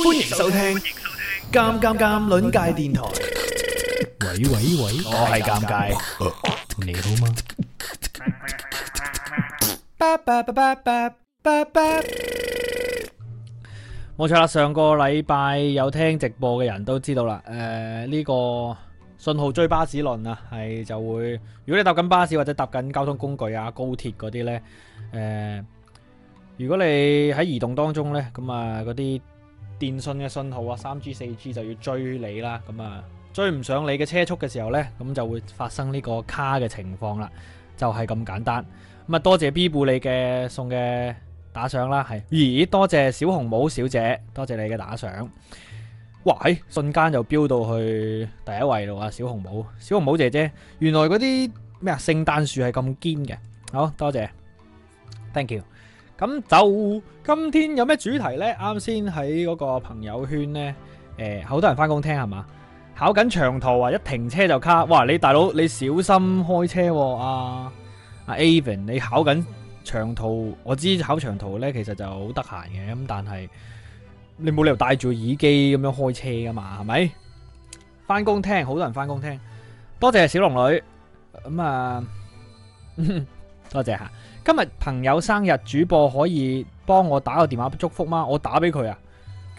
歡迎收聽《尷尷尷》輪界電台。喂喂喂，喂我係尷尬，你好嗎？冇錯啦，上個禮拜有聽直播嘅人都知道啦。誒、呃，呢、這個信號追巴士論啊，係就會，如果你搭緊巴士或者搭緊交通工具啊，高鐵嗰啲呢，誒、呃，如果你喺移動當中呢，咁啊嗰啲。電信嘅信號啊，三 G 四 G 就要追你啦，咁啊追唔上你嘅車速嘅時候呢，咁就會發生呢個卡嘅情況啦，就係咁簡單。咁啊多謝 B 部你嘅送嘅打賞啦，係咦多謝小紅帽小姐，多謝你嘅打賞。哇，係瞬間就飆到去第一位咯啊，小紅帽，小紅帽姐姐，原來嗰啲咩啊聖誕樹係咁堅嘅，好多謝，thank you。咁就今天有咩主題呢？啱先喺嗰個朋友圈呢，欸，好多人翻工聽係嘛？考緊長途啊，一停車就卡。哇！你大佬你小心開車喎，阿、啊、阿、啊、Avin，你考緊長途，我知考長途呢，其實就好得閒嘅，咁但係你冇理由戴住耳機咁樣開車噶嘛，係咪？翻工聽，好多人翻工聽，多謝小龍女，咁、嗯、啊， 多謝吓今日朋友生日，主播可以幫我打個電話祝福嗎？我打俾佢啊，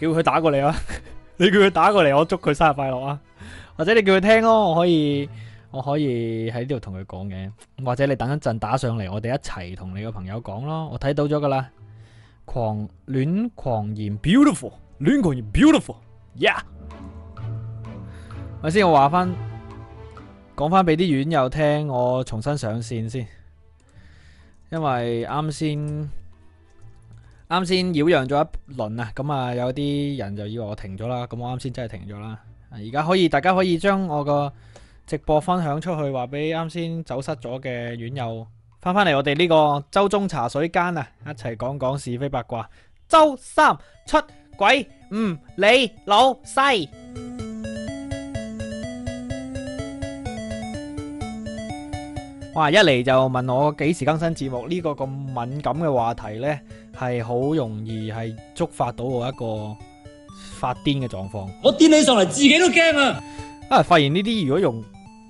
叫佢打過嚟啊， 你叫佢打過嚟，我祝佢生日快樂啊！ 或者你叫佢聽咯，我可以，我可以喺呢度同佢講嘅。或者你等一陣打上嚟，我哋一齊同你個朋友講咯。我睇到咗噶啦，狂戀狂言 beautiful，戀狂言 beautiful，yeah，咪先我話翻，講翻俾啲院友聽，我重新上綫先。因為啱先啱先擾攘咗一輪啊，咁啊有啲人就以為我停咗啦，咁我啱先真係停咗啦。而家可以，大家可以將我個直播分享出去，話俾啱先走失咗嘅院友翻返嚟。回來我哋呢個周中茶水間啊，一齊講講是非八卦。周三出鬼，嗯，唔理老細。話一嚟就問我幾時更新節目呢，這個咁敏感嘅話題呢，係好容易係觸發到我一個發癲嘅狀況。我癲起上嚟自己都驚啊！啊，發現呢啲如果用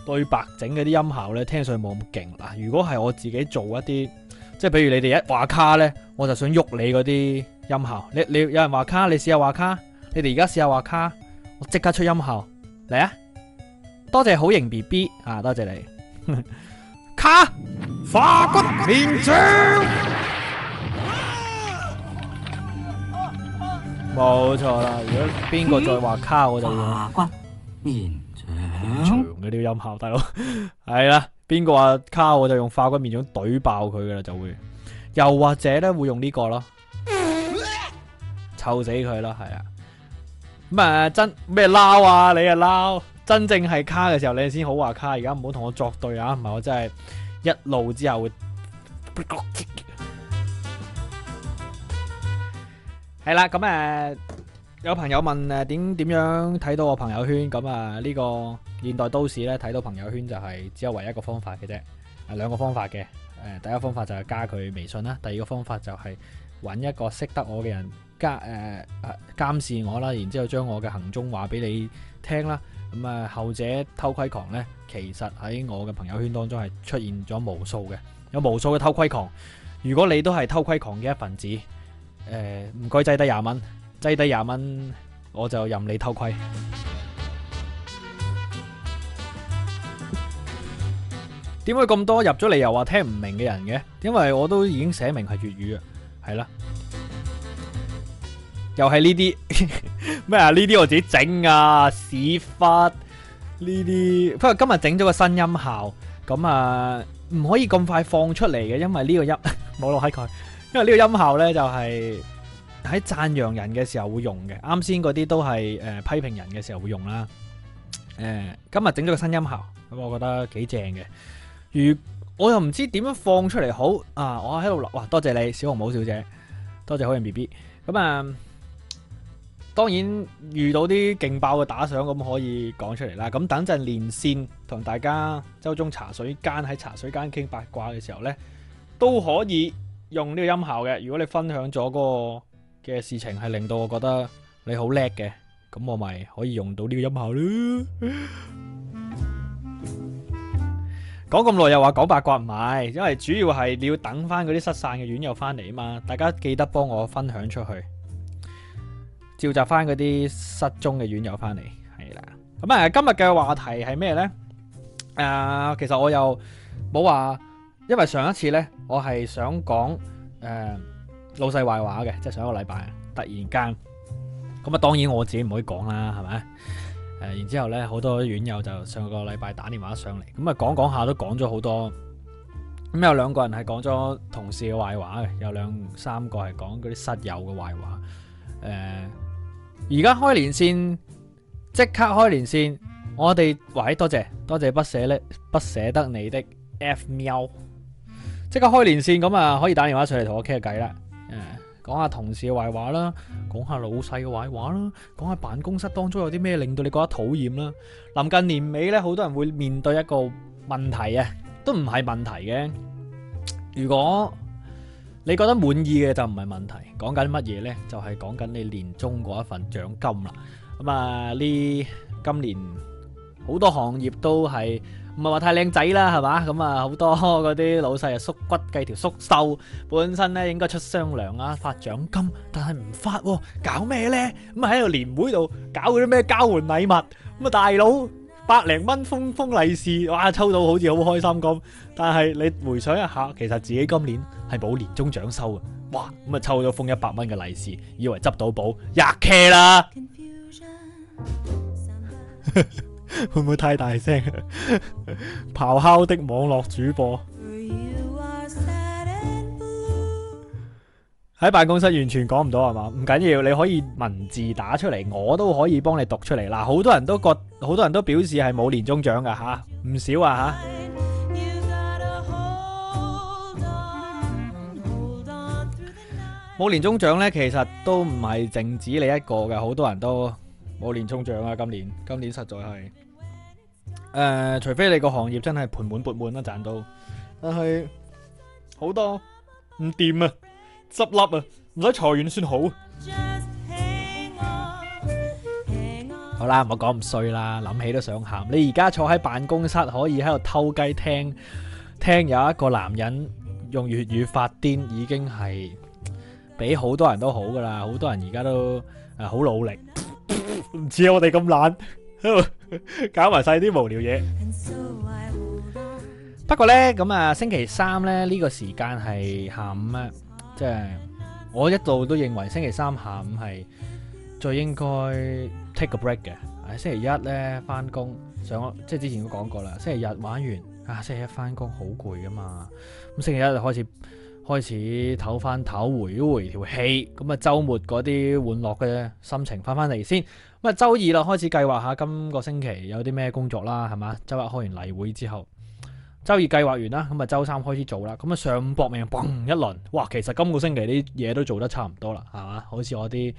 對白整嗰啲音效呢，聽上去冇咁勁啊。如果係我自己做一啲，即係比如你哋一話卡呢，我就想喐你嗰啲音效。你你有人話卡，你試下話卡。你哋而家試下話卡，我即刻出音效嚟啊！多謝好型 B B 啊，多謝你。 卡化骨綿掌，冇錯啦！如果邊個再話卡，我就用化骨綿掌。衝嘅啲音效，大佬係啦，邊個話卡我就用化骨綿掌懟爆佢噶啦，就會。又或者咧會用呢個咯，臭死佢啦，係啊。咁誒，真咩撈啊？你啊撈？真正係卡嘅時候，你先好話卡。而家唔好同我作對啊！唔係我真係一路之後會係啦。咁誒、 嗯嗯、有朋友問誒點點樣睇到我朋友圈？咁啊呢個現代都市咧，睇到朋友圈就係只有唯一一個方法嘅啫。啊兩個方法嘅誒、呃、第一方法就係加佢微信啦。第二個方法就係揾一個識得我嘅人加誒、呃啊、監視我啦。然之後將我嘅行蹤話俾你聽啦。咁啊，後者偷窺狂呢，其實喺我嘅朋友圈當中係出現咗無數嘅，有無數嘅偷窺狂。如果你都係偷窺狂嘅一份子，誒唔該，擠低廿蚊，擠低廿蚊，我就任你偷窺。點解咁多入咗嚟又話聽唔明嘅人嘅？因為我都已經寫明係粵語啊，係啦。又係呢啲咩啊？呢啲我自己整啊屎忽呢啲。不過今日整咗個新音效，咁啊唔可以咁快放出嚟嘅，因為呢個音冇落喺佢。因為呢個音效咧就係喺讚揚人嘅時候會用嘅。啱先嗰啲都係誒、呃、批評人嘅時候會用啦。誒、呃，今日整咗個新音效，咁我覺得幾正嘅。如我又唔知點樣放出嚟好啊！我喺度錄，哇！多謝你，小紅帽小姐，多謝好人 B B。咁啊～當然遇到啲勁爆嘅打賞，咁可以講出嚟啦，咁等陣連線同大家周中茶水間喺茶水間傾八卦嘅時候呢，都可以用呢個音效嘅。如果你分享咗個嘅事情係令到我覺得你好叻嘅，咁我咪可以用到呢個音效咯。講咁耐又話講八卦唔係，因為主要係你要等翻嗰啲失散嘅院友翻嚟啊嘛，大家記得幫我分享出去。召集翻嗰啲失蹤嘅院友翻嚟，係啦。咁啊，今日嘅話題係咩呢？誒、呃，其實我又冇話，因為上一次呢，我係想講誒老細壞話嘅，即係上一個禮拜啊。突然間，咁啊，當然我自己唔可以講啦，係咪？誒、呃，然之後呢，好多院友就上個禮拜打電話上嚟，咁啊，講講下都講咗好多。咁、嗯、有兩個人係講咗同事嘅壞話嘅，有兩三個係講嗰啲室友嘅壞話，誒、呃。而家開連線，即刻開連線，我哋喂，多謝多謝不捨咧，不捨得你的 F 喵，即刻開連線。咁啊，可以打電話上嚟同我傾下偈啦，誒、嗯，講下同事嘅壞話啦，講下老細嘅壞話啦，講下辦公室當中有啲咩令到你覺得討厭啦。臨近年尾呢，好多人會面對一個問題啊，都唔係問題嘅，如果。你覺得滿意嘅就唔係問題，講緊乜嘢咧？就係講緊你年終嗰一份獎金啦。咁啊，呢今年好多行業都係唔係話太靚仔啦，係嘛？咁啊，好多嗰啲老細啊縮骨計條縮瘦，本身咧應該出雙糧啊發獎金，但係唔發喎，搞咩咧？咁喺度年會度搞嗰啲咩交換禮物？咁啊，大佬。百零蚊封封利是，哇！抽到好似好開心咁，但係你回想一下，其實自己今年係冇年終獎收嘅，哇！咁啊抽咗封一百蚊嘅利是，以為執到寶，呀茄啦！ 會唔會太大聲？ 咆哮的網絡主播。喺辦公室完全講唔到係嘛？唔緊要，你可以文字打出嚟，我都可以幫你讀出嚟。嗱，好多人都覺，好多人都表示係冇年終獎㗎吓，唔少啊吓。冇年終獎呢，其實都唔係淨止你一個嘅，好多人都冇年終獎啊！今年，今年實在係誒、呃，除非你個行業真係盆滿缽滿啦，賺到，但係好多唔掂啊。執笠啊！唔使裁員算好。好啦，唔好講咁衰啦，諗起都想喊。你而家坐喺辦公室，可以喺度偷雞聽聽，有一個男人用粵語發癲，已經係比好多人都好㗎喇。好多人而家都誒好努力，唔似我哋咁懶，搞埋晒啲無聊嘢。不過呢，咁啊，星期三呢，呢個時間係下午咧。即係我一度都認為星期三下午係最應該 take a break 嘅。星期一呢翻工，上，上即係之前都講過啦。星期日玩完啊，星期一翻工好攰噶嘛。咁星期一就開始開始唞翻唞回回條氣，咁啊週末嗰啲玩樂嘅心情翻翻嚟先。咁啊週二啦，開始計劃下今個星期有啲咩工作啦，係嘛？周一開完例會之後。周二計劃完啦，咁啊，周三開始做啦。咁啊，上午搏命，嘣一輪，哇！其實今個星期啲嘢都做得差唔多啦，係嘛？好似我啲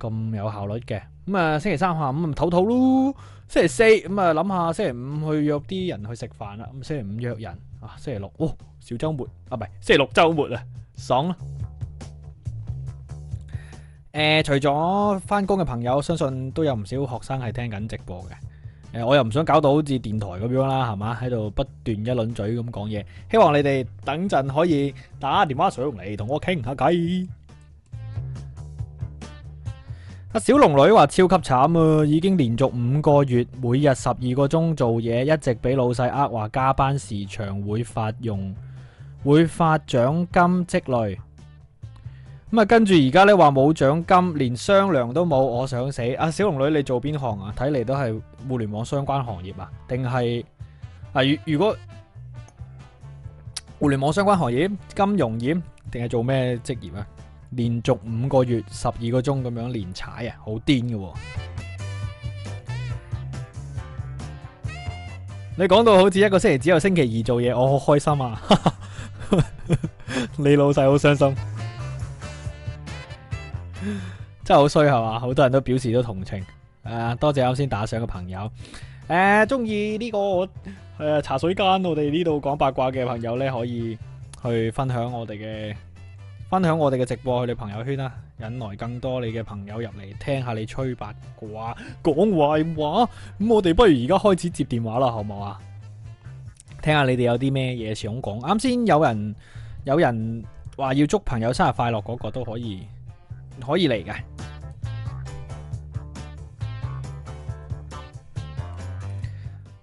咁有效率嘅。咁啊，星期三下午咪唞唞咯，星期四咁啊，諗下星期五去約啲人去食飯啦。咁星期五約人啊，星期六哦，小周末啊，唔係星期六周末啊，爽咯！誒、呃，除咗翻工嘅朋友，相信都有唔少學生係聽緊直播嘅。誒，我又唔想搞到好似電台咁樣啦，係嘛？喺度不斷一輪嘴咁講嘢，希望你哋等陣可以打電話上嚟同我傾下偈。阿小龍女話超級慘啊，已經連續五個月，每日十二個鐘做嘢，一直俾老細呃話加班時長會發傭，會發獎金積累。咁啊，跟住而家咧話冇獎金，連商量都冇，我想死！阿小龍女，你做邊行啊？睇嚟都係互聯網相關行業啊，定係啊？如果互聯網相關行業、金融業，定係做咩職業啊？連續五個月十二個鐘咁樣連踩啊，好癲嘅！你講到好似一個星期只有星期二做嘢，我好開心啊！ 你老細好傷心。真係好衰係嘛，好多人都表示咗同情。誒、啊，多謝啱先打賞嘅朋友。誒、啊，中意呢個、啊、茶水間我哋呢度講八卦嘅朋友呢，可以去分享我哋嘅分享我哋嘅直播去你朋友圈啊，引來更多你嘅朋友入嚟聽下你吹八卦講壞話。咁我哋不如而家開始接電話啦，好唔好啊？聽下你哋有啲咩嘢想講。啱先有人有人話要祝朋友生日快樂，嗰個都可以。可以嚟嘅，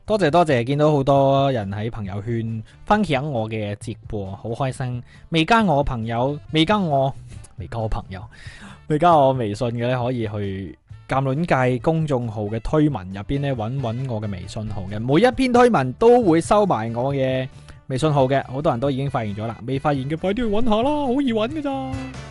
多謝多謝，見到好多人喺朋友圈分享我嘅直播，好開心。未加我朋友，未加我，未加我朋友，未加我微信嘅咧，可以去鑑卵界公眾號嘅推文入邊咧，揾揾我嘅微信號嘅。每一篇推文都會收埋我嘅微信號嘅，好多人都已經發現咗啦。未發現嘅，快啲去揾下啦，好易揾㗎咋。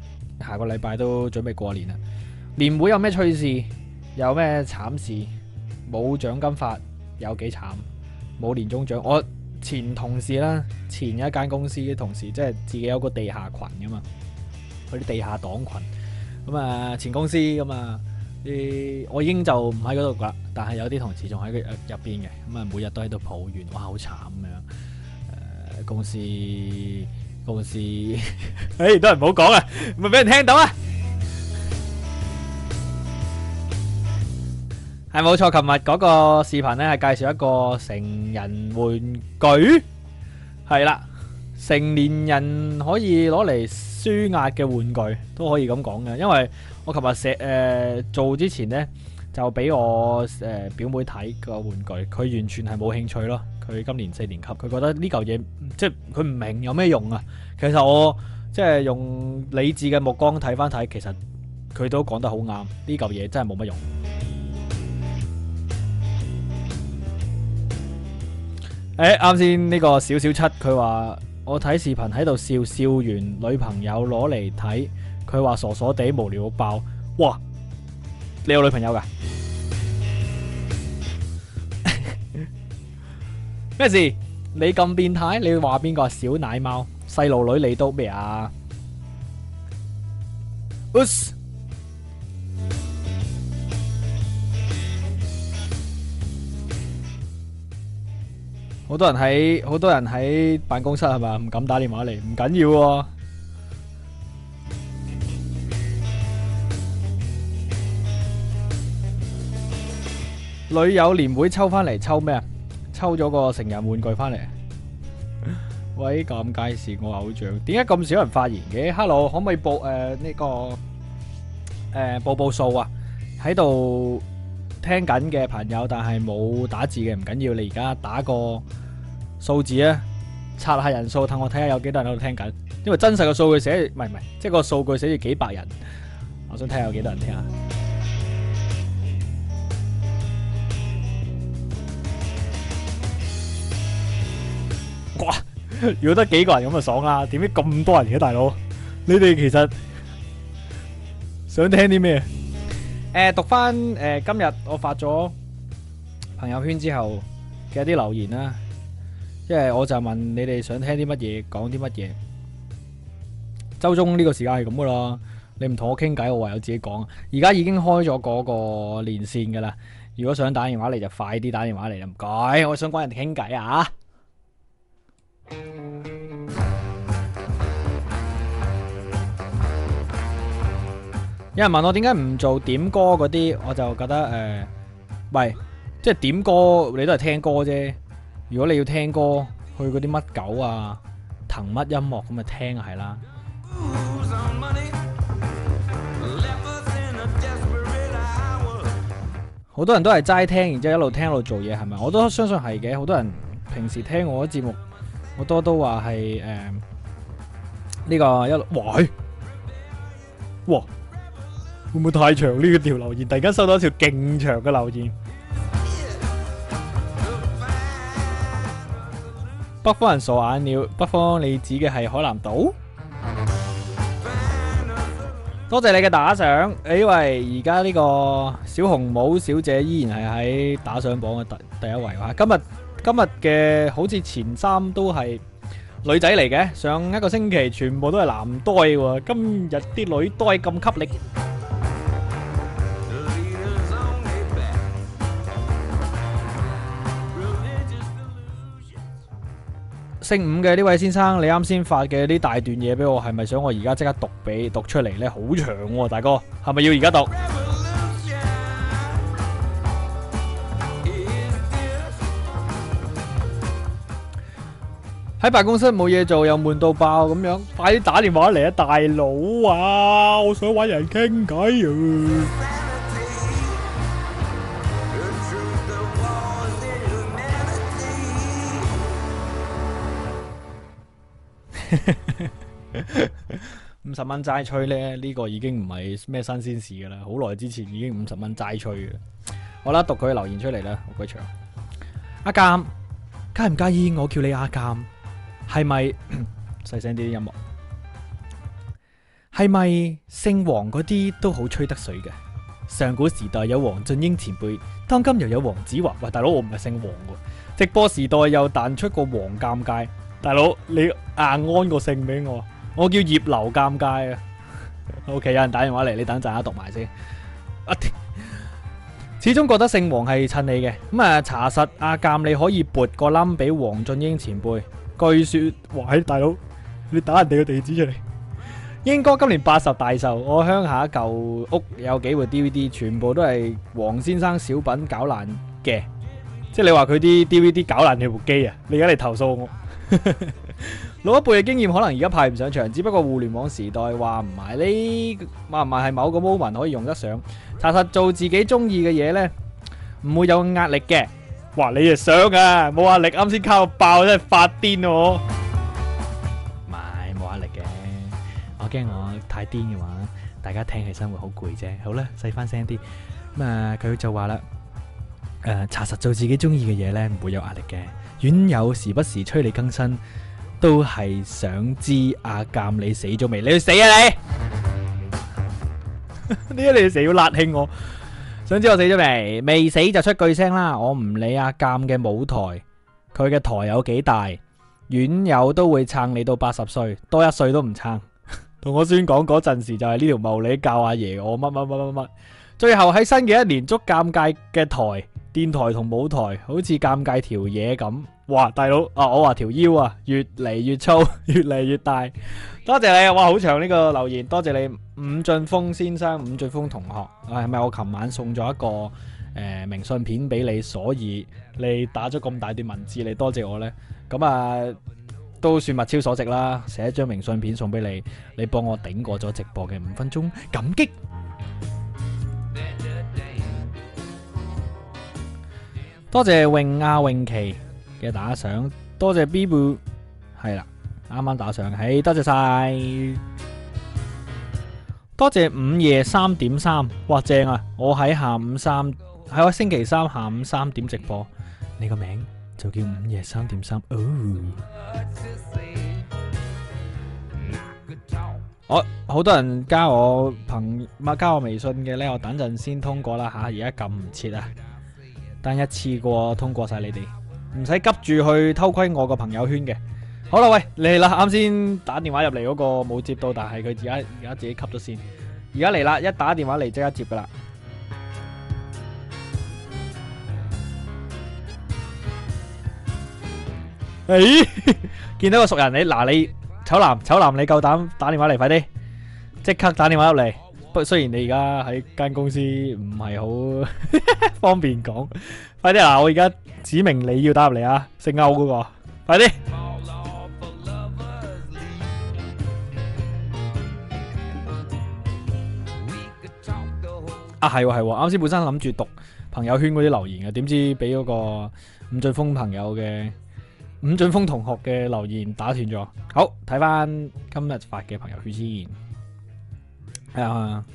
下個禮拜都準備過年啦，年會有咩趣事，有咩慘事，冇獎金發，有幾慘，冇年終獎。我前同事啦，前一間公司嘅同事，即係自己有個地下群噶嘛，啲地下黨群。咁啊，前公司咁啊，啲我已經就唔喺嗰度啦，但係有啲同事仲喺佢入邊嘅，咁啊，每日都喺度抱怨，哇，好慘啊，公司。公司，誒，都係唔好講啊，咪俾人聽到啊。係冇錯，琴日嗰個視頻咧係介紹一個成人玩具，係啦，成年人可以攞嚟舒壓嘅玩具都可以咁講嘅，因為我琴日寫誒做之前咧就俾我誒表妹睇個玩具，佢完全係冇興趣咯。佢今年四年級，佢覺得呢嚿嘢即係佢唔明有咩用啊！其實我即係用理智嘅目光睇翻睇，其實佢都講得好啱，呢嚿嘢真係冇乜用。誒，啱先呢個小小七，佢話我睇視頻喺度笑笑完女朋友攞嚟睇，佢話傻傻地無聊爆。哇！你有女朋友噶？咩事？你咁變態，你會話邊個小奶貓？細路女你都咩啊？好多人喺，好多人喺辦公室係咪？唔敢打電話嚟，唔緊要。女友年會抽翻嚟，抽咩啊？抽咗個成人玩具翻嚟，喂，咁介是我偶像，點解咁少人發言嘅？Hello，可唔可以報誒呢、呃這個誒、呃、報報數啊？喺度聽緊嘅朋友，但係冇打字嘅唔緊要，你而家打個數字啊，刷下人數，等我睇下有幾多人喺度聽緊。因為真實嘅數據寫唔係唔係，即係、就是、個數據寫住幾百人，我想睇下有幾多人聽。哇！如果得幾個人咁就爽啦，點解咁多人嘅大佬？你哋其實想聽啲咩？誒、呃，讀翻誒、呃、今日我發咗朋友圈之後嘅一啲留言啦，即係我就是、問你哋想聽啲乜嘢，講啲乜嘢？周中呢個時間係咁噶啦，你唔同我傾偈，我唯有自己講。而家已經開咗嗰個連線噶啦，如果想打電話你就快啲打電話嚟啦，唔該，我想講人哋傾偈啊！有人問我點解唔做點歌嗰啲，我就覺得誒，喂、呃、即係點歌你都係聽歌啫。如果你要聽歌，去嗰啲乜狗啊、騰乜音樂咁啊聽係啦。好 多人都係齋聽，然之後一路聽一路做嘢，係咪？我都相信係嘅。好多人平時聽我嘅節目。我多都話係誒，呢、嗯這個一哇，哇，會唔會太長呢，這個條留言？突然間收到一條勁長嘅留言，北方人傻眼了。北方你指嘅係海南島？多謝你嘅打賞。誒，因為而家呢個小紅帽小姐依然係喺打賞榜嘅第第一位。話今日。今日嘅好似前三都係女仔嚟嘅，上一個星期全部都係男呆，今日啲女呆咁給力，姓伍嘅呢位先生，你啱先發嘅呢大段嘢俾我，係咪想我而家即刻讀俾讀出嚟呢？好長，大哥，係咪要而家讀？喺辦公室冇嘢做，又悶到爆咁樣，快啲打電話嚟啊，大佬啊，我想搵人傾偈啊！五十蚊齋吹咧，呢個已經唔係咩新鮮事噶啦，好耐之前已經五十蚊齋吹嘅。好啦，讀佢留言出嚟啦，好鬼長。阿鑒介唔介意我叫你阿鑒？係咪細聲啲音樂？係咪姓黃嗰啲都好吹得水嘅？上古時代有黃俊英前輩，當今又有黃子華。喂，大佬，我唔係姓黃嘅。直播時代又彈出個黃尷尬，大佬你硬安個姓俾我，我叫葉劉尷尬啊。 o、okay, K，有人打電話嚟，你等陣啊，讀埋先。始終覺得姓黃係襯你嘅咁、嗯、啊。查實阿鑑，啊、你可以撥個冧俾黃俊英前輩。據說，喂，大佬，你打人哋個地址出嚟。英哥今年八十大壽，我鄉下舊屋有幾部 DVD，全部都係黃先生小品搞爛嘅。即係你話佢啲 DVD 搞爛你部機啊？你而家嚟投訴我？老一輩嘅經驗可能而家派唔上場，只不過互聯網時代話唔埋呢，話唔埋係某個 moment 可以用得上。查實做自己中意嘅嘢呢，唔會有壓力嘅。哇！你又想啊？冇壓力，啱先靠爆，我真係發癲哦。唔係冇壓力嘅，我驚我太癲嘅話，大家聽起身會好攰啫。好啦，細翻聲啲。咁、嗯、啊，佢就話啦，誒、呃，查實做自己中意嘅嘢咧，唔會有壓力嘅。院友時不時催你更新，都係想知阿鑒你死咗未？你去死啊你！點 解你成日要辣慶我？想知我死咗未？未死就出句聲啦！我唔理阿鑑嘅舞台，佢嘅台有幾大，院友都會撐你到八十歲，多一歲都唔撐。同 我宣講嗰陣時就係呢條茂利教阿爺，我乜乜乜乜乜。最後喺新嘅一年，捉尷尬嘅台、電台同舞台，好似尷尬條嘢咁。哇，大佬啊，我話條腰啊，越嚟越粗，越嚟越大。多謝你，哇，好長呢個留言，多謝你伍俊峰先生、伍俊峰同學，係咪我琴晚送咗一個誒明信片俾你，所以你打咗咁大段文字你多謝我呢，咁啊都算物超所值啦，寫一張明信片送俾你，你幫我頂過咗直播嘅五分鐘，感激。多謝榮亞榮奇嘅打賞，多謝 Beeboo，係啦。啱啱打上，哎、hey，多謝晒，多謝午夜三點三，哇，正啊！我喺下午三，喺我星期三下午三點直播，你個名就叫午夜三點三，oh，哦。好多人加我朋加我微信嘅呢，我等陣先通過啦吓，而家撳唔切啊，但一次過通過晒你哋，唔使急住去偷窺我個朋友圈嘅。好啦，喂嚟啦！啱先打電話入嚟嗰個冇接到，但係佢而家而家自己吸咗線。而家嚟啦，一打電話嚟即刻接噶啦。誒，見到個熟人你嗱，你醜男醜男，你夠膽打電話嚟快啲，即刻打電話入嚟。不過，雖然你而家喺間公司唔係好方便講，快啲嗱，我而家指明你要打入嚟啊，姓歐嗰個，快啲。啊，係喎係喎，啱先本身諗住讀朋友圈嗰啲留言呀，點知俾嗰個伍俊峰朋友嘅伍俊峰同學嘅留言打斷咗。好，睇翻今日發嘅朋友圈先。係啊，係啊，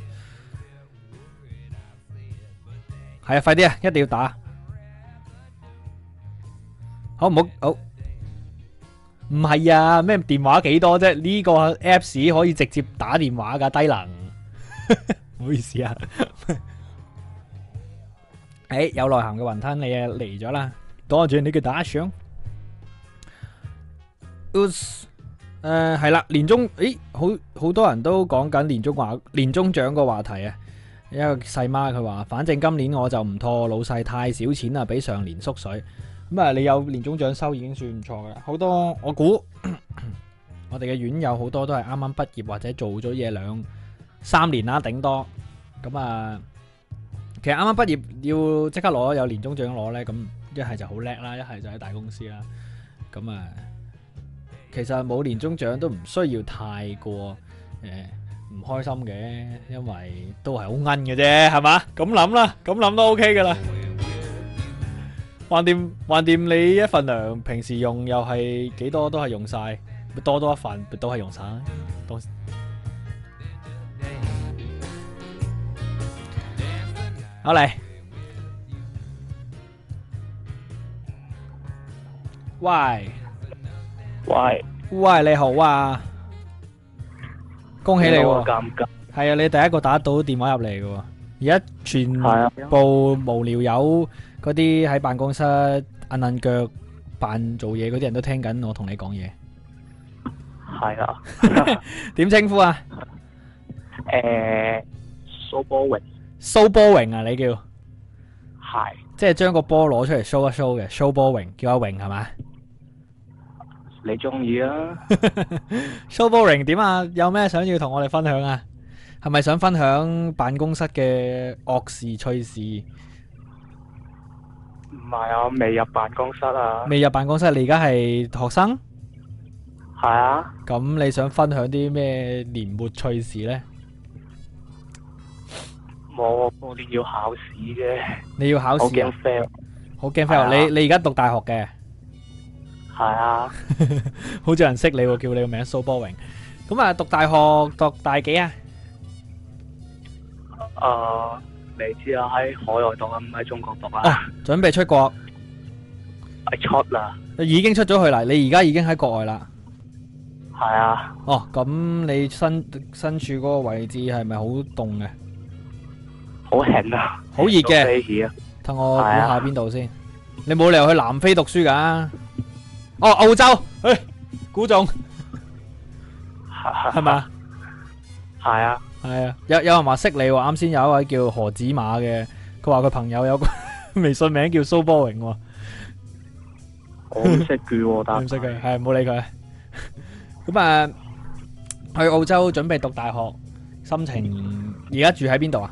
係啊，快啲啊，一定要打。好唔好？好，唔係啊，咩電話幾多啫？呢個 apps 可以直接打電話噶，低能。唔 好意思啊。誒、 欸，有內涵嘅雲吞，你啊嚟咗啦！多謝你嘅打賞。誒，係啦，年終誒、欸，好好多人都講緊年終話、年終獎個話題啊。一個細媽佢話，反正今年我就唔拖老細太少錢啦，比上年縮水。咁啊，你有年終獎收已經算唔錯㗎啦。好多我估，我哋嘅 院友好多都係啱啱畢業或者做咗嘢兩三年啦，頂多。咁啊，其實啱啱畢業要即刻攞有年終獎攞咧，咁一係就好叻啦，一係就喺大公司啦。咁啊，其實冇年終獎都唔需要太過誒唔開心嘅，因為都係好奀嘅啫，係嘛？咁諗啦，咁諗都 OK 噶啦。橫掂橫掂你一份糧，平時用又係幾多都係用晒，多多一份都係用晒。好嚟，喂，喂，喂，你好啊！恭喜你喎，係啊，你第一個打到電話入嚟嘅，而家全部無聊友嗰啲喺辦公室掹掹腳扮做嘢嗰啲人都聽緊我同你講嘢，係啊，點稱呼啊？誒，蘇波偉。show 波榮啊，你叫係，即係將個波攞出嚟 show 一 show 嘅 show 波榮叫阿榮係嘛？你中意啊？show 波榮點啊？有咩想要同我哋分享啊？係咪想分享辦公室嘅惡事趣事？唔係啊，我未入辦公室啊，未入辦公室，你而家係學生係啊？咁你想分享啲咩年末趣事呢？我我哋要考試啫，你要考試啊好驚 fail，好驚 fail！你你而家讀大學嘅？係啊，好多人識你喎，叫你個名蘇波榮。咁啊，讀大學讀大幾啊？誒，你知啊，喺海外讀啊，唔喺中國讀啊？準備出國，出啦！已經出咗去啦，你而家已經喺國外啦。係啊。哦，咁你身身處嗰個位置係咪好凍嘅？好興啊！好熱嘅，等我估下邊度先。你冇理由去南非讀書噶？哦，澳洲，誒，估中，係咪啊？係啊，係啊。有有人話識你？我啱先有一位叫何子馬嘅，佢話佢朋友有個微信名叫蘇波榮。我唔識佢，但唔識佢，係唔好理佢。咁誒，去澳洲準備讀大學，心情而家住喺邊度啊？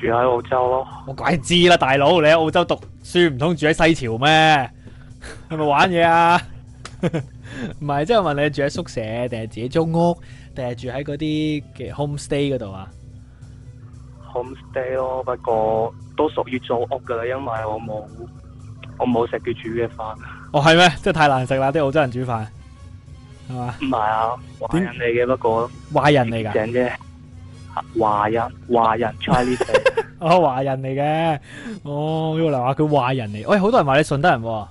住喺澳洲咯，我鬼知啦，大佬，你喺澳洲讀書唔通住喺西樵咩？係咪 玩嘢啊？唔 係，即係問你住喺宿舍定係自己租屋，定係住喺嗰啲嘅 home stay 嗰度啊？home stay 咯，不過都屬於租屋噶啦，因為我冇我冇食佢煮嘅飯。哦，係咩？即係太難食啦！啲澳洲人煮飯係嘛？唔係啊，壞人嚟嘅，不過壞麼人嚟噶。華人，華人 c h i n e 華人嚟嘅。哦，原來話佢華人嚟，喂、欸，好多人話你順德人，係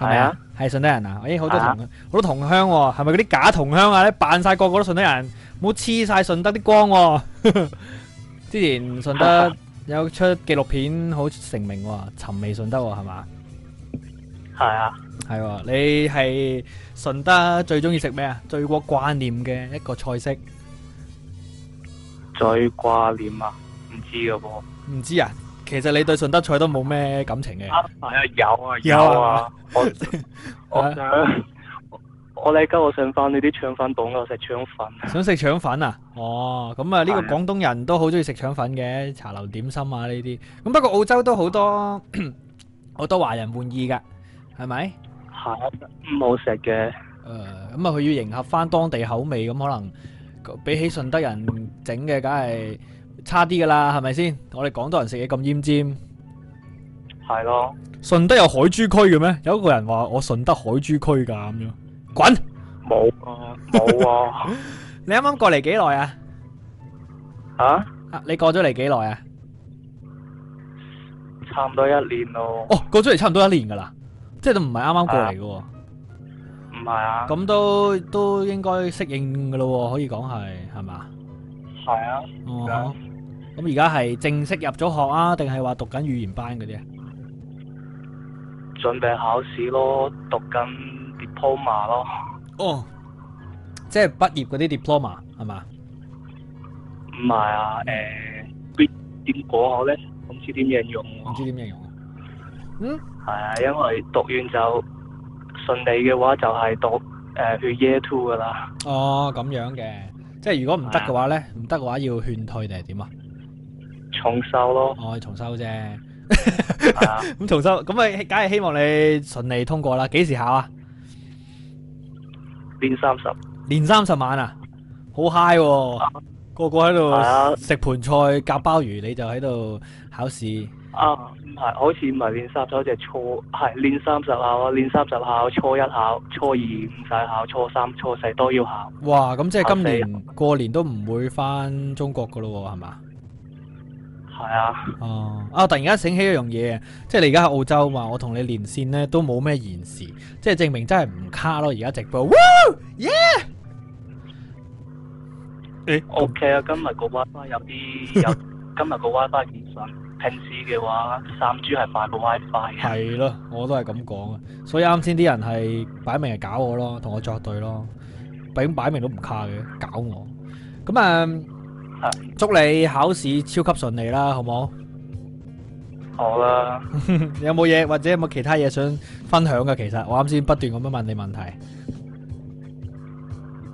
咪啊？係順德人啊？咦、啊，好、啊欸、多同好、啊、多同鄉、啊，係咪嗰啲假同鄉啊？你扮晒個個都順德人，唔好黐晒順德啲光。之前順德有出紀錄片好成名，尋味順德係嘛？係啊，係。你係順德最中意食咩啊？最掛念嘅一個菜式。最掛念啊？唔知噶噃？唔知啊？其實你對順德菜都冇咩感情嘅？係啊，有啊，有啊！有啊 我我想我呢家，我想翻、啊、你啲腸粉檔度食腸粉。腸粉想食腸粉啊？哦，咁啊，呢個廣東人都好中意食腸粉嘅，茶樓點心啊呢啲。咁不過澳洲都好多好多華人滿意噶，係咪？係，冇食嘅。誒，咁啊，佢、 呃、要迎合翻當地口味，咁可能。比起順德人整嘅，梗係差啲噶啦，係咪先？我哋廣東人食嘢咁奄尖，係咯。順德有海珠區嘅咩？有一個人話我順德海珠區噶咁樣滾，滾！冇啊，冇啊！ 你啱啱過嚟幾耐啊？啊？你過咗嚟幾耐啊？差唔多一年咯。哦，過咗嚟差唔多一年噶啦，即係都唔係啱啱過嚟喎。啊咁、啊、都都應該適應噶咯，可以講係係嘛？係啊。哦，咁而家係正式入咗學啊？定係話讀緊語言班嗰啲啊？準備考試咯，讀緊 diploma 咯。哦，即係畢業嗰啲 diploma 係嘛？唔係啊，誒、呃，點講好咧？唔知點形容、啊，唔知點形容、啊。嗯。係啊，因為讀完就。順利嘅話就係讀誒去 Year Two 噶啦。哦，咁樣嘅，即係如果唔得嘅話咧，唔得嘅話要勸退定係點啊？重修咯。哦，重修啫。咁重修，咁咪梗係希望你順利通過啦。幾時考啊？年三十。年三十晚啊，好嗨，個個喺度食盤菜、夾鮑魚，你就喺度考試。啊，唔係，好似唔係練三十隻初，係練三十下我練三十下，初一考，初二唔使考，初三、初四都要考。哇，咁即係今年過年都唔會翻中國噶咯，係嘛？係啊。哦、啊，啊！我突然間醒起一樣嘢，即係你而家喺澳洲嘛？我同你連線呢都冇咩延時，即係證明真係唔卡咯。而家直播，哇、yeah! 欸，耶！O K 啊？今日個 WiFi 有啲，有今日個 WiFi 唔順。平時嘅話，三 G 係快過 WiFi。係咯，我都係咁講啊。所以啱先啲人係擺明係搞我咯，同我作對咯。並擺明都唔卡嘅，搞我。咁啊，祝你考試超級順利啦，好冇？好啦。你有冇嘢或者有冇其他嘢想分享噶？其實我啱先不斷咁樣問你問題。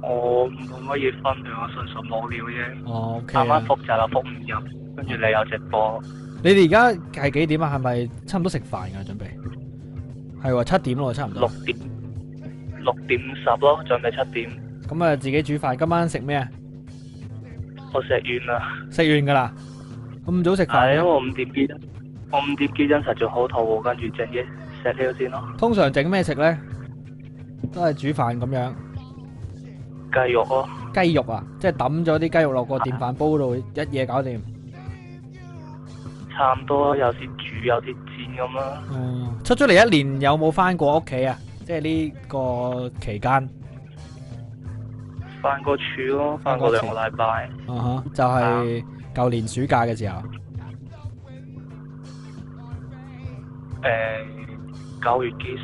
我唔可以分享，我純粹無聊啫。哦，慢慢複雜就覆唔入，跟住你有直播。你哋而家係幾點啊？係咪差唔多食飯噶？準備係話七點咯，差唔多。六點六點十咯，準備七點。咁啊，自己煮飯，今晚食咩？我食完啦。食完噶啦？咁早食飯？係，因為我五點幾，我五點幾真實在好肚，跟住整嘢食咗先咯。通常整咩食咧？都係煮飯咁樣，雞肉咯。雞肉啊，即係抌咗啲雞肉落個電飯煲度，一嘢搞掂。差唔多，有啲煮，有啲煎咁啦。嗯，出咗嚟，一年有冇翻過屋企啊？即係呢個期間，翻過處咯，翻過兩個禮拜。啊哈，就係、係、舊年暑假嘅時候。誒、啊，九、呃、九月幾？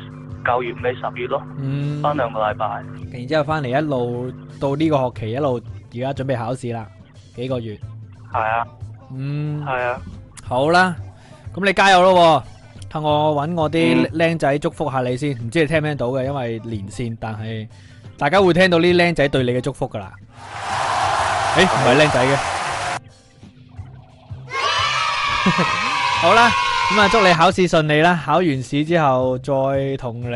九月尾十月，十月咯。嗯。翻兩個禮拜，然之後翻嚟一路到呢個學期，一路而家準備考試啦。幾個月？係啊。嗯。係啊。好啦，咁你加油咯！同我搵我啲僆仔祝福下你先，唔知你聽唔聽到嘅，因為連線，但係大家會聽到啲僆仔對你嘅祝福噶啦。誒，唔係僆仔嘅。好啦，咁啊，祝你考試順利啦！考完試之後再同你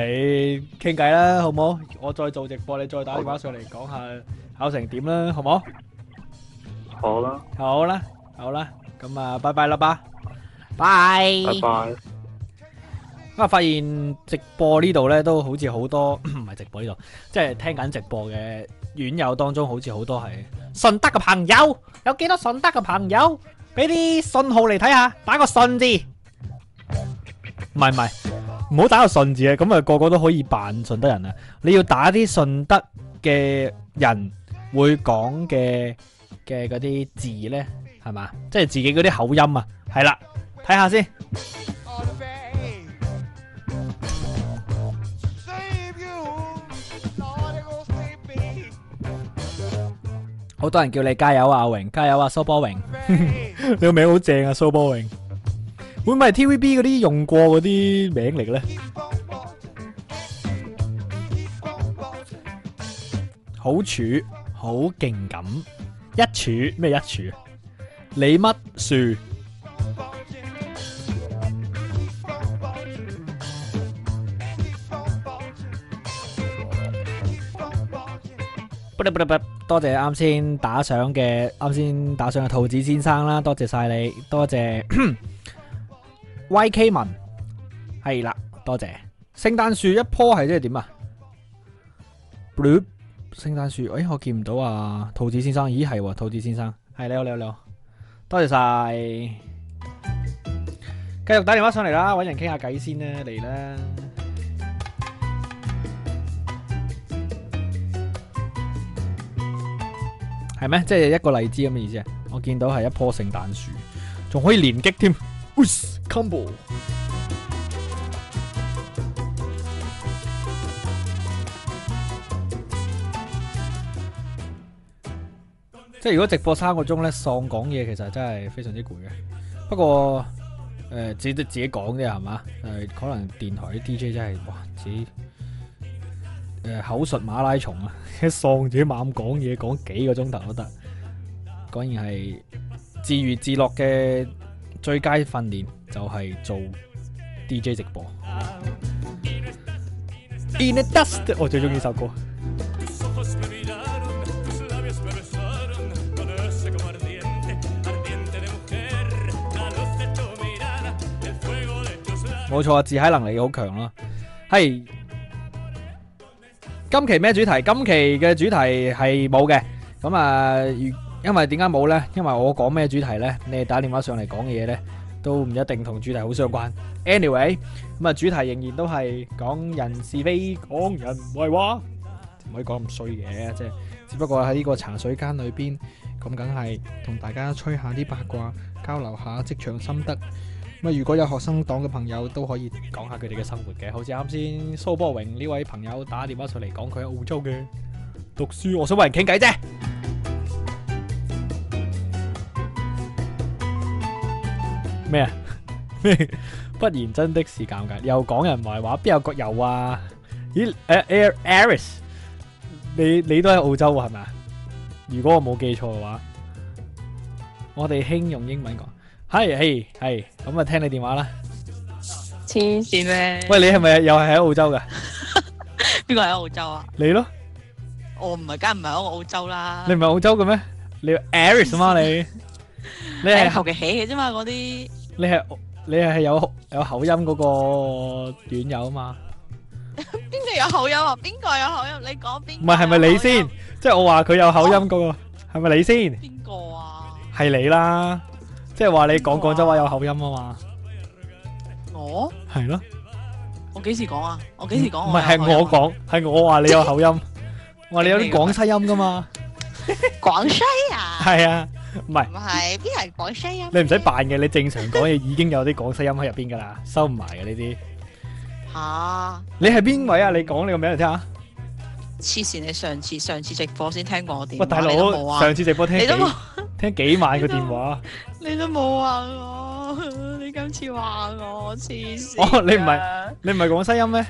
傾偈啦，好唔好？我再做直播，你再打電話上嚟講下考成點啦，好唔好？好啦，好啦，好啦。咁啊，拜拜啦吧，拜拜。啊，發現直播呢度咧，都好似好多唔係 直播呢度，即係聽緊直播嘅院友當中好，好似好多係順德嘅朋友。有幾多順德嘅朋友？俾啲信號嚟睇下，打個順字。唔係唔係，唔好打個順字啊！咁啊，個個都可以扮順德人啊！你要打啲順德嘅人會講嘅嘅嗰啲字咧。係嘛，即係自己嗰啲口音啊，係啦，睇下先。好 多人叫你加油啊，阿榮加油啊，蘇波榮， 你個名好正啊，蘇波榮，會唔會係 TVB 嗰啲用過嗰啲名嚟嘅咧？好柱，好勁感，一柱咩一柱？你乜樹？不得不得不！多謝啱先打賞嘅，啱先打賞嘅兔子先生啦，多謝晒你，多謝 YK 文，係啦，多謝聖誕樹一棵係即係點啊？Blue 聖誕樹，哎，我見唔到啊！兔子先生，咦係喎，兔子先生，係你好你好你好。你好多謝晒，繼續打電話上嚟啦，搵人傾下偈先啦，嚟啦，係咩？即係一個荔枝咁嘅意思啊？我見到係一棵聖誕樹，仲可以連擊添，哎，Combo。即係如果直播三個鐘咧，喪講嘢，話話其實真係非常之攰嘅。不過誒，只、呃、得自，自己講啫，係嘛？誒、呃，可能電台的 DJ 真係哇，只誒、呃、口述馬拉松啊，喪自己猛講嘢，講幾個鐘頭都得。果然係自娛自樂嘅最佳訓練就係、是、做 DJ 直播。In a Dust，我、哦、最鍾意首歌。冇錯，自嗨能力好強咯。係今期咩主題？今期嘅主題係冇嘅。咁啊，因為點解冇呢？因為我講咩主題呢，你打電話上嚟講嘅嘢呢，都唔一定同主題好相關。Anyway，咁啊，主題仍然都係講人是非，講人壞話，唔係話，唔可以講咁衰嘅。即係只不過喺呢個茶水間裏邊，咁梗係同大家吹下啲八卦，交流下職場心得。咁如果有學生黨嘅朋友都可以講下佢哋嘅生活嘅，好似啱先蘇波榮呢位朋友打電話上嚟講佢喺澳洲嘅讀書，我想問人傾偈啫。咩啊？ 什麼 不然真的是尷尬，又講人壞話，邊有個有啊？咦？誒 Eris 你，你都喺澳洲係咪啊？如果我冇記錯嘅話，我哋輕用英文講。係係係，咁啊聽你電話啦，黐線咩？喂，你係咪又係喺澳洲噶？邊個喺澳洲啊？你咯，我唔係梗唔係喺個澳洲啦。你唔係澳洲嘅咩？你 Eric 啊嘛你？你係後期起嘅啫嘛嗰啲。你係你係係有有口音嗰個院友啊嘛？邊個有口音啊？邊個有口音？你講邊？唔係係咪你先？即係我話佢有口音嗰個係咪你先？邊個啊？係你啦。即係話你講廣州話有口音啊嘛，我係咯，我幾時講啊？我幾時講？唔係係我講，係我話你有口音，話你有啲廣西音噶嘛？廣西啊？係啊，唔係唔係邊係廣西音？你唔使扮嘅，你正常講嘢已經有啲廣西音喺入邊噶啦，收唔埋嘅呢啲。吓，你係邊位啊？你講你個名嚟聽下。黐線！你上次上次直播先聽過我啲，喂大佬上次直播聽你都。聽幾晚個電話，你都冇話我，你今次話我黐線啊！哦，你唔係你唔係廣西音咩？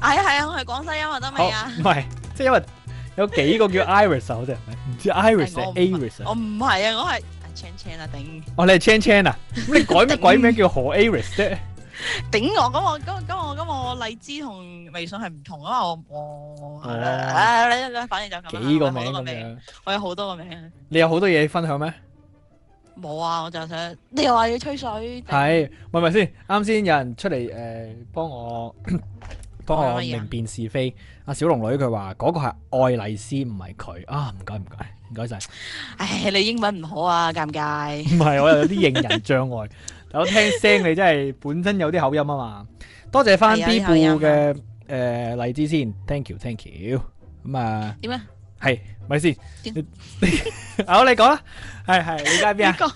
係啊係啊，我係廣西音得未啊？唔係，即係因為有幾個叫 Iris 啊，嗰啲唔知 Iris 定 Aris 啊？我唔係啊，我係青青啊頂！哦，你係青青啊？咁 你改咩鬼名叫何 Aris 啫？ 頂我咁我咁我咁我咁我，我荔枝同微信係唔同啊嘛。我我係、哦、啊，你你反正就樣幾個名，我有好多個名，個名你有好多嘢分享咩？冇啊，我就想、是、你又話要吹水，係，唔係唔係先，啱先有人出嚟誒，幫、呃、我幫我明辨是非。阿小龍女佢話嗰個係愛麗絲，唔係佢啊，唔該唔該，唔該晒。啊、唉，你英文唔好啊，尷尬。唔係 我又有啲認人障礙。 有聽聲你真係本身有啲口音啊嘛，多謝翻 B 部嘅誒荔枝先，thank you thank you，咁啊點啊係咪先？好，你講啦，係，係你而家喺邊啊？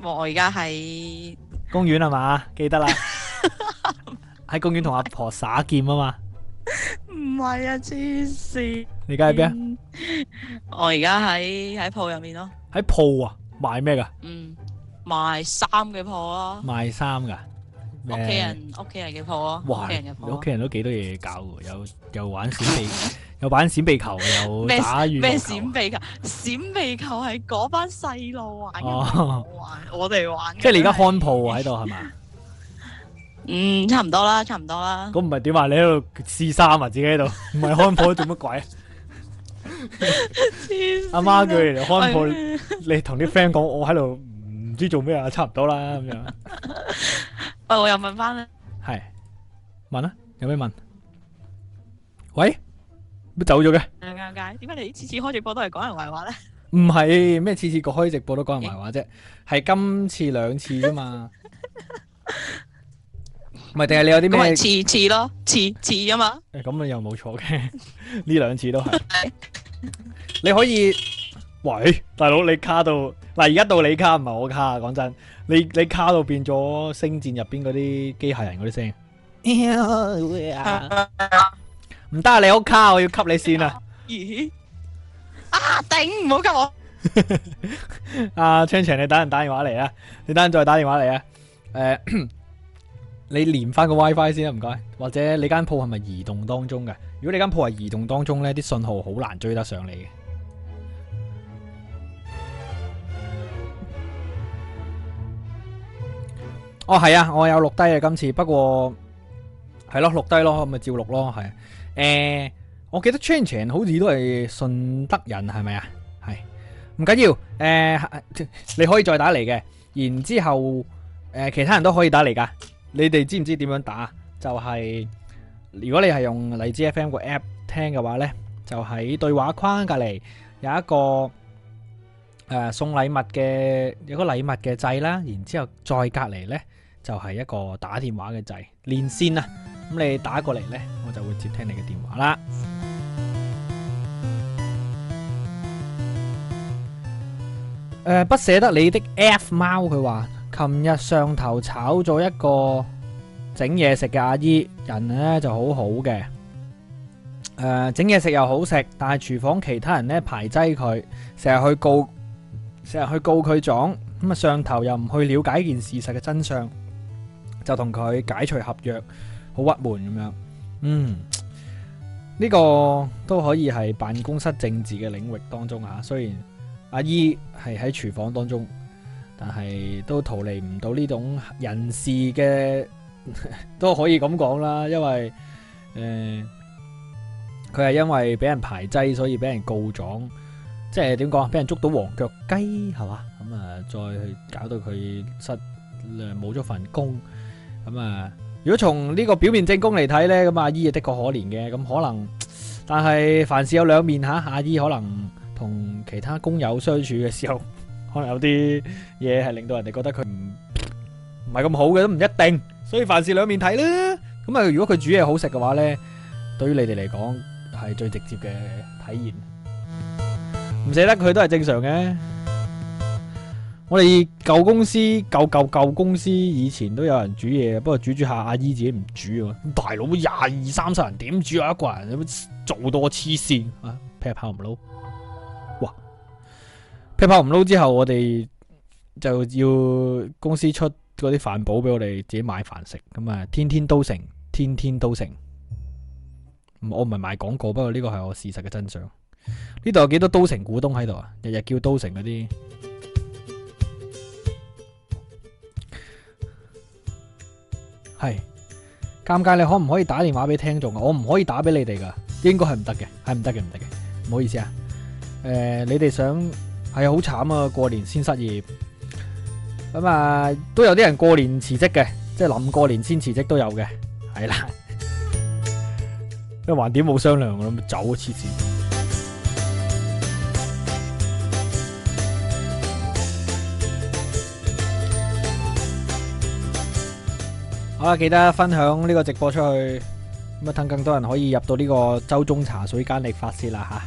我而家喺公園啊嘛？記得啦，喺公園同阿婆耍劍啊嘛？唔係啊，黐線！你而家喺邊啊？我而家喺喺鋪入面咯，喺鋪啊，賣咩㗎？嗯。賣衫嘅鋪咯，賣衫噶，屋企人屋企人嘅鋪咯，哇，你屋企人都幾多嘢搞嘅，有有玩閃避，有玩閃避球，有打魚。咩閃避球？閃避球係嗰班細路玩嘅，玩我哋玩。即係你而家看鋪喺度係咪？嗯，差唔多啦，差唔多啦。咁唔係點話？你喺度試衫啊？自己喺度，唔係看鋪做乜鬼？阿媽叫你嚟看鋪，你同啲 friend 講我喺度。唔知做咩啊，差唔多啦咁樣。喂， 我又問翻啦。係，問啦，有咩問？喂，乜走咗嘅？唔尷尬，點解你次次開直播都係講人壞話咧？唔係咩，咩次次個開直播都講人壞話啫，係 今次兩次啊嘛。唔係定係你有啲咩？次次咯，次次啊嘛。咁你、 欸、又冇錯嘅，呢 兩次都係。 你可以。喂，大佬你卡到嗱，而家到你卡唔係我卡啊！講真，你你卡到變咗《星戰》入邊嗰啲機械人嗰啲聲。唔得啊！你好卡，我要吸你線 啊！ 啊頂！唔好吸我。阿昌 h 你等陣打電話嚟啊！你等陣再打電話嚟啊！誒、呃， 你連翻個 WiFi 先啊！唔該。或者你間鋪係咪移動當中嘅？如果你間鋪係移動當中呢，啲信號好難追得上你嘅。哦係啊，我有錄低啊，今次。不過係咯錄低咯，咁咪、啊、照錄咯係。誒、啊呃，我記得 Chan 好似都係順德人係咪啊？係唔緊要，誒、呃、你可以再打嚟嘅，然之後誒、呃、其他人都可以打嚟噶。你哋知唔知點樣打？就係、是、如果你係用荔枝 FM 個 app 聽嘅話咧，就喺對話框隔籬有一個誒、呃、送禮物嘅有個禮物嘅掣啦，然之後再隔籬咧。就係一個打電話嘅掣連線啊。咁你打過嚟呢，我就會接聽你嘅電話啦、呃。不捨得你的 F 貓，佢話琴日上頭炒咗一個整嘢食嘅阿姨，人呢就很好好嘅。誒、呃，整嘢食又好食，但係廚房其他人呢排擠佢，成日去告成日去告佢狀，咁啊上頭又唔去了解件事實嘅真相。就同佢解除合約，好鬱悶咁樣。嗯，呢、呢個都可以係辦公室政治嘅領域當中啊。雖然阿姨係喺廚房當中，但係都逃離唔到呢種人事嘅 都可以咁講啦。因為誒，佢、呃、係因為俾人排擠，所以俾人告狀，即係點講？俾人捉到黃腳雞係嘛？咁啊，再去搞到佢失冇咗份工。咁啊，如果從呢個表面證供嚟睇咧，咁阿姨啊的確可憐嘅，咁可能，但係凡事有兩面吓，阿姨可能同其他工友相處嘅時候，可能有啲嘢係令到人哋覺得佢唔唔係咁好嘅都唔一定，所以凡事兩面睇啦。咁啊，如果佢煮嘢好食嘅話咧，對於你哋嚟講係最直接嘅體驗，唔捨得佢都係正常嘅。我哋舊公司、舊舊舊公司以前都有人煮嘢，不過煮煮下，阿姨自己唔煮啊。大佬廿二三十人點煮啊一個人？做多黐線啊！劈炮唔撈，哇！劈炮唔撈之後，我哋就要公司出嗰啲飯補俾我哋自己買飯食。咁啊，天天都城，天天都城。我唔係賣廣告，不過呢個係我事實嘅真相。呢度有幾多都城股東喺度啊？日日叫都城嗰啲。係尷尬，你可唔可以打電話俾聽眾啊？我唔可以打俾你哋噶，應該係唔得嘅，係唔得嘅，唔得嘅，唔好意思啊。誒、呃，你哋想係好慘啊，過年先失業，咁、嗯、啊都有啲人過年辭職嘅，即係諗過年先辭職都有嘅，係啦，即係還點冇商量我咪走啊，黐線！好啦，記得分享呢個直播出去，咁啊，等更多人可以入到呢個周中茶水間嚟發洩啦吓。啊、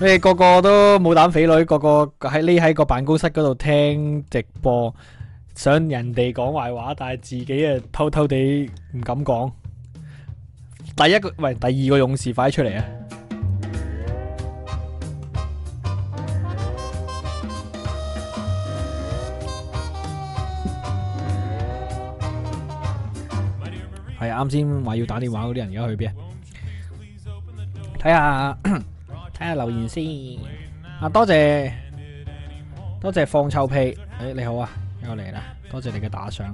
你哋個個都冇膽肥女，個個喺匿喺個辦公室嗰度聽直播，想人哋講壞話，但係自己啊偷偷地唔敢講。第一個，喂，第二個勇士快出嚟啊！啱先話要打電話嗰啲人而家去邊？睇下睇下留言先。啊多謝多謝放臭屁。誒你好啊又嚟啦，多謝你嘅打賞。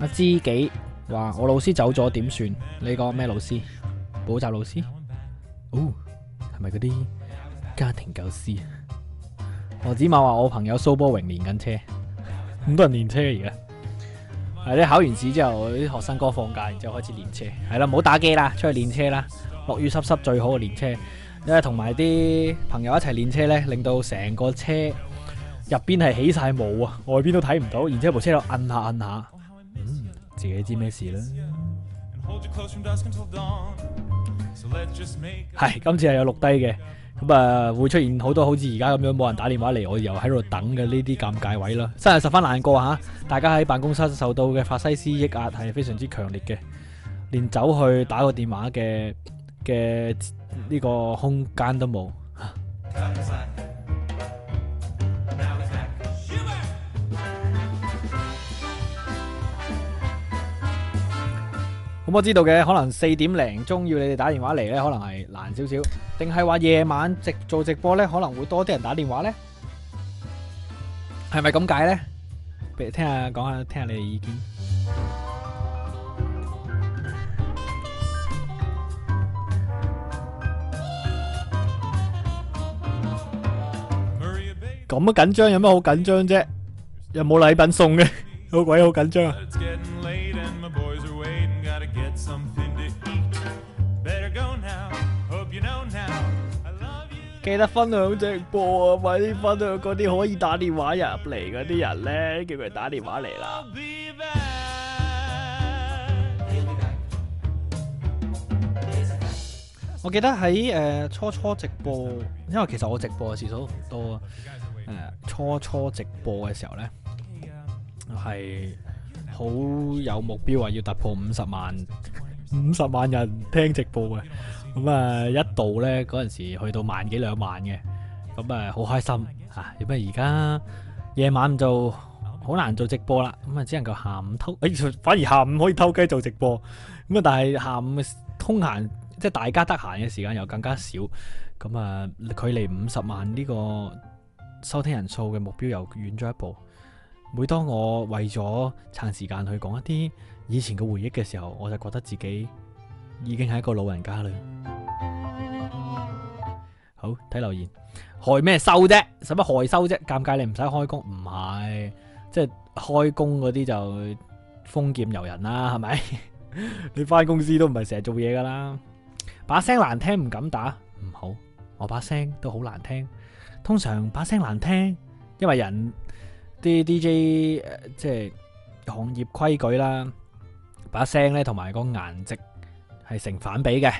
阿知己話我老師走咗點算？你個咩老師？補習老師？哦係咪嗰啲家庭教師？何子茂話我朋友蘇波榮練緊車，咁多人練車而家。係咧，考完試之後，啲學生哥放假，然之後開始練車，係啦，唔好打機啦，出去練車啦。落雨濕濕最好嘅練車，因為同埋啲朋友一齊練車咧，令到成個車入邊係起晒霧啊，外邊都睇唔到。然之後部車又摁下摁下，嗯，自己知咩事啦。係今次係有錄低嘅。咁啊，會出現很多好多好似而家咁樣冇人打電話嚟，我又喺度等嘅呢啲尷尬位咯，真係十分難過吓！大家喺辦公室受到嘅法西斯抑壓係非常之強烈嘅，連走去打個電話嘅嘅呢個空間都冇。 咁我知道嘅，可能四點零鐘要你哋打電話嚟呢，可能係難少少，定係話夜晚直做直播呢，可能會多啲人打電話呢，係咪咁解呢？不如聽下講下聽下你哋意見。咁啊緊張，有咩好緊張啫？有冇禮品送嘅？好鬼好緊張啊！記得分享直播啊，快啲分享嗰啲可以打電話入嚟嗰啲人咧，叫佢打電話嚟啦。我記得喺誒、呃、初初直播，因為其實我直播次數好多啊。誒、呃、初初直播嘅時候咧，係好有目標話，要突破五十萬五十萬人聽直播嘅。咁啊、嗯，一度呢嗰陣時去到 1, 萬幾兩萬嘅，咁、嗯嗯、啊，好開心吓。如果而家夜晚就好難做直播啦，咁、嗯、啊，只能夠下午偷、哎，反而下午可以偷雞做直播。咁、嗯、啊，但係下午通閒，即係大家得閒嘅時間又更加少。咁、嗯、啊，距離五十萬呢個收聽人數嘅目標又遠咗一步。每當我為咗撐時間去講一啲以前嘅回憶嘅時候，我就覺得自己，已經係一個老人家啦。好，睇留言，害咩羞啫？使乜害羞啫？尷尬，你唔使開工，唔係即係開工嗰啲就豐儉由人啦，係咪？ 你翻公司都唔係成日做嘢噶啦。把聲難聽唔敢打，唔好。我把聲都好難聽，通常把聲難聽，因為人啲 D J 誒，即係行業規矩啦。把聲咧同埋個顏值。係成反比嘅，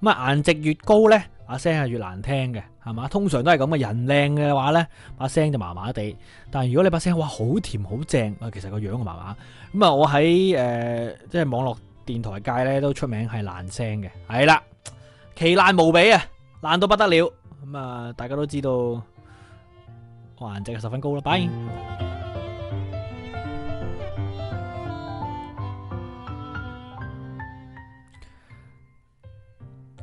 咁啊顏值越高呢，把聲係越難聽嘅，係嘛？通常都係咁嘅。人靚嘅話呢，把聲就麻麻地。但係如果你把聲哇好甜好正，啊其實個樣麻麻咁啊。我喺誒、呃、即係網絡電台界呢，都出名係爛聲嘅，係啦，奇爛無比啊，爛到不得了。咁啊，大家都知道我顏值係十分高啦。拜，拜！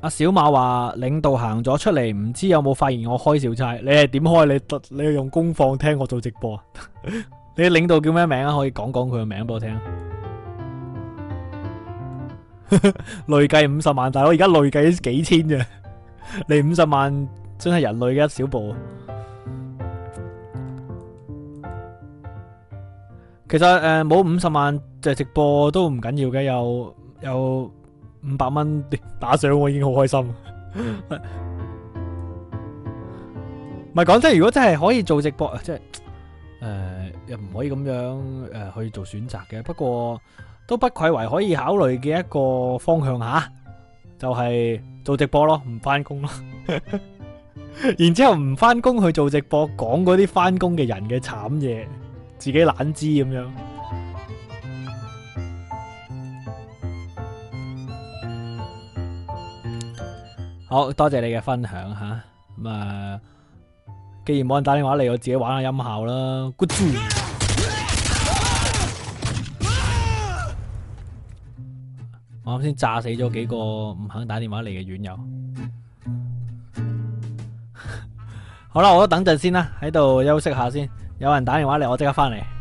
阿小馬話領導行咗出嚟，唔知有冇發現我開小差？你係點開？你特你用功放聽我做直播？ 你領導叫咩名啊？可以講講佢嘅名俾我聽。 累計五十萬大佬，而家累計幾千啫。 你五十萬真係人類嘅一小步。 其實誒，冇五十萬就直播都唔緊要嘅，有有。五百蚊打賞我已經好開心，唔係講真，如果真係可以做直播，即係誒又唔可以咁樣誒、呃、去做選擇嘅。不過都不愧為可以考慮嘅一個方向吓、啊，就係、是、做直播咯，唔翻工咯。然之後唔翻工去做直播，講嗰啲翻工嘅人嘅慘嘢，自己懶知咁樣。好多謝你嘅分享吓，咁、嗯、啊，既然冇人打電話嚟，我自己玩下音效啦。Good，啊啊、我啱先炸死咗幾個唔肯打電話嚟嘅院友。 好啦，我都等陣先啦，喺度休息下先。有人打電話嚟，我即刻翻嚟。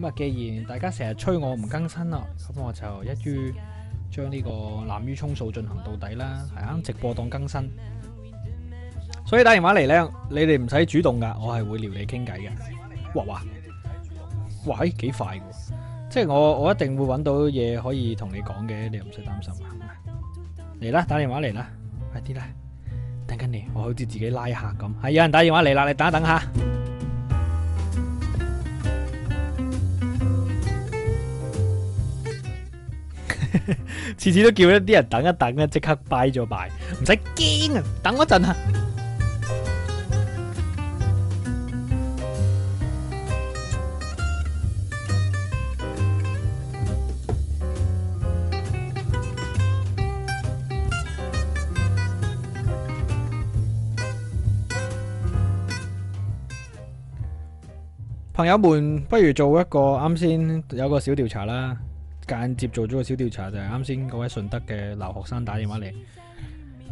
咁啊！既然大家成日催我唔更新啦，咁我就一於將呢個濫竽充數進行到底啦，係啊！直播當更新，所以打電話嚟呢，你哋唔使主動噶，我係會撩你傾偈嘅。哇哇喂，嘿，幾快嘅，即係我我一定會揾到嘢可以同你講嘅，你唔使擔心。啊。嚟啦，打電話嚟啦，快啲啦！等緊你，我好似自己拉客咁。係，有人打電話嚟啦，你等一等下。次 次都叫一啲人等一等咧，即刻拜咗拜，唔使驚啊！等一陣啊！朋友們，不如做一個啱先有個小調查啦。間接做咗個小調查，就係啱先嗰位順德嘅留學生打電話嚟，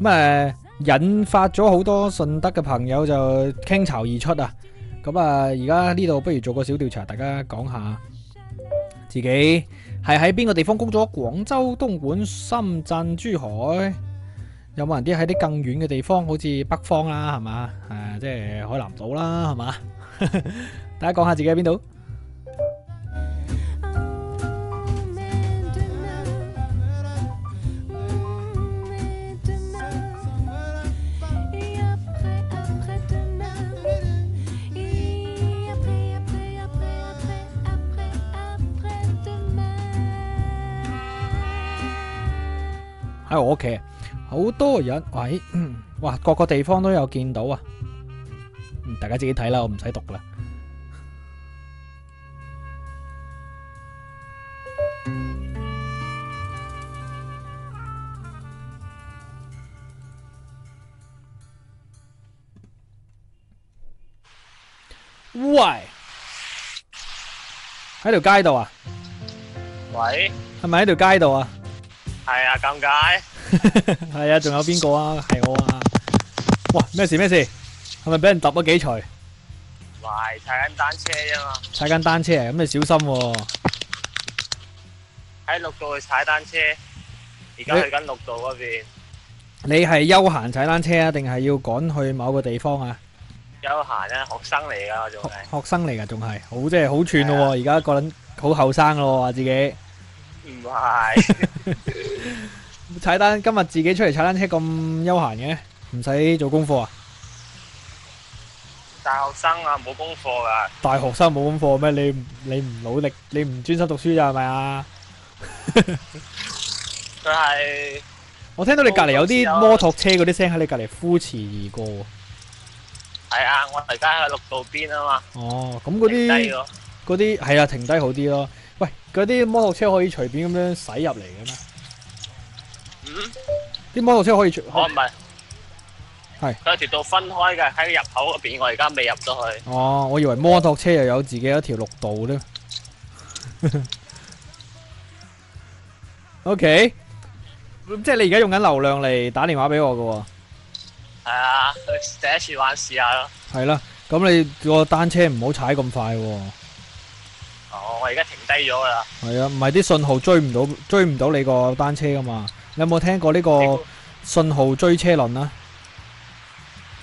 咁、嗯、誒引發咗好多順德嘅朋友就傾巢而出、嗯、啊！咁啊，而家呢度不如做個小調查，大家講下自己係喺邊個地方工作？廣州、東莞、深圳、珠海，有冇人啲喺啲更遠嘅地方，好似北方、啊啊即係、海南島啦，係嘛？誒，即係海南島啦，係嘛？大家講下自己喺邊度？喺我屋企，好多人，喂，哇，各個地方都有見到啊。嗯，大家自己睇啦，我唔使讀啦。喂，喺條街度啊？喂，係咪喺條街度啊？係啊，尷尬。係啊，仲有邊個啊？係我啊。哇，咩事咩事？係咪俾人揼咗幾錘？喂，踩緊單車啫嘛。踩緊單車啊？咁你小心喎。喺綠道去踩單車，而家去緊綠道嗰邊。你係休閒踩單車啊？定係要趕去某個地方啊？休閒啊，學生嚟噶仲係。學生嚟噶仲係，好即係好串咯。而家個捻好後生咯，自己。唔係踩單車，今日自己出嚟踩單車咁悠閒嘅，唔使做功課啊？大學生啊，冇功課噶。大學生冇功課咩？你你唔努力，你唔專心讀書咋係咪啊？佢係。我聽到你隔籬有啲摩托車嗰啲聲喺你隔籬呼馳而過。係啊，我而家喺綠道邊啊嘛。哦，咁嗰啲嗰啲，係啊，停低好啲咯。喂，嗰啲摩托車可以隨便咁樣駛入嚟嘅咩？嗯？啲摩托車可以出？我唔係，係，有條道分開嘅，喺入口嗰邊，我而家未入到去。哦，我以為摩托車又有自己一條綠道咧。O K，咁即係你而家用緊流量嚟打電話俾我嘅喎。係啊，第一次玩試下咯。係啦，咁你個單車唔好踩咁快。哦，oh, 我而家停低咗啦。係啊，唔係啲信號追唔到，追唔到你個單車噶嘛？你有冇聽過呢個信號追車輪啊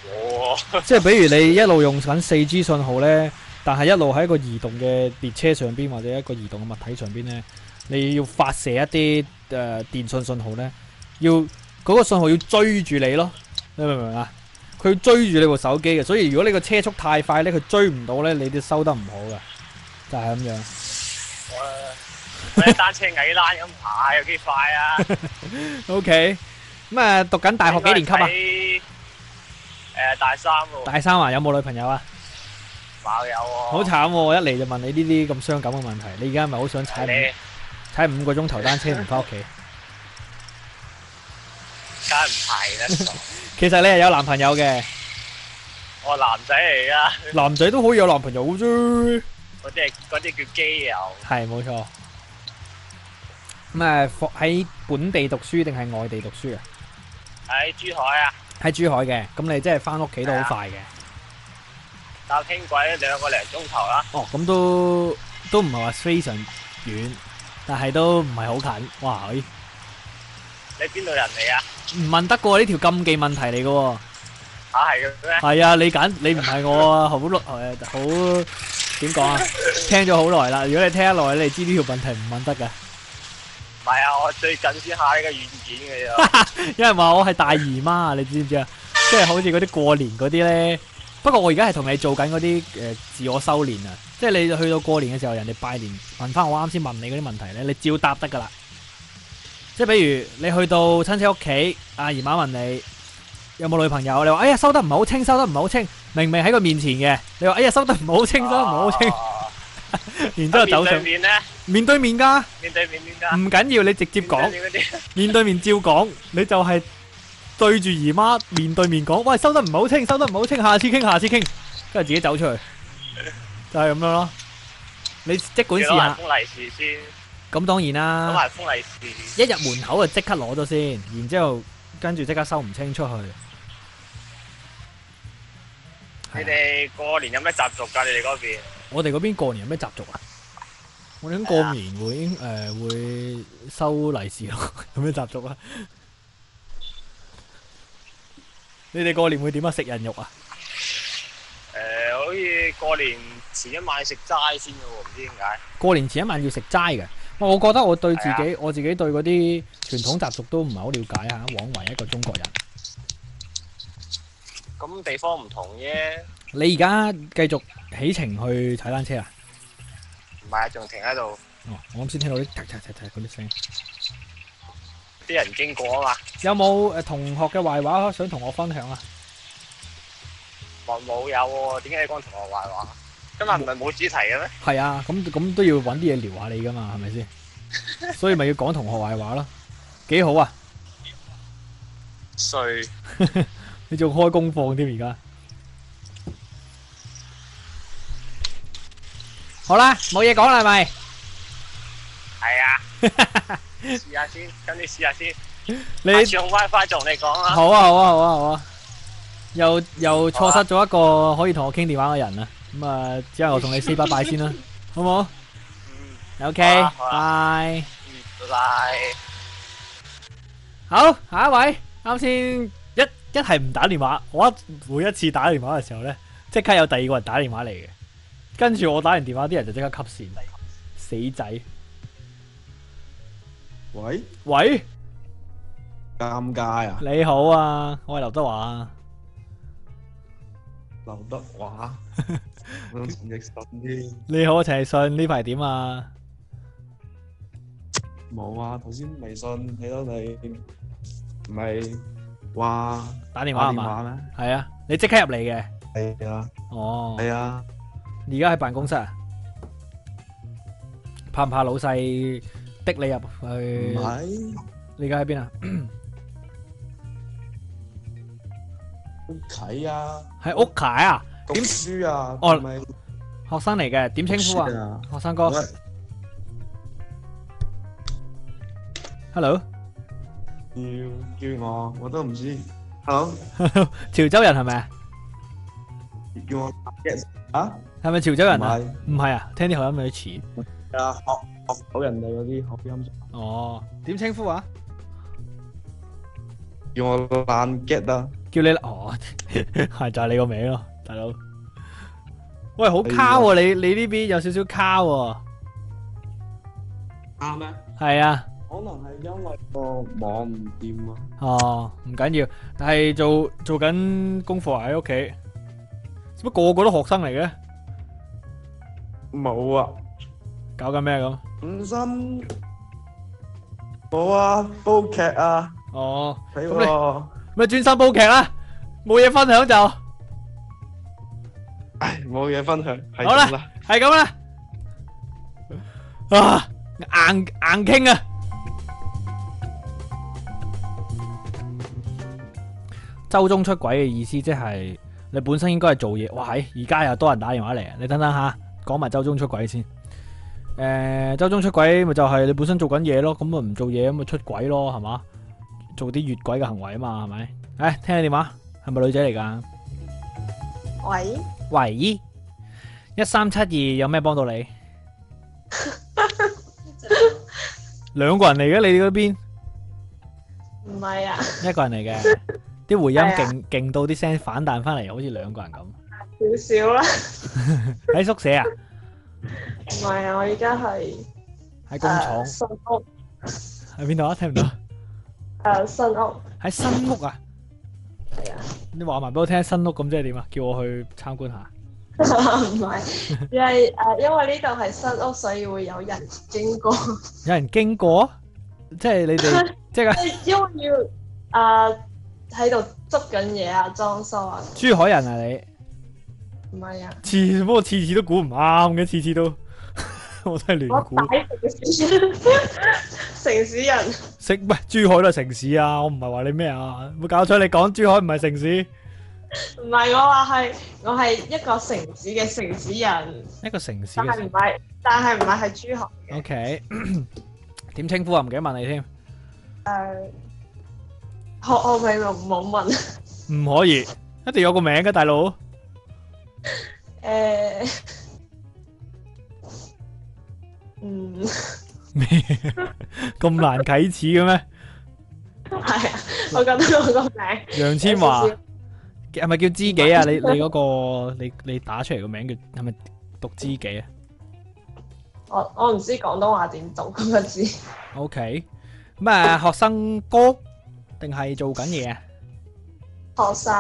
？Oh. 即係比如你一路用緊四 G 信號呢，但係一路喺個移動嘅列車上邊或者一個移動嘅物體上邊呢，你要發射一啲誒、呃、電信信號呢，要嗰，那個信號要追住你咯，你明唔明啊？佢要追住你部手機嘅，所以如果你個車速太快呢，佢追唔到呢，你都收得唔好噶。就係咁樣，我我喺單車矮欄咁排，有幾快啊？OK，咁啊，讀緊大學幾年級啊？誒，大三喎。大三啊，有冇女朋友啊？冇有喎。好慘，我一嚟就問你呢啲咁傷感嘅問題。你而家咪好想踩你踩五個鐘頭單車唔翻屋企？梗係唔係啦，其實你係有男朋友嘅。我男仔嚟噶。男仔都可以有男朋友啫。嗰啲嗰啲叫基友，係冇錯。咁誒，喺本地讀書定係外地讀書啊？喺珠海啊。喺珠海嘅，咁你即係翻屋企都好快嘅。搭輕軌兩個零鐘頭啦。哦，咁都都唔係話非常遠，但係都唔係好近。哇，咦？你邊度人嚟啊？唔問得過呢條禁忌問題嚟噶喎。啊，係嘅咩？係啊，你揀你唔係我啊，好咯，係好。點講啊？聽咗好耐啦，如果你聽得耐，你知呢條問題唔問得㗎？唔係啊，我最近先下呢個軟件嘅啫， 因為話我係大姨媽啊，你知唔知啊？即係好似嗰啲過年嗰啲呢。不過我而家係同你做緊嗰啲誒，自我修煉啊，即係你去到過年嘅時候，人哋拜年問翻我啱先問你嗰啲問題呢，你照答得噶啦。即係比如你去到親戚屋企，阿姨媽問你有冇女朋友，你話哎呀收得唔好清，收得唔好清。明明喺佢面前嘅，你話哎呀收得唔好清，收得唔好清，然之後走上面對面咧，面對面噶，面對面面噶，唔緊要，你直接講，面對面照講，你就係對住姨媽面對面講，喂，收得唔好清，收得唔好清，下次傾，下次傾，跟住自己走出去，就係咁樣咯。你即管試下，咁當然啦，一入門口就即刻攞咗先，然之後跟住即刻收唔清出去。你哋過年有咩習俗噶？你哋嗰邊？我哋嗰邊過年有咩習俗啊？我諗過年會誒會收利是咯，有咩習俗啊？你哋過年會點啊？食人肉啊？誒，好似過年前一晚食齋先嘅喎，唔知點解。過年前一晚要食齋嘅，我我覺得我對自己，我自己對嗰啲傳統習俗都唔係好了解吓，枉為一個中國人。咁地方唔同啫。你而家繼續起程去踩單車啊？唔係啊，仲停喺度。哦，我啱先聽到啲，嗰啲聲，啲人經過啊嘛。有冇誒同學嘅壞話想同我分享啊？我冇有，點解要講同學壞話？今日唔係冇主題嘅咩？係啊，咁咁都要揾啲嘢聊下你噶嘛，係咪先？所以咪要講同學壞話咯，幾好啊！衰。你仲開功放添而家？好啦，冇嘢講啦係咪？係啊，試下先，咁你試下先。你用 WiFi 就同你講啦。好啊好啊好啊好啊！又又錯失咗一個可以同我傾電話嘅人啊！咁啊，之後我同你 say 拜拜先啦，好唔好？嗯。OK，拜。拜。好，下一位，啱先。一係唔打電話，我一每一次打電話嘅時候咧，即刻有第二個人打電話嚟嘅，跟住我打完電話，啲人就即刻 cut 線嚟：「死仔！喂喂，尷喂尬啊！你好啊，我係劉德華。劉德華， 我諗陳奕迅添。你好啊，陳奕迅，呢排點啊？冇啊，頭先微信睇到你，唔係。哇！打電話係嘛？係啊，你即刻入嚟嘅。係啊。哦。係啊。而家喺辦公室啊？怕唔怕老細逼你入去？唔係，你而家喺邊啊？屋企啊。喺屋企啊？啊讀書啊？哦，學生嚟嘅，點稱呼啊？啊學生哥。是 Hello。要叫，叫我，我都唔知。Hello， 潮州人係咪？叫我 get 啊？係咪潮州人啊？唔係是，啊，聽啲口音有啲似。啊，學學好人哋嗰啲學音。哦，點稱呼啊？叫我懶 get 啊，叫你哦，係 就係你個名咯，大佬。喂，好卡喎！你你呢邊有少少卡喎。啱咩？係啊。嗎可能係因為個網唔掂啊！哦，唔緊要，但係做做緊功課喺屋企。乜個個都學生嚟嘅？冇啊！搞緊咩咁？唔新，冇啊！煲劇啊！哦，死喎！咪專心煲劇啦！冇嘢分享就，唉，冇嘢分享。好啦，係咁啦。啊，硬硬傾啊！周中出軌嘅意思即係你本身應該係做嘢。哇！而家又多人打電話嚟，你等等吓，講埋周中出軌先。誒、呃，周中出軌咪就係你本身做緊嘢咯，咁咪唔做嘢，咁咪出軌咯，係嘛？做啲越軌嘅行為啊嘛，係咪？誒，聽下電話，係咪女仔嚟噶？喂喂，一三七二，有咩幫到你？兩 個人嚟嘅，你哋嗰邊？唔係啊，一個人嚟嘅。 啲回音勁，勁到啲聲反彈翻嚟，好似兩個人咁。少少啦。喺宿舍啊？唔係啊，我而家係喺工廠新屋。喺邊度啊？聽唔到。誒，新屋。喺新屋啊？係啊。你話埋俾我聽，新屋咁即係點啊？叫我去參觀下。唔係，係誒，因為呢度係新屋，所以會有人經過。有人經過？即係你哋即係。因為要誒。喺度執緊嘢啊，裝修啊！珠海人啊，你唔係啊？次，不過次次都估唔啱嘅，次次都我都係亂估。城市人，城唔係珠海都係城市啊！我唔係話你咩啊？冇搞錯，你講珠海唔係城市？唔係，我話係，我係一個城市嘅城市人，一個城市，但係唔係，但係唔係喺珠海嘅。O K，點稱呼啊？唔記得問你添。誒。我我咪唔好問。唔可以，一定有個名嘅，大佬。誒，嗯。咩？咁難啟齒嘅咩？係啊，我覺得我個名。楊千嬅。係咪叫知己啊？你你嗰個你你打出嚟個名叫係咪讀知己啊？我我唔知廣東話點讀嗰個字。O K。咩學生哥？定係做緊嘢，學生。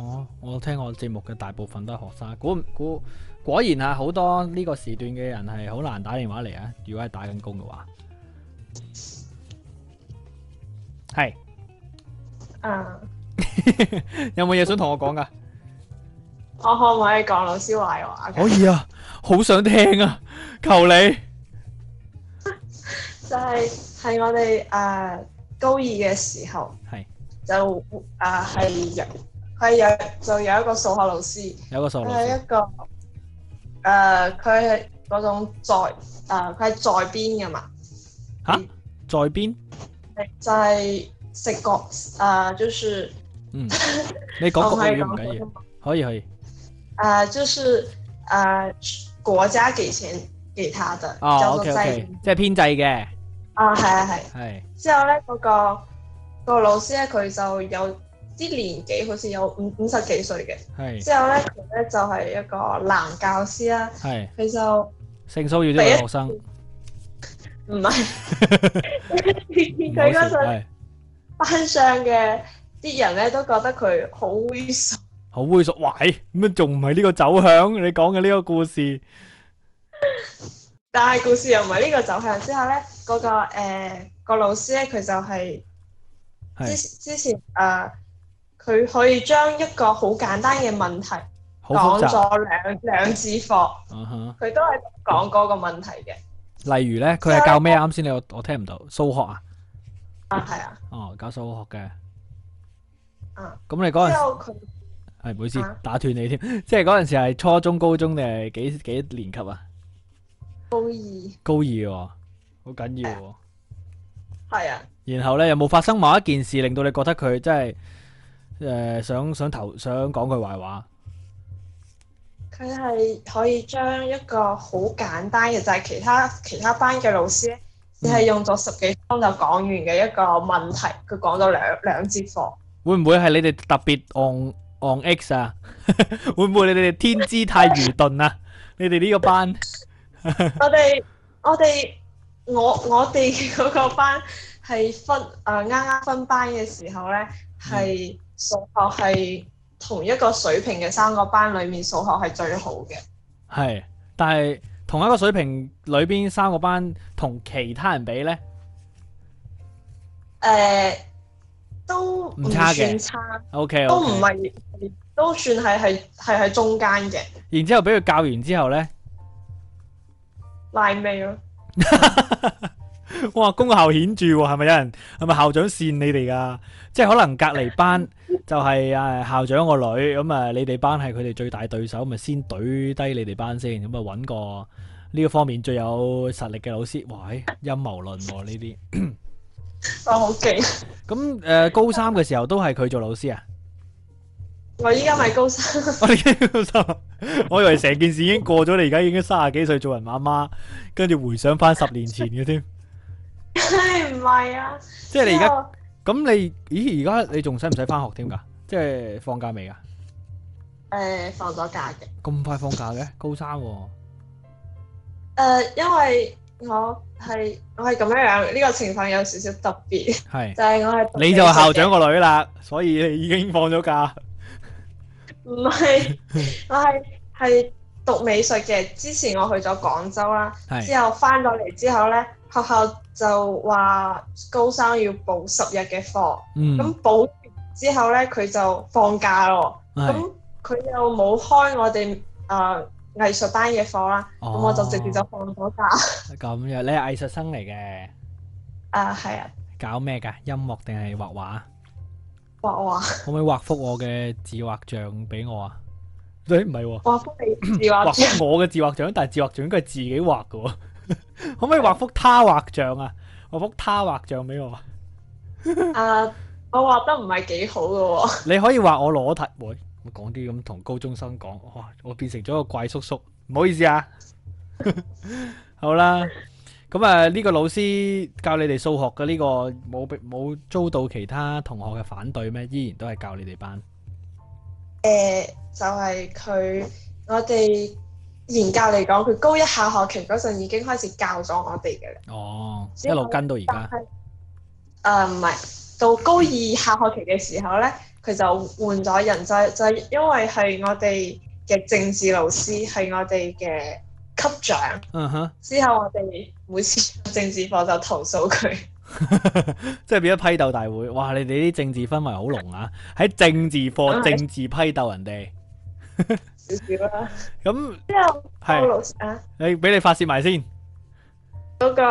哦，我聽我節目嘅大部分都係學生，估估果然啊，好多呢個時段嘅人係好難打電話嚟啊。如果係打緊工嘅話，係，啊，有冇嘢想同我講㗎？我可唔可以講老師壞話？可以啊，好想聽啊，求你。就係係我哋誒。高二嘅時候，是就啊係佢有，有就有一個數學老師，有一個數學，係一個誒，佢係嗰種在誒，佢、呃、係在編嘅嘛嚇，在編，就係食國誒，就是嗯，你語 講個國語唔緊要，可以可以誒，就是誒、呃、國家給錢給他的，哦、叫做在編、okay, okay, 即係編制嘅啊，係啊係。之後咧，嗰、那個、那個老師咧，佢就有啲年紀，好似有五五十幾歲嘅。係的。之後咧，佢咧就係、是、一個男教師啦。係的。佢就性騷擾啲學生。唔係是。佢嗰陣班上嘅啲人咧，都覺得佢好猥瑣。好猥瑣，喂，咁啊，仲唔係呢個走向？你講嘅呢個故事，但係故事又唔係呢個走向。之後咧，嗰、那個誒。呃個老師咧，佢就係之之前誒，佢可以將一個好簡單嘅問題講咗兩兩次課，佢都係講嗰個問題嘅。例如咧，佢係教咩？啱先你我我聽唔到，數學啊？啊，係啊。哦，教數學嘅。嗯。咁你嗰陣係唔好意思打斷你添，即係嗰陣時係初中、高中定係幾幾年級啊？高二。高二喎，好緊要喎。係啊，然後咧，有冇發生某一件事令到你覺得佢真係誒、呃、想想投想講句壞話。佢係可以將一個好簡單嘅，就係、是、其他其他班嘅老師，只係用咗十幾分鐘就講完嘅一個問題，佢講咗兩兩節課。會唔會係你哋特別戇戇 X 啊？ 會唔會你哋天資太愚鈍啊？ 你哋呢個班？ 我哋我哋。我我哋嗰個班係分啱啱分班嘅時候咧，係數學係同一個水平嘅三個班裏面數學係最好嘅。係，但係同一個水平裏邊三個班同其他人比咧，誒、呃，都唔差嘅。唔差。O K。Okay, okay. 都唔係，都算係係係係中間嘅。然之後俾佢教完之後咧，拉尾咯。哈哈哈！我話 功效顯著喎，啊，係咪有人係咪校長扇你哋噶，啊？即係可能隔離班就係啊校長個女，咁啊你哋班係佢哋最大對手，咁咪先懟低你哋班先，咁啊搵個呢個方面最有實力嘅老師，哇！陰謀論呢啲，我好勁。咁誒、 oh, okay. 呃，高三嘅時候都係佢做老師啊？我依家係高三，我已經，我以為成件事已經過咗。你而家已經三十幾歲，做人媽媽，跟住回想翻十年前嘅添。唔係啊，即係你而家咁你咦？而家你仲使唔使翻學添？噶，即係放假未啊？誒，放咗假嘅。咁快放假嘅高三？誒，因為我係我係咁樣樣，呢個情況有少少特別，係就係我係你就係校長個女啦，所以已經放咗假。唔係，我係係讀美術嘅。之前我去咗廣州啦，是之後翻到嚟之後咧，學校就話高三要補十日嘅課。咁、嗯、補完之後咧，佢就放假咯。咁佢是又冇開我哋誒、呃、藝術班嘅課啦。咁、哦、我就直接就放咗假了。咁樣，你係藝術生嚟嘅。啊，係啊。搞咩㗎？音樂定係畫畫？我話可唔可以畫幅我嘅自畫像俾我啊？你唔係畫幅你自畫像，、啊啊、 像，我嘅 自畫像，但係自畫像應該係自己畫嘅。 可唔可以畫幅他畫像啊？畫幅他畫像俾我、， uh，我的啊？啊，我畫得唔係幾好嘅。你可以畫我裸體會，我講啲咁同高中生講，哇！我變成咗個怪叔叔，唔好意思啊。 好啦。咁啊，呢個老師教你哋數學嘅呢個冇冇遭到其他同學嘅反對咩？依然都係教你哋班。誒、呃，就係、是、佢，我哋研教嚟講，佢高一下學期嗰陣已經開始教咗我哋嘅啦。哦，以一路跟到而家。誒、呃，唔係，到高二下學期嘅時候咧，佢就換咗人，就係因為係我哋嘅政治老師，係我哋嘅。給獎，之後我哋每次政治課就投訴佢， 即係變咗批鬥大會。哇，你哋啲政治氛圍好濃啊！喺政治課政治批鬥人哋， 少少啦、啊。咁之 那後係，老師啊，你俾你發洩埋先。嗰個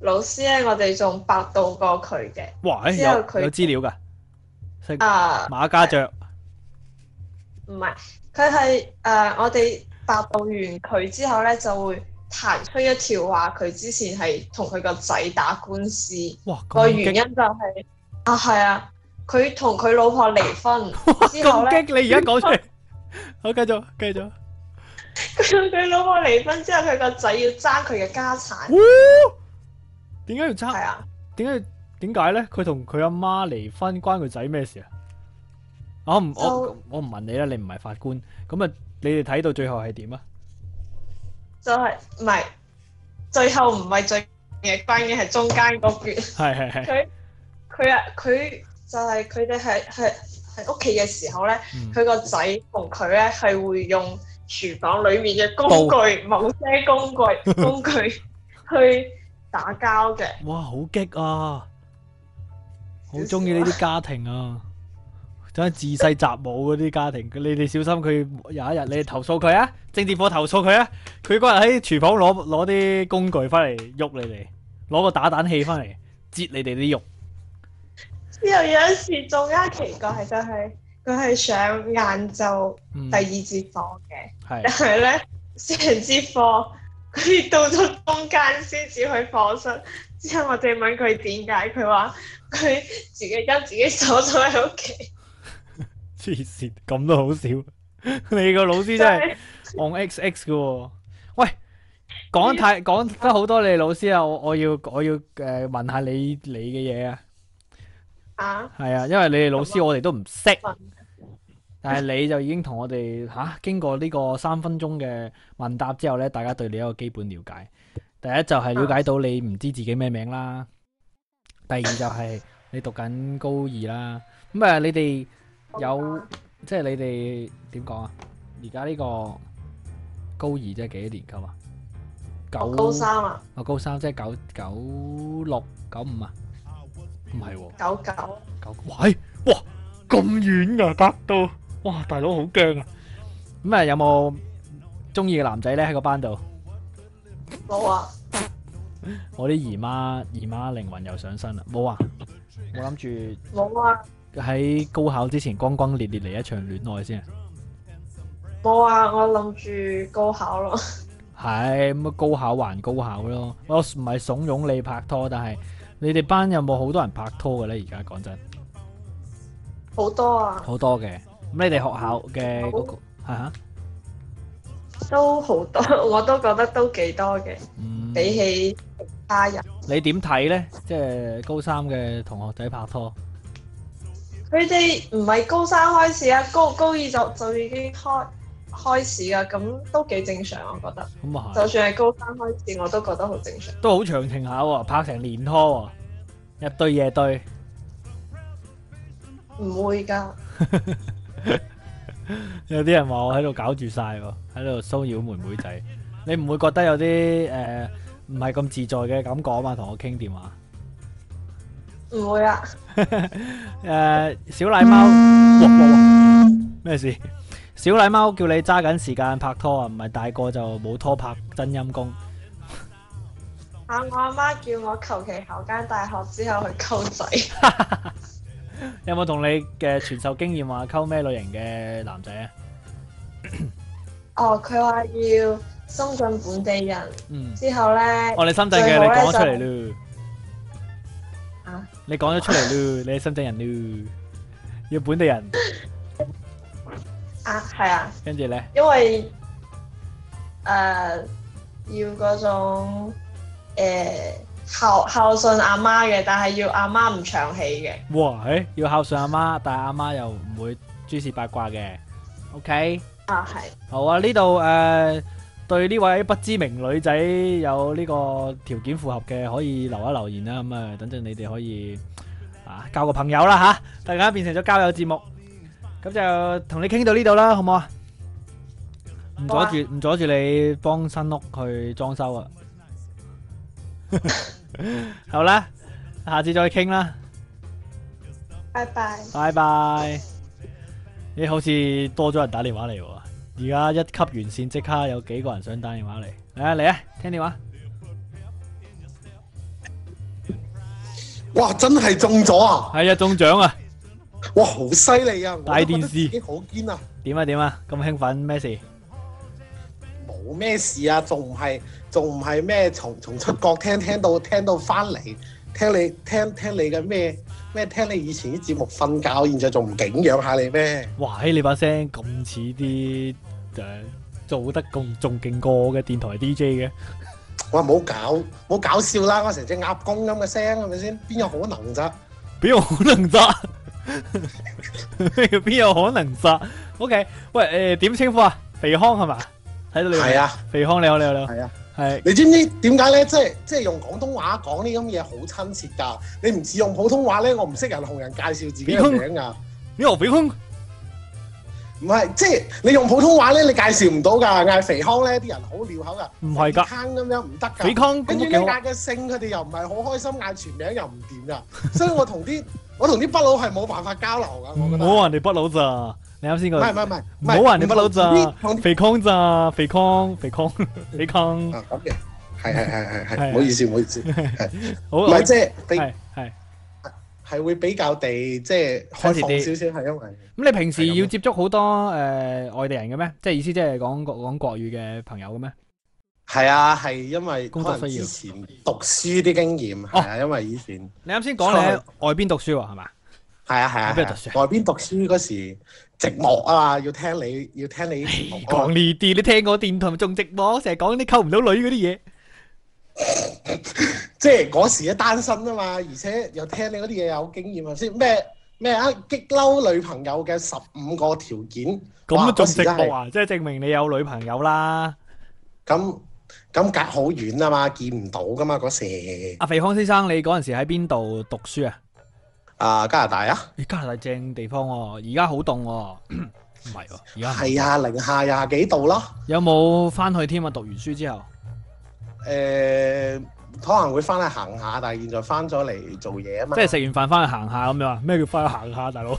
老師咧，我哋仲百度過佢嘅。哇，之後佢有有資料噶。啊、呃，馬家爵。唔係，佢係誒我哋。百度完佢之後咧，就會彈出一條話佢之前係同佢個仔打官司，個原因就係、是、啊，係啊，佢同佢老婆離婚激嘩你而家講出嚟。 好，繼續，繼續，佢老婆離婚之後，佢個仔要爭佢嘅家產。點解、哦、要爭啊？點解？點解咧？佢同佢阿媽離婚，關佢仔咩事啊？我唔就我我唔問你啦，你唔係法官咁啊。你哋睇到最後係點啊？就係唔係最後唔係最嘅，關鍵係中間嗰段。係係係。佢佢啊佢就係佢哋係係喺屋企嘅時候咧，佢個仔同佢咧係會用廚房裏面嘅工具某些工具工具去打交嘅。哇，好激啊！好中意呢啲家庭啊！就係自細雜舞嗰啲家庭，你哋小心佢有一日，你哋投訴佢啊！政治課投訴佢啊！佢嗰日喺廚房攞攞啲工具翻嚟喐你哋，攞個打蛋器翻嚟折你哋啲肉。之後有一事仲加奇怪就係佢係上晏晝第二節課嘅，嗯、但係咧成節課佢到咗中間先至去放鬆。之後我哋問佢點解，佢話佢自己跟自己鎖咗喺屋企。黐線，咁都好笑。 你個老師真係 on X X 噶喎。對喂，講太講得好多你哋老師、呃、問問你你啊！我我要我要誒問下你你嘅嘢啊。啊？係啊，因為你哋老師我哋都唔識，啊、但係你就已經同我哋吓、啊、經過呢個三分鐘嘅問答之後咧，大家對你一個基本了解。第一就係了解到你唔知自己咩名啦。第二就係你讀緊高二啦。咁啊，你哋。有即係你哋點講啊？而家呢個高二即係幾多年級啊？九高三啊！啊高三，即係九九六九五啊？唔係喎？九九九喂！哇咁遠啊，達到哇！大佬好驚啊！咁啊有冇中意嘅男仔咧喺個班度？冇啊！我啲姨媽姨媽靈魂又上身啦！冇啊！我諗住冇啊！喺高考之前，轟轟烈烈嚟一場戀愛先。冇啊，我諗住高考咯。係咁啊，高考還高考咯。我唔係慫恿你拍拖，但係你哋班有冇好多人拍拖嘅咧？而家講真，好多啊，好多嘅。咁你哋學校嘅嗰個係啊，都好多，我都覺得都幾多嘅。比起其他人，你點睇咧？即係高三嘅同學仔拍拖。佢哋唔係高三開始啊，高高二就就已經開開始啊，咁都幾正常，我覺得。咁啊，就算係高三開始，我都覺得好正常。都好長情下喎，拍成年拖喎，日對夜對。唔會㗎。 有啲人話我喺度搞住晒喎，喺度騷擾妹妹仔。你唔會覺得有啲誒唔係咁自在嘅感覺嘛？同我傾電話。唔會啊！誒， uh, 小奶貓，咩事？小奶貓叫你揸緊時間拍拖啊，唔係大個就冇拖拍，真陰功！啊，我阿媽叫我求其考間大學之後去溝仔。 有冇同你嘅傳授經驗話溝咩類型嘅男仔啊？ 哦，佢話要深圳本地人，嗯、之後咧，我哋深圳嘅你講得出嚟咯。你講咗出嚟咯， 你係深圳人咯，要本地人啊，係啊，跟住咧，因為誒、呃、要嗰種、呃、孝孝順阿媽嘅，但係要阿媽唔長氣嘅。哇，誒、欸、要孝順阿媽，但係阿媽又唔會諸事八卦嘅。O、okay? K 啊，係、啊、好啊，呢度誒。呃對呢位不知名女仔有呢個條件符合嘅，可以留一留言啦。咁啊，等陣你哋可以啊交個朋友啦吓，大家變成咗交友節目。咁就同你傾到呢度啦，好唔好啊？唔阻住，唔阻住你幫新屋去裝修啊！好啦，下次再傾啦。拜拜。拜拜。你好似多咗人打電話嚟。而家一級完線即刻有幾個人想打電話嚟？嚟啊嚟啊，聽電話！哇，真係中咗啊！係啊，中獎啊！哇，好犀利啊！大電視，好堅啊！點啊點啊，咁興奮咩事？冇咩事啊，仲唔係仲唔係咩？從從出國聽聽到聽到翻嚟，聽你聽聽你嘅咩？咩？聽你以前啲節目瞓覺，現在仲唔景仰下你咩？哇嘿！你把聲咁似啲誒，做得咁仲勁過我嘅電台 DJ 嘅？我話唔好搞，唔好搞笑啦！我成隻鴨公咁嘅聲係咪先？邊有可能咋？邊有可能咋？邊有可能咋？OK？喂誒，點稱呼啊？肥康係嘛？睇到你係啊，肥康你好你好你好係啊。係，是你知唔知點解咧？即係即係用廣東話講呢啲咁嘢好親切噶。你唔似用普通話咧，我唔識人同人介紹自己嘅名噶。你何肥康？唔係，即係你用普通話咧，你介紹唔到噶。嗌肥康咧，啲人好拗口噶。唔係㗎，坑咁樣唔得㗎。肥康，跟住你嗌個姓，佢哋又唔係好開心，嗌全名又唔掂㗎。所以我同啲 我同啲北佬係冇辦法交流㗎。我覺得。冇人哋北佬咋。唔好話你把佬咋？肥康咋？肥康？肥康？肥康？咁嘅。係係係係係，唔好意思，唔好意思。好，唔係即係係係會比較地即係開放少少。係因為咁，你平時要接觸好多誒外地人嘅咩？即係意思即係講講國語嘅朋友嘅咩？係啊，係因為工作需要讀書啲經驗係啊，因為以前你啱先講你喺外邊讀書喎，係嘛？係啊係啊，外邊讀書嗰時。寂寞啊嘛，要聽你要聽你。講呢啲，你聽我電台咪仲寂寞，成日講啲溝唔到女嗰啲嘢。即係嗰時咧單身啊嘛，而且又聽你嗰啲嘢有經驗啊，先咩咩啊激嬲女朋友嘅十五個條件。咁仲寂寞啊，即係證明你有女朋友啦。咁咁隔好遠啊嘛，見唔到噶嘛嗰時。阿肥康先生，你嗰陣時喺邊度讀書啊？啊！加拿大啊！欸、加拿大正地方，啊，而家好凍喎，唔係喎，而家係啊，零下廿幾度咯。有冇翻去添啊？讀完書之後，誒、欸，可能會翻去行下，但係現在翻咗嚟做嘢啊嘛。即係食完飯翻去行下咁樣？咩叫翻去行下，大佬？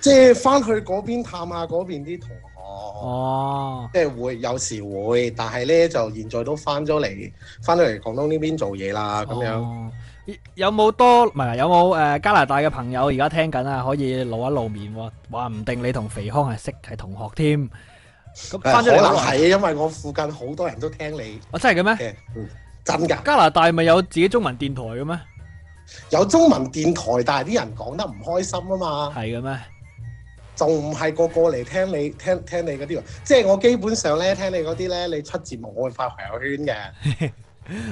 即係翻去嗰邊探下嗰邊啲同學哦。即係會有時會，但係咧就現在都翻咗嚟，翻咗嚟廣東呢邊做嘢啦，咁、哦、樣。有冇多唔係，有冇誒、呃、加拿大嘅朋友而家聽緊啊？可以露一露面，話唔定你同肥康係識係同學添。咁、呃、可能係，因為我附近好多人都聽你。我真係嘅咩？真㗎！欸、真。加拿大咪有自己中文電台嘅咩？有中文電台，但係啲人講得唔開心啊嘛。係嘅咩？仲唔係個個嚟聽你聽聽你嗰啲？即係我基本上咧，聽你嗰啲咧，你出節目我會發朋友圈嘅。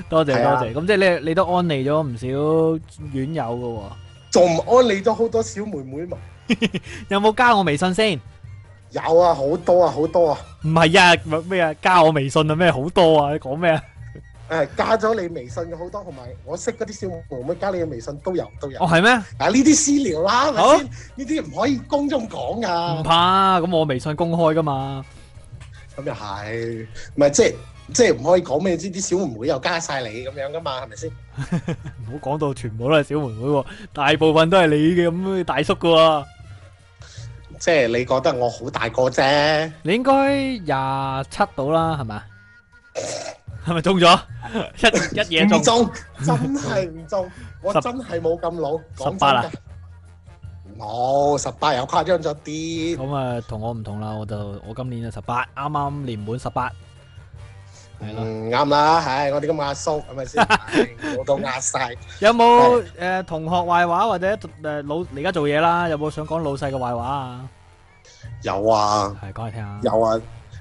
多謝多謝，咁即係你你都安利咗唔少院友噶，仲唔安利咗好多小妹妹嘛？有冇加我微信先？有啊，好多啊，好多啊！唔係啊，咩啊？加我微信啊？咩好多啊？你講咩啊？誒，加咗你微信好多，同埋我識嗰啲小妹妹加你嘅微信都有都有。哦，係咩？嗱，呢啲私聊啦，係咪先？呢啲唔可以公眾講噶。唔怕，咁我微信公開噶嘛？咁又係，唔係即係。即係唔可以講咩？啲啲小妹妹又加晒你咁樣噶嘛？係咪先？唔好講到全部都係小妹妹，大部分都係你嘅咁大叔噶、啊。即係你覺得我好大個啫？你應該廿七到啦，係咪？係咪 中咗？一一嘢中， 真係唔中， 10, 我真係冇咁老。十八啊！冇十八又誇張咗啲。咁啊，同我唔同啦，我就我今年就十八，啱啱年滿十八。嗯啱啦，我哋咁阿叔係咪先？我都壓晒。有冇誒同學壞話或者誒老而家做嘢啦？有冇想講老細嘅壞話啊？有啊，係講嚟聽有啊，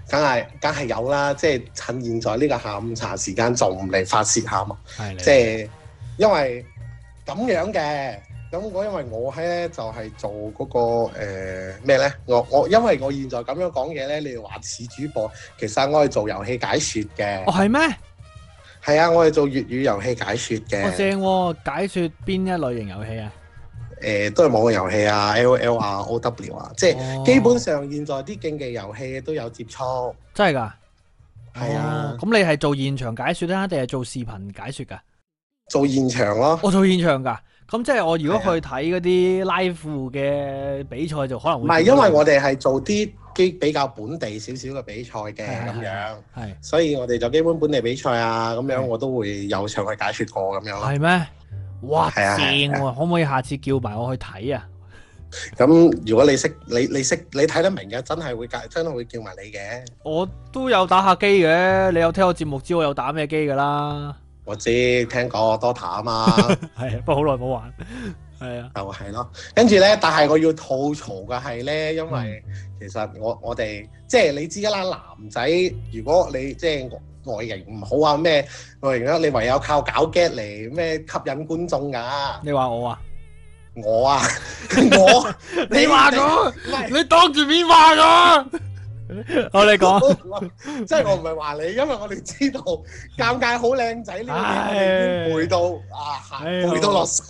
梗係梗係有啦，即係趁現在呢個下午茶時間，仲唔嚟發洩下嘛。係即係因為咁樣嘅。咁我因為我喺咧就係做嗰，那個誒咩咧？我我因為我現在咁樣講嘢咧，你話似主播，其實我係做遊戲解說嘅。哦，係咩？係啊，我係做粵語遊戲解說嘅。哦正，解說邊一類型遊戲，呃、啊？誒，都係網絡遊戲啊，L O L 啊，O W 啊，哦，即係基本上現在啲競技遊戲都有接觸。真係噶？係啊。咁、嗯、你係做現場解說咧，定係做視頻解說噶？做現場咯。我、哦、做現場噶。咁即係我如果去睇嗰啲拉庫嘅比賽，啊、就可能會唔係，因為我哋係做啲基比較本地少少嘅比賽嘅咁、啊、樣，係、啊，所以我哋就基本本地比賽啊咁、啊、樣，我都會有場去解說過。咁樣係咩？哇！正喎，可唔可以下次叫埋我去睇啊？咁如果你識你你識你睇得明嘅，真係會教，真係會叫埋你嘅。我都有打下機嘅，你有聽我節目知我有打咩機噶啦。我知，聽講多塔啊嘛，係， 不過好耐冇玩，係啊就，就係咯。跟住咧，但係我要吐槽嘅係咧，因為其實我我哋即係你知啦，男仔如果你即係外形唔好啊咩，外形啦，你唯有靠搞 get 嚟咩吸引觀眾噶、啊。你話我啊？我啊？ 我？ 你話我？你，你，你當住面話我？ 好你說說我你講，即係我唔係話你， 因為我哋知道尷尬好靚仔呢啲嘢，唉這到啊，到落心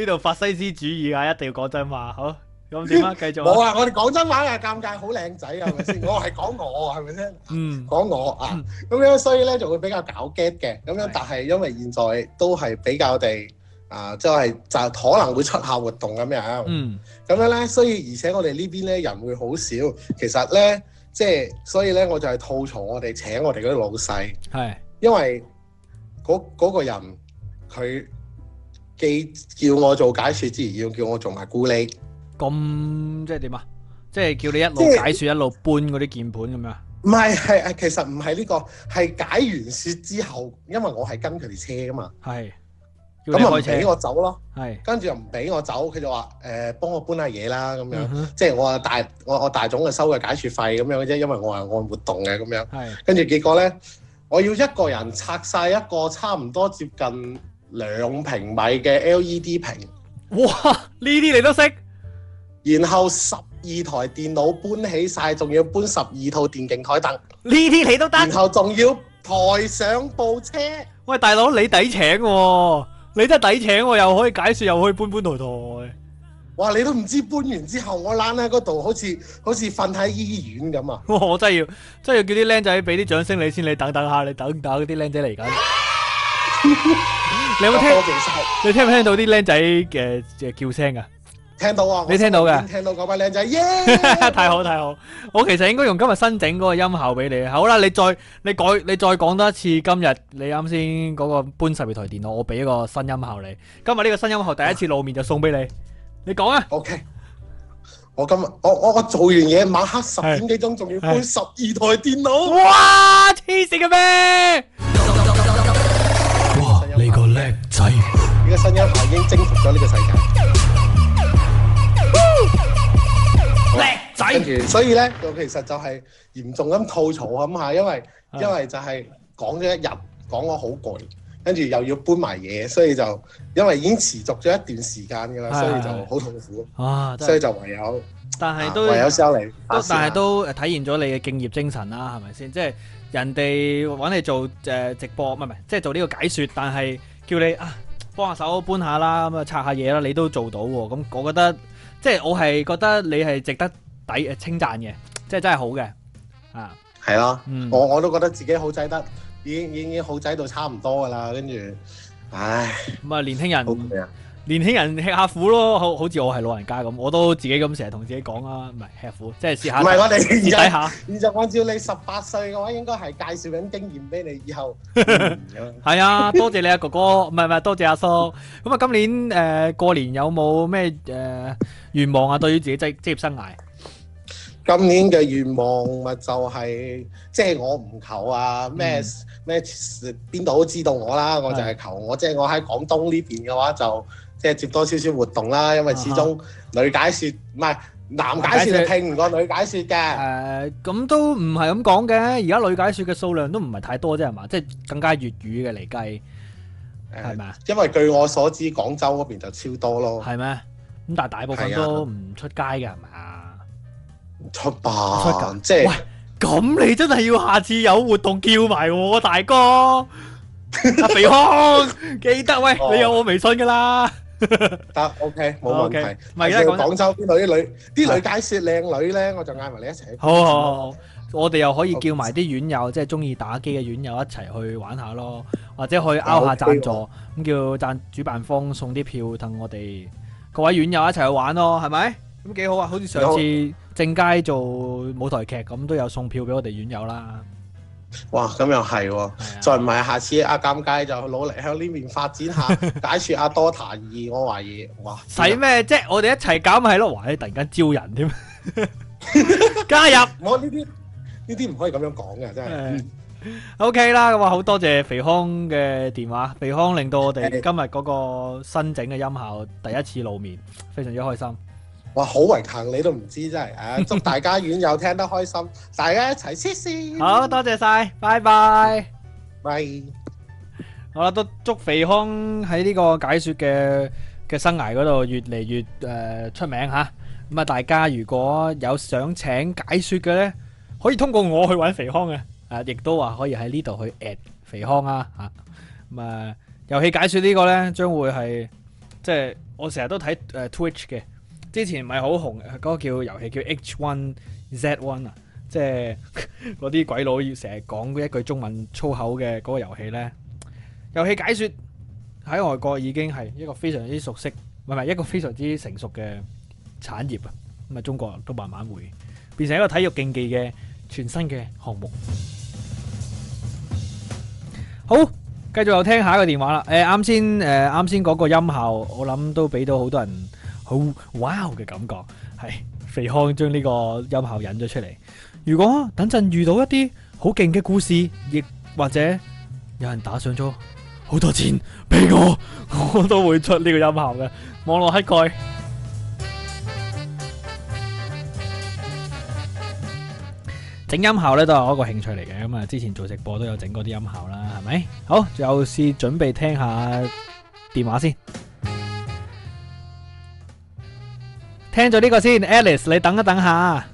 呢度法西斯主義啊， 一定要講真話，好咁點啊？繼續冇啊！我哋講真話啊，尷尬好靚仔係咪先？我係講我係咪先？是是 嗯，講我啊，咁樣、嗯嗯、所以咧就會比較搞 get 嘅咁樣，但係因為現在都係比較地啊，即、呃、係就是、可能會出下活動咁樣。嗯，咁樣咧，所以而且我哋呢邊咧人會好少，其實咧。即係，所以咧，我就係吐槽我哋請我哋嗰啲老細，係是因為嗰個人佢既叫我做解説，之前，要叫我做埋咕喱，咁即係點啊？即係叫你一路解説、就是、一路搬嗰啲鍵盤咁樣？唔係，係其實唔係呢個，係解完説之後，因為我係跟佢哋車㗎嘛。係。咁又俾我走咯，係跟住又唔俾我走，佢就話誒，幫、呃、我搬下嘢啦，咁樣，嗯、哼即係我大我我大總嘅收嘅解說費咁樣嘅啫，因為我係按活動嘅咁樣，係跟住結果咧，我要一個人拆晒一個差唔多接近兩平米嘅 LED 屏，哇！呢啲你都識，然後十二台電腦搬起晒，仲要搬十二套電競台凳。呢啲你都得，然後仲要抬上部車，喂大佬你抵請喎，啊！你真係抵請我又可以解説，又可以搬搬抬抬。哇！你都唔知搬完之後，我躝喺嗰度，好似好似瞓喺醫院咁啊！我真係要真係要叫啲靚仔俾啲掌聲你先，你等等下，你等等嗰啲靚仔嚟緊。 你有冇聽？謝謝你聽唔聽到啲靚仔嘅嘅叫聲啊？聽到啊！你聽到嘅，聽到嗰班靚仔耶！太好太好，我其實應該用今日新整嗰個音效俾你啊！好啦，你再你改你再講多一次今日你啱先嗰個搬十二台電腦，我俾一個新音效你。今日呢個新音效第一次露面就送俾你，你講啊！OK，我今日我我我做完嘢，晚黑十點幾鐘仲要搬十二台電腦，哇！黐線嘅咩？哇！你個叻仔，呢個新音效已經征服咗呢個世界。叻仔，所以咧就其實就係嚴重咁吐槽咁吓，因為因為就係講咗一日，講我好攰，跟住又要搬埋嘢，所以就因為已經持續咗一段時間噶啦，所以就好痛苦啊，是是是是所以就唯有，啊、是但係都、啊、唯有你 s a 但係都誒體現咗你嘅敬業精神啦，係咪先？即係人哋搵你做誒直播，唔係唔係，即係做呢個解說，但係叫你啊幫下手搬下啦，咁啊拆下嘢啦，你都做到喎，咁我覺得。即係我係覺得你係值得抵誒稱讚嘅，即係真係好嘅，啊係咯，嗯、我我都覺得自己好仔得，已經已經好仔到差唔多噶啦，跟住，唉咁啊，年輕人，年輕人吃下苦咯，好好似我係老人家咁，我都自己咁成日同自己講啊，唔係吃苦，即係試下，唔係、啊、我哋試下，你就按照你十八歲嘅話，應該係介紹緊經驗俾你以後，係啊，多謝你啊，哥哥，唔係唔係多謝阿叔，咁啊 今年誒、呃、過年有冇咩誒？呃願望啊！對於自己職職業生涯，今年嘅願望咪就係，即係我唔求啊咩咩邊度都知道我啦。嗯，我就係求我，即係我喺廣東呢邊嘅話，就即係接多少少活動啦。因為始終女解説唔係男解説，聽唔過女解説嘅。誒咁都唔係咁講嘅。而家女解説嘅數量都唔係太多啫，係嘛？即係更加粵語嘅嚟計，係咪？呃，因為據我所知，廣州嗰邊就超多咯。係咩？咁但係大部分都唔出街嘅，係咪出吧，出辦出即係是喂，咁你真係要下次有活動叫埋我大哥特肥、 啊、康，記得、哦、喂，你有我微信㗎啦。得 OK，冇問題。咪呢係廣州啲女、就是、女啲女解説靚女咧，我就嗌埋你一齊。好好好，吧我哋又可以叫埋啲院友，即係中意打機嘅院友一齊去玩下咯，或者去拗下贊助，咁、哦、叫贊主辦方送啲票等我哋。各位院友一齊去玩咯，係咪？咁幾好啊！好似上次正佳做舞台劇咁，都有送票俾我哋院友啦。哇！咁又係，啊、再唔係下次阿監佳就努力向呢邊發展下， 解說阿、啊、多壇二。我懷疑，哇！使咩啫？我哋一齊搞咪係咯，或者突然間招人添。 加入我呢啲呢啲唔可以咁樣講嘅，真係。嗯。O K 啦，咁啊好多謝肥康嘅電話，肥康令到我哋今日嗰個新整嘅音效第一次露面，非常之開心。哇，好榮幸你都唔知真係，誒祝大家院友聽得開心，大家一齊黐黐。好多謝晒，拜拜，拜。好啦，都祝肥康喺呢個解說嘅嘅生涯嗰度越嚟越誒出名吓。咁啊，大家如果有想請解說嘅呢，可以通過我去搵肥康嘅。誒，亦都話可以喺呢度去 at 肥康啊！嚇咁啊，遊戲解說呢個咧，將會係即係我成日都睇誒 Twitch 嘅，之前唔係好紅嗰個叫遊戲叫 H1Z1 啊，即係嗰啲鬼佬要成日講嗰一句中文粗口嘅嗰個遊戲咧，遊戲解說喺外國已經係一個非常之熟悉，唔係唔係一個非常之成熟嘅產業啊！咁啊，中國都慢慢會變成一個體育競技嘅全新嘅項目。好，繼續又聽下一個電話啦。誒、呃，啱先，誒、呃，啱先嗰個音效，我諗都俾到好多人好哇哦嘅感覺。係肥康將呢個音效引咗出嚟。如果等陣遇到一啲好勁嘅故事，亦或者有人打上咗好多錢俾我，我都會出呢個音效嘅網絡乞丐。整音效咧，都係我一個興趣嚟嘅，咁啊之前做直播都有整過啲音效啦，係咪？好，就是準備聽下電話先，聽咗呢個先，Alice，你等一等下，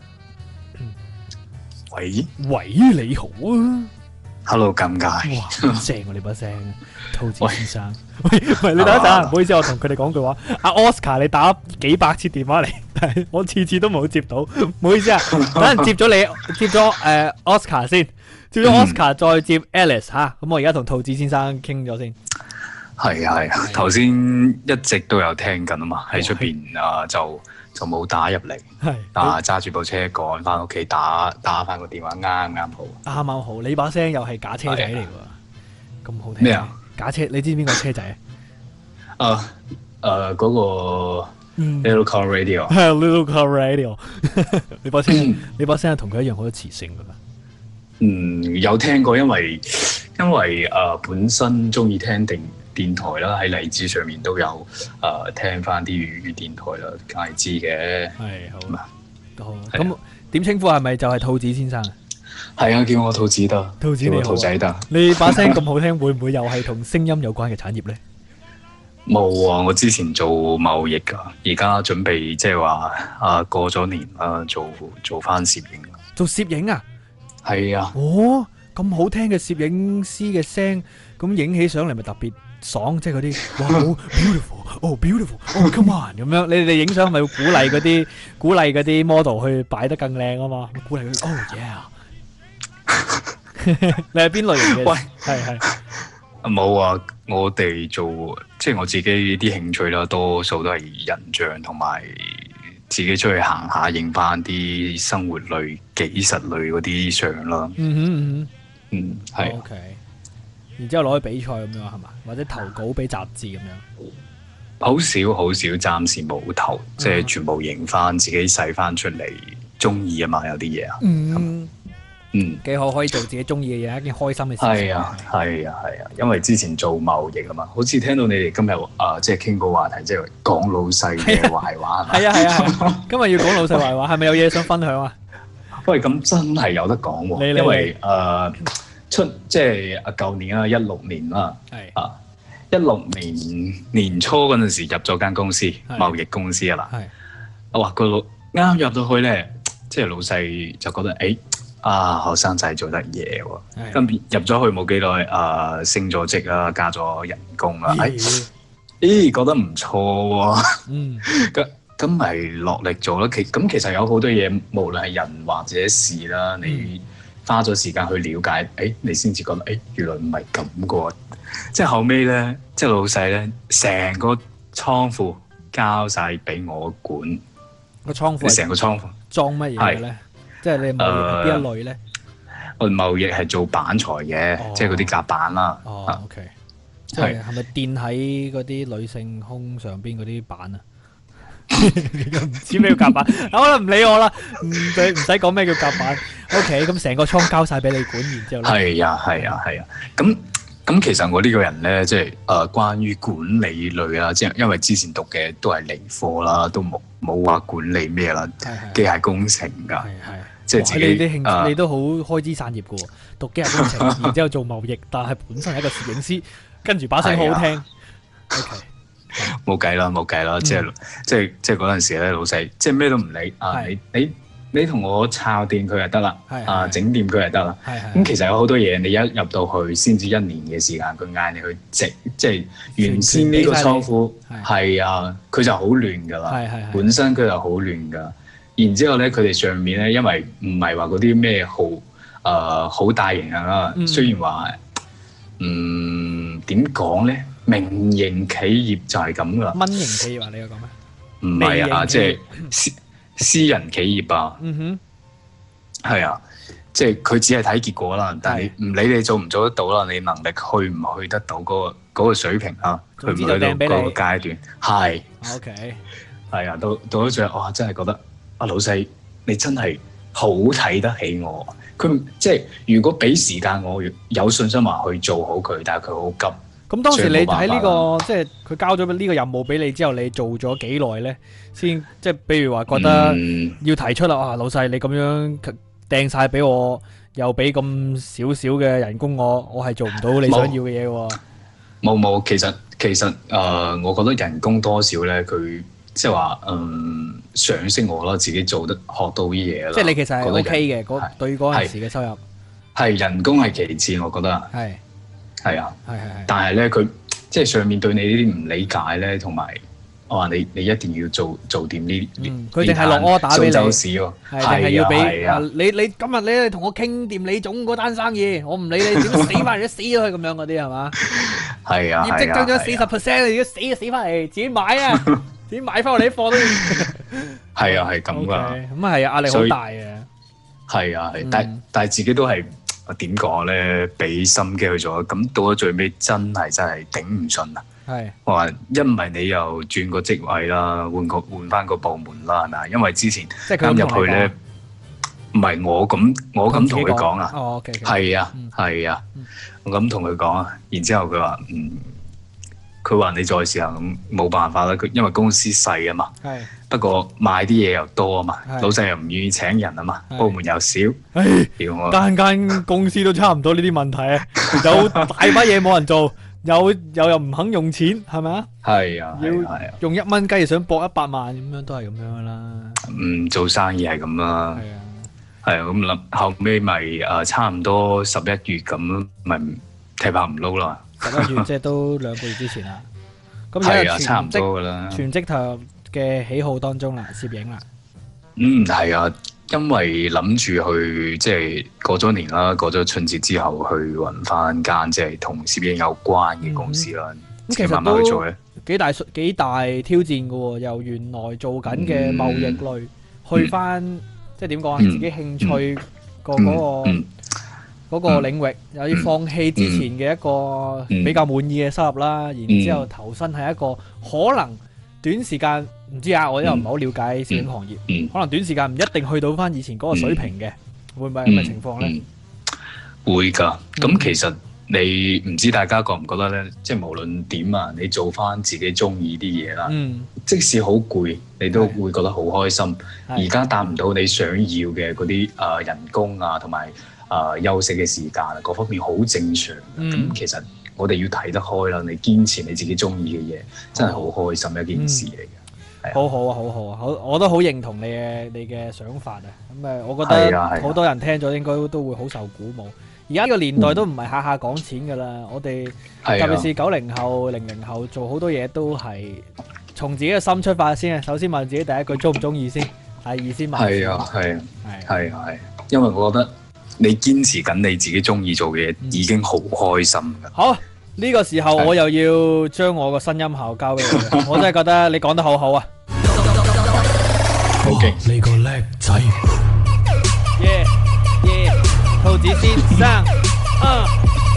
喂喂，你好啊。hello，咁噶？ 哇，好正啊！呢把聲，兔子先生，喂，唔係，你等一陣，唔 好意思，我同佢哋講句話。阿、啊、Oscar，你打幾百次電話嚟，但係我次次都冇接到，唔好意思啊。等陣接咗你， 接咗誒、呃、Oscar 先，接咗 Oscar、嗯、再接 Alice 吓、啊，咁我而家同兔子先生傾咗先。係啊係啊，頭先、啊、一直都有聽緊啊嘛，喺出邊啊就。就冇打入嚟，係啊！揸住部車趕翻屋企，打打翻個電話，啱啱好，啱啱好。你把聲又係假車仔嚟喎，咁 Okay. 好聽咩啊？麼假車，你知唔知邊個車仔啊？誒、呃、誒，嗰、那個 Little Car Radio Little Car Radio。啊、Car Radio 你把聲，嗯、你把聲係同佢一樣好多磁性㗎嘛？嗯，有聽過，因為因為誒、呃、本身中意聽定電台啦，喺荔枝上面都有誒聽翻啲粵語電台啦，解知嘅。係好啊，好。咁點稱呼？係咪就係兔子先生啊？係啊，叫我兔子得。兔子你好，兔仔得。你把聲咁好聽，會唔會又係同聲音有關嘅產業咧？冇啊，我之前做貿易㗎，而家準備即係話啊過咗年啊做做翻攝影。做攝影啊？係啊。哦，咁好聽嘅攝影師嘅聲，咁影起上嚟咪特別？爽即係嗰啲哇，好 beautiful 哦、oh, beautiful 哦、oh, come on 咁樣你哋影相咪要鼓勵嗰啲，鼓勵嗰啲 model 去擺得更靚啊嘛，鼓勵佢哦 yeah 你係邊類型嘅喂？係，係冇啊，我哋做，即係我自己啲興趣啦，多數都係人像同埋自己出去行下影翻啲生活類、紀實類嗰啲相啦。嗯哼，嗯哼，嗯嗯，係。OK 然之後攞去比賽咁樣係嘛？或者投稿俾雜誌咁樣，好少好少，暫時冇投，即係全部贏翻自己，洗翻出嚟中意啊嘛，有啲嘢啊，嗯嗯，幾好可以做自己中意嘅嘢，一件開心嘅事。係啊係啊係啊，因為之前做貿易啊嘛，好似聽到你哋今日啊，即係傾個話題，即係講老細嘅壞話係嘛？係啊係啊，今日要講老細壞話，係咪有嘢想分享啊？喂，咁真係有得講喎，因為誒。出即係是啊，舊年啊，一六年啦，係啊，一六年年初嗰陣時候入咗間公司，是貿易公司了是啊嘛，係，我話個老啱入到去咧，即係老細就覺得，誒、欸、啊，學生仔做得嘢喎，跟住入咗去冇幾耐，啊升咗職啊是、哎欸、啊，加咗人工啊，誒咦覺得唔錯喎，嗯，咁咁咪落力做咯，其咁其實有好多嘢，無論係人或者事啦，你。嗯花咗時間去了解，誒、哎，你先至覺得，原來唔係咁嘅，即係後尾咧，即老細咧，成個倉庫交晒俾我管個倉，個倉庫，成個倉庫裝乜嘢咧？是即係你貿易邊一類咧、呃？我貿易係做板材嘅，哦、即係嗰啲夾板啦。哦，OK，係係咪墊喺嗰啲女性胸上邊嗰啲板啊？唔 知咩叫夾板， 好啦，唔理我啦，唔使唔使講咩叫夾板。O K，咁成個倉交晒俾你管，然之後咧。係啊，係啊，係啊。咁咁其實我呢個人咧，即係誒，關於管理類啦，即係因為之前讀嘅都係理科啦，都冇冇話管理咩啦，機、啊、械工程噶。即係、啊啊哦、你啲興你都好、啊、開枝散葉噶喎，讀機械工程，然之後做貿易， 但係本身係一個攝影師，跟住把聲好好聽。冇計啦，冇計啦，即係即係即係嗰陣時咧，老細即係咩都唔理啊，你你你同我炒掂佢就得啦，啊整掂佢就得啦，咁其實有好多嘢，你一入到去先至一年嘅時間，佢嗌你去整，即係原先呢個倉庫係啊，佢就好亂噶啦，本身佢就好亂噶，然之後咧，佢哋上面咧，因為唔係話嗰啲咩好誒好大型啊，雖然話嗯點講咧？民營企業就係咁啦，民營企業你有講咩？唔係啊，即係私私人企業啊。嗯哼，係啊，即係佢只係睇結果啦，但係唔理你做唔做得到啦，你能力去唔去得到嗰個個水平啊？去唔去到嗰個階段係。O K，係啊，到到咗最後，我、哦、真係覺得阿、啊、老細你真係好睇得起我。佢即係如果俾時間我，有信心話去做好佢，但係佢好急。咁當時你喺呢、這個即係佢交咗呢個任務俾你之後，你做咗幾耐咧？先即係比如話覺得要提出啦。哇、嗯啊，老細你咁樣掟晒俾我，又俾咁少少嘅人工，我我係做唔到你想要嘅嘢喎。冇冇，其實其實誒、呃，我覺得人工多少咧，佢即係話嗯賞識我啦，自己做得學到啲嘢啦。即係你其實係 OK 嘅，嗰人對嗰陣時嘅收入係人工係其次，我覺得係。係啊，係係，但係咧，佢即係上面對你呢啲唔理解咧，同埋我話你，你一定要做做掂呢啲。佢定係落我打你嚟，係要俾啊？你你今日你同我傾掂李總嗰單生意，我唔理你點死翻嚟，你都死咗佢咁樣嗰啲係嘛？係啊，業績增咗四十 percent，你而家死就死翻嚟，自己買啊，自己買翻嚟啲貨都。係啊，係咁噶。咁啊，係壓力好大啊。係啊，係，但但係自己都係。我點講咧？俾心機去做。咁到咗最尾真係真係頂唔順啊！係，我話一唔係你又轉個職位啦，換個換翻個部門啦，係咪因為之前啱入去咧，唔係我咁，我咁同佢講、哦、okay, okay, 係啊，係啊，係啊、嗯，我咁同佢講啊，然之後佢話嗯。佢話你在時候咁冇辦法啦，佢因為公司細啊嘛。係，不過賣啲嘢又多啊嘛，老細又唔願意請人啊嘛，部門又少。唉，間間公司都差唔多呢啲問題啊！有大把嘢冇人做，又又又唔肯用錢，係咪啊？係啊，要用一蚊雞想搏一百萬咁樣都係咁樣噶啦。嗯，做生意係咁啦。係啊，係啊，咁諗後尾咪啊差唔多十一月咁，咪踢爆唔撈啦。跟住即係都兩個月之前啦，咁係啊差唔多㗎啦，全職全職頭嘅喜好當中啦，攝影啦。嗯，係啊，因為諗住去即係過咗年啦，過咗春節之後去搵返間即係同攝影有關嘅公司啦。咁其實都幾大幾大挑戰㗎喎，由原來做緊嘅貿易類去翻，即係點講啊？自己興趣過嗰個。嗰個領域又要放棄之前嘅一個比較滿意嘅收入啦，然之後投身喺一個可能短時間唔知啊，我又唔係好了解攝影行業，可能短時間唔一定去到翻以前嗰個水平嘅，會唔會係咁嘅情況呢？會噶，咁其實你唔知大家覺唔覺得呢？即係無論點啊，你做翻自己中意啲嘢啦，即使好攰，你都會覺得好開心。而家達唔到你想要嘅嗰啲啊人工啊，同埋～啊、呃！休息嘅時間，各方面好正常。咁其實我哋要睇得開啦。你堅持你自己中意嘅嘢，真係好開心一件事嚟嘅。嗯、的好好啊，好好啊，好，我都好認同你嘅你嘅想法啊。咁啊，我覺得好多人聽咗應該都會好受鼓舞。而家呢個年代都唔係下下講錢㗎啦。嗯、的我哋特別是九零後、零零後，做好多嘢都係從自己嘅心出發先啊。首先問自己第一句中唔中意先，係意思問。係啊，係啊，係係，因為我覺得。你堅持緊你自己中意做嘅嘢，已經好開心噶。好，呢個時候我又要將我個聲音效交俾你，是的 我真係覺得你講得好好啊。好勁 Okay，你個叻仔。耶耶，兔子先生，嗯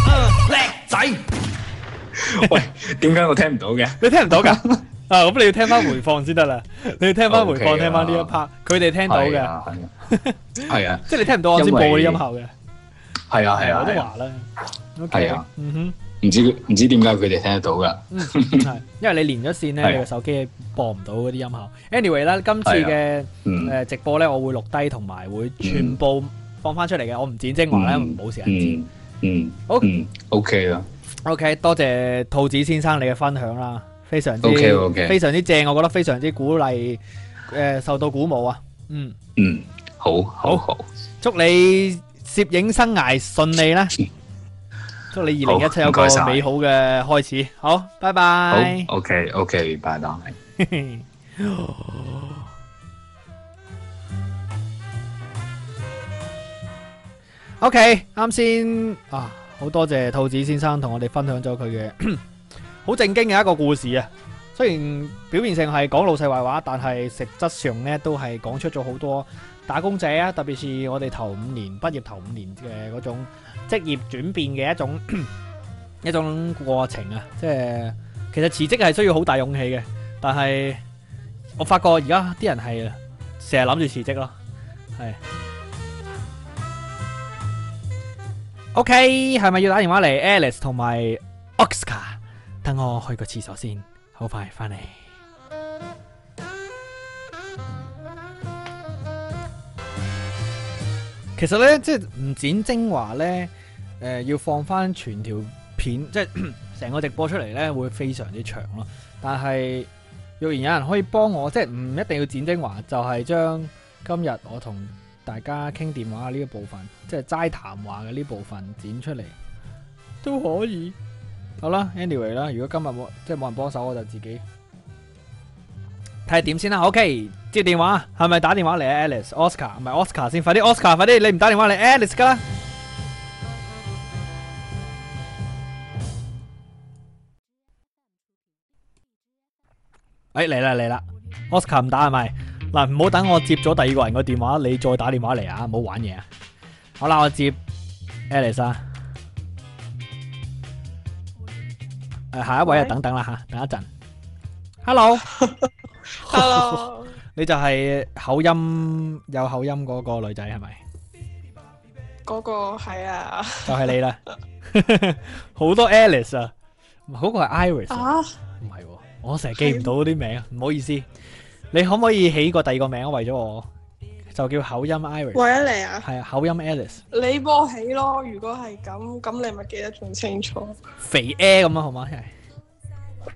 嗯，叻仔。喂，點解我聽唔到嘅？你聽唔到噶？ 啊，咁你要聽翻回放先得啦，你要聽翻回放，聽翻呢一 part，佢哋聽到嘅，係啊，即係你聽唔到，我先播啲音效嘅，係啊係啊，我都話啦，係啊，哼，唔知唔知點解佢哋聽得到噶，係，因為你連咗線咧，你個手機播唔到嗰啲音效。anyway 啦，今次嘅誒直播咧，我會錄低，同埋會全部放翻出嚟嘅，我唔剪精華咧，冇時間剪，嗯，OK 啦，OK，多謝兔子先生你嘅分享啦。非常 OK，OK，非常之正，我覺得非常之鼓勵，誒，受到鼓舞啊，嗯，嗯，好，好好，祝你攝影生涯順利啦，祝你二零一七有個美好嘅開始，好，拜拜，好，OK，OK，拜拜，OK，啱先啊，好多謝兔子先生同我哋分享咗佢嘅。好正經嘅一個故事啊！雖然表面上係講老細壞話，但係實質上呢都係講出咗好多打工仔啊，特別是我哋頭五年畢業頭五年嘅嗰種職業轉變嘅一種一種過程啊！即係其實辭職係需要好大勇氣嘅，但係我發覺而家啲人係成日諗住辭職咯。係，OK，係咪要打電話嚟？Alice 同埋 Oscar。等我去個廁所先，好快翻嚟。其實呢，即係唔剪精華呢，呃，要放翻全條片，即係成個直播出嚟呢，會非常之長咯。但係若然有人可以幫我，即係唔一定要剪精華，就係、是、將今日我同大家傾電話呢一部分，即係齋談話嘅呢部分剪出嚟，都可以。好啦，anyway 啦，如果今日冇即係冇人幫手，我就自己睇下點先啦。OK，接電話，係咪打電話嚟啊？Alice，Oscar 唔係 Oscar 先，快啲，Oscar，快啲，你唔打電話嚟，Alice 噶啦。哎，嚟啦嚟啦，Oscar 唔打係咪？嗱，唔好等我接咗第二個人個電話，你再打電話嚟啊！唔好玩嘢啊！好啦，我接 Alice 啊。下一位啊，等等啦吓，等一陣。Hello，Hello，你就係口音有口音嗰個女仔係咪？嗰個係啊，就係你啦。好多 Alice 啊，嗰個係 Iris 啊，唔係喎，我成日記唔到啲名，唔好意思。你可唔可以起個第二個名啊？為咗我。就叫口音 Iris。喂啊，你啊。係啊，口音 Alice。你播起咯，如果係咁，咁你咪記得仲清楚。肥 A 咁樣，好嘛？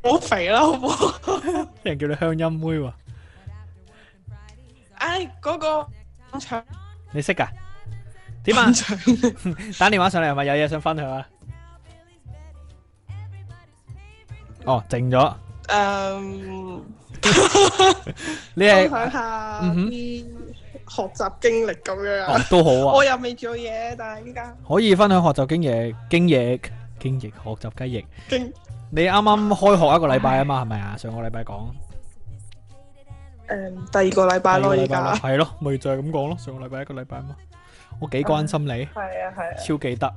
好肥啦，好唔好？人叫你鄉音妹喎。唉，嗰個唱。你識噶？點啊？打電話上嚟係咪有嘢想分享啊？哦，靜咗。誒，你係。分享下。學習經歷咁樣啊，都好啊。我又未做嘢，但係依家可以分享學習經驗、經驗、經驗、學習雞翼。你啱啱開學一個禮拜啊嘛，係咪啊？上個禮拜講，誒，第二個禮拜咯而家，係咯，咪就係咁講咯。上個禮拜一個禮拜嘛，我幾關心你，係啊係啊，超記得，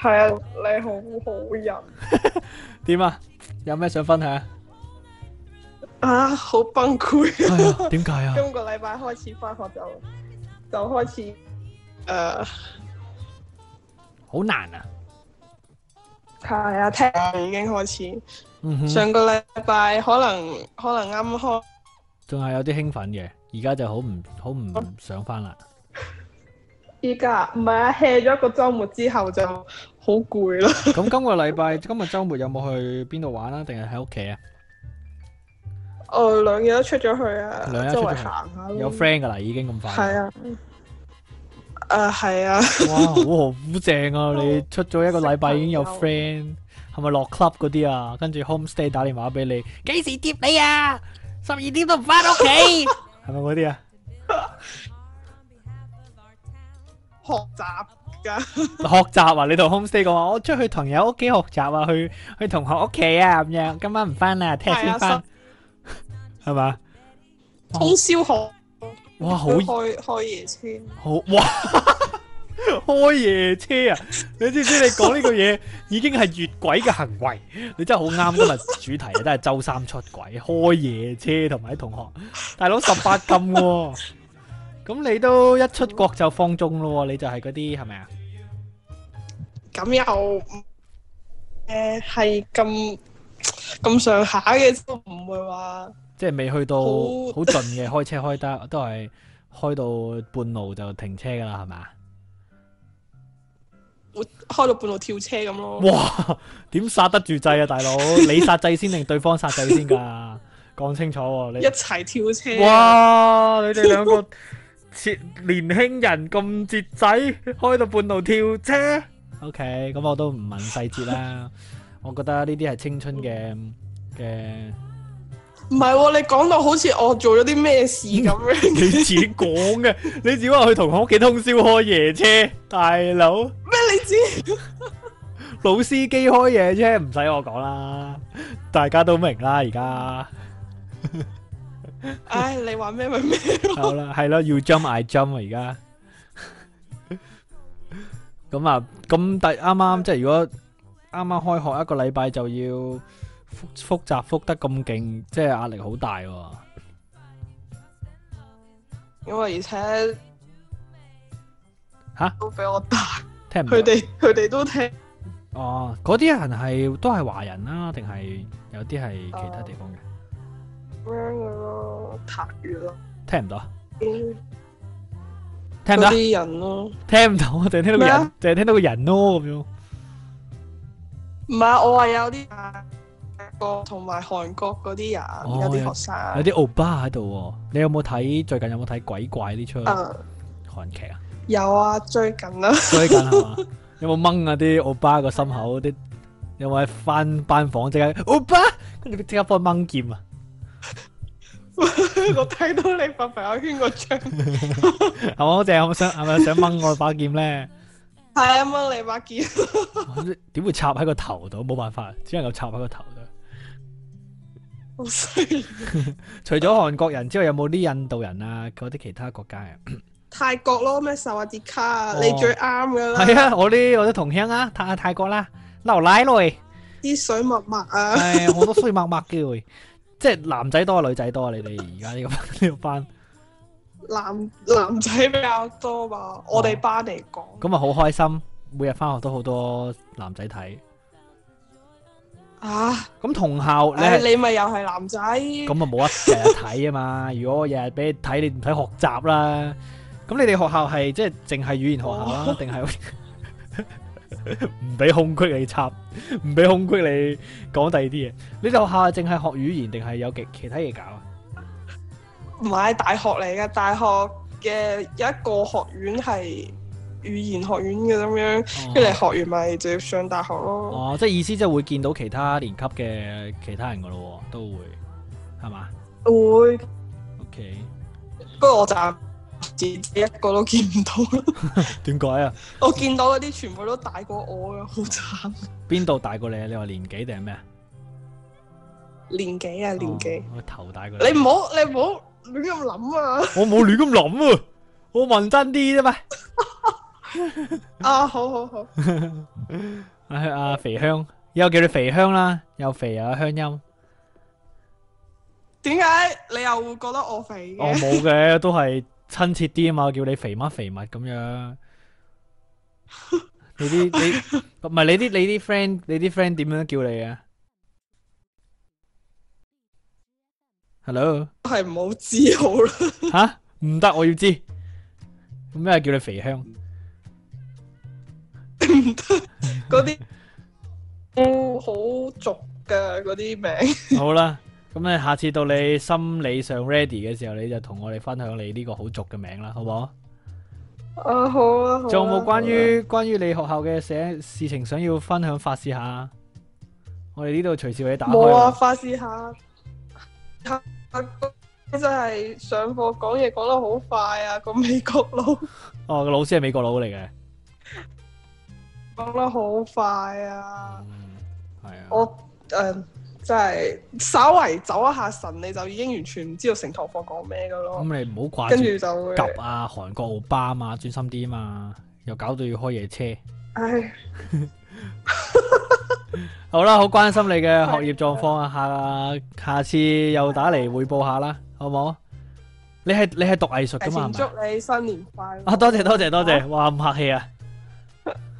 係啊，你好好人，點啊？有咩想分享？啊！好崩潰。係 啊、哎，點解啊？今個禮拜開始翻學就就開始誒，好、呃、難啊！係啊，聽已經開始。嗯哼。上個禮拜可能可能啱開，仲係有啲興奮嘅，而家就好唔好唔想翻啦。而家唔係啊，hea 咗一個周末之後就好攰啦。咁 今個禮拜今日周末有冇去邊度玩啊？定係喺屋企啊？哦，兩日都出咗去啊，周圍行下咯。有 friend 噶啦，已經咁快。係啊，啊係啊。哇，好好正啊！你出咗一個禮拜已經有 friend，係咪落 club 嗰啲啊？跟住 homestay 打電話俾你，幾時接你啊？十二點都唔翻屋企，係咪嗰啲啊？學習噶。學習啊！你同 homestay 講話我出去朋友屋企學習啊，去去同學屋企啊咁樣，今晚唔翻啦，聽日先翻。係嘛？通宵學哇，好開開夜車，好哇，開夜車啊！你知唔知？你講呢個嘢，已經係越軌嘅行為，你真係好啱今日主題啊！都係周三出軌、開夜車同埋同學，大佬十八禁喎。咁你都一出國就放縱咯？你就係嗰啲係咪啊？咁又誒係咁咁上下嘅，都唔會話。即係未去到好盡嘅，很開車開得都係開到半路就停車噶啦，係咪？我開到半路跳車咁咯？哇！點剎得住掣啊，大佬！你剎掣先定對方剎掣先噶？講清楚你一齊跳車。哇！你哋兩個年年輕人咁節仔，開到半路跳車。OK，咁我都唔問細節啦。 我覺得呢啲係青春嘅嘅。的唔係喎，你講到好似我做咗啲咩事咁樣。你自己講嘅，你只不過去同學屋企通宵開夜車，大佬咩你知？老司機開夜車唔使我講啦，大家都明啦而家。唉，你話咩咪咩咯。好啦，係咯，要 jumpIjump 而家。咁啊，咁但啱啱即係如果啱啱開學一個禮拜就要。複雜複得咁勁，即係壓力好大喎。因為而且吓都比我大，聽唔到？佢哋佢哋都聽。哦，嗰啲人係都係華人啦，定係有啲係其他地方嘅咁樣嘅咯，塔語咯。聽唔到。嗯。聽唔到。嗰啲人咯。聽唔到啊！淨係聽到個人，淨係聽到個人咯咁樣。唔係啊！我話有啲。同埋韓國嗰啲人，哦、有啲學生，有啲歐巴喺度。你有冇睇最近有冇睇鬼怪呢出韓劇啊？Uh, 劇有啊，最近啊。最近啊？有冇掹啊啲歐巴個心口啲？ 有冇喺翻班房即刻歐巴？跟即刻放掹劍啊！我睇到你發朋友圈個張，係 咪 想係咪想掹我把劍咧？係啊，掹你把劍。點會插喺個頭度？冇辦法，只能夠插喺個頭。好犀利！ 除咗韓國人之外，有冇啲印度人啊？嗰啲其他國家啊？泰國咯，咩薩瓦迪卡啊？哦、你最啱噶啦係啊，我啲我啲同鄉啊，泰泰國啦，牛奶類，啲水默默啊！哎呀，我都中意默默嘅喎， 即係男仔多，啊、女仔多啊，你哋而家呢個呢個班？男男仔比較多嘛，哦、我哋班嚟講。咁啊，好開心，每日翻學都好多男仔睇。啊！咁同校呢、哎、你你咪又係男仔，咁啊冇一成日睇啊嘛！ 如果我日日俾你睇，你唔睇學習啦。咁你哋學校係即係淨係語言學校啊？定係唔俾空隙你插，唔俾空隙你講第二啲嘢。你哋學校淨淨係學語言，定係有其其他嘢搞啊？唔係大學嚟嘅，大學嘅一個學院係語言學院嘅咁樣，跟住、哦、學完咪就要上大學咯。哦，即係意思即係會見到其他年級嘅其他人噶咯，都會係嘛？會。OK，不過我就自己一個都見唔到。點解啊？我見到嗰啲全部都大過我嘅，好慘。邊度、哦、大過你啊？你話年紀定係咩啊？年紀啊，年紀、哦。我頭大過你。你唔好，你唔好亂咁諗啊！我冇亂咁諗啊！我問 真啲啫嘛～ 啊，好好好，阿阿肥香，又叫你肥香啦，又肥又香音，點解你又會覺得我肥？我冇嘅，都係親切啲啊嘛，我叫你肥媽肥蜜咁樣。你啲你唔係你啲你啲 friend，你啲 friend 點樣叫你啊？Hello，係唔好知好啦。吓，唔得，我要知，咁咩叫你肥香？唔得，嗰啲都好俗嘅嗰啲名。好啦，咁你下次到你心理上 ready 嘅時候，你就同我哋分享你呢個好俗嘅名啦，好唔好？啊，好啊。好啊，仲有冇關於、啊啊、關於你學校嘅事情想要分享，發泄下？我哋呢度隨時為你打開。冇啊，發泄下。阿哥真係上課講嘢講得好快啊，個美國佬。 哦，個老師係美國佬嚟嘅。講得好快啊！係、嗯、啊，我誒，即、呃、係稍為走一下神，你就已經完全唔知道成堂課講咩噶咯。咁、嗯、你唔好掛住，跟住就會夾啊！韓國歐巴嘛，專心啲嘛，又搞到要開夜車。唉， 好啦，好關心你嘅學業狀況啊，下下次又打嚟匯報下啦，好唔好？你係你係讀藝術噶嘛？祝你新年快樂！啊，多謝多謝多謝，多謝啊、哇，唔客氣啊！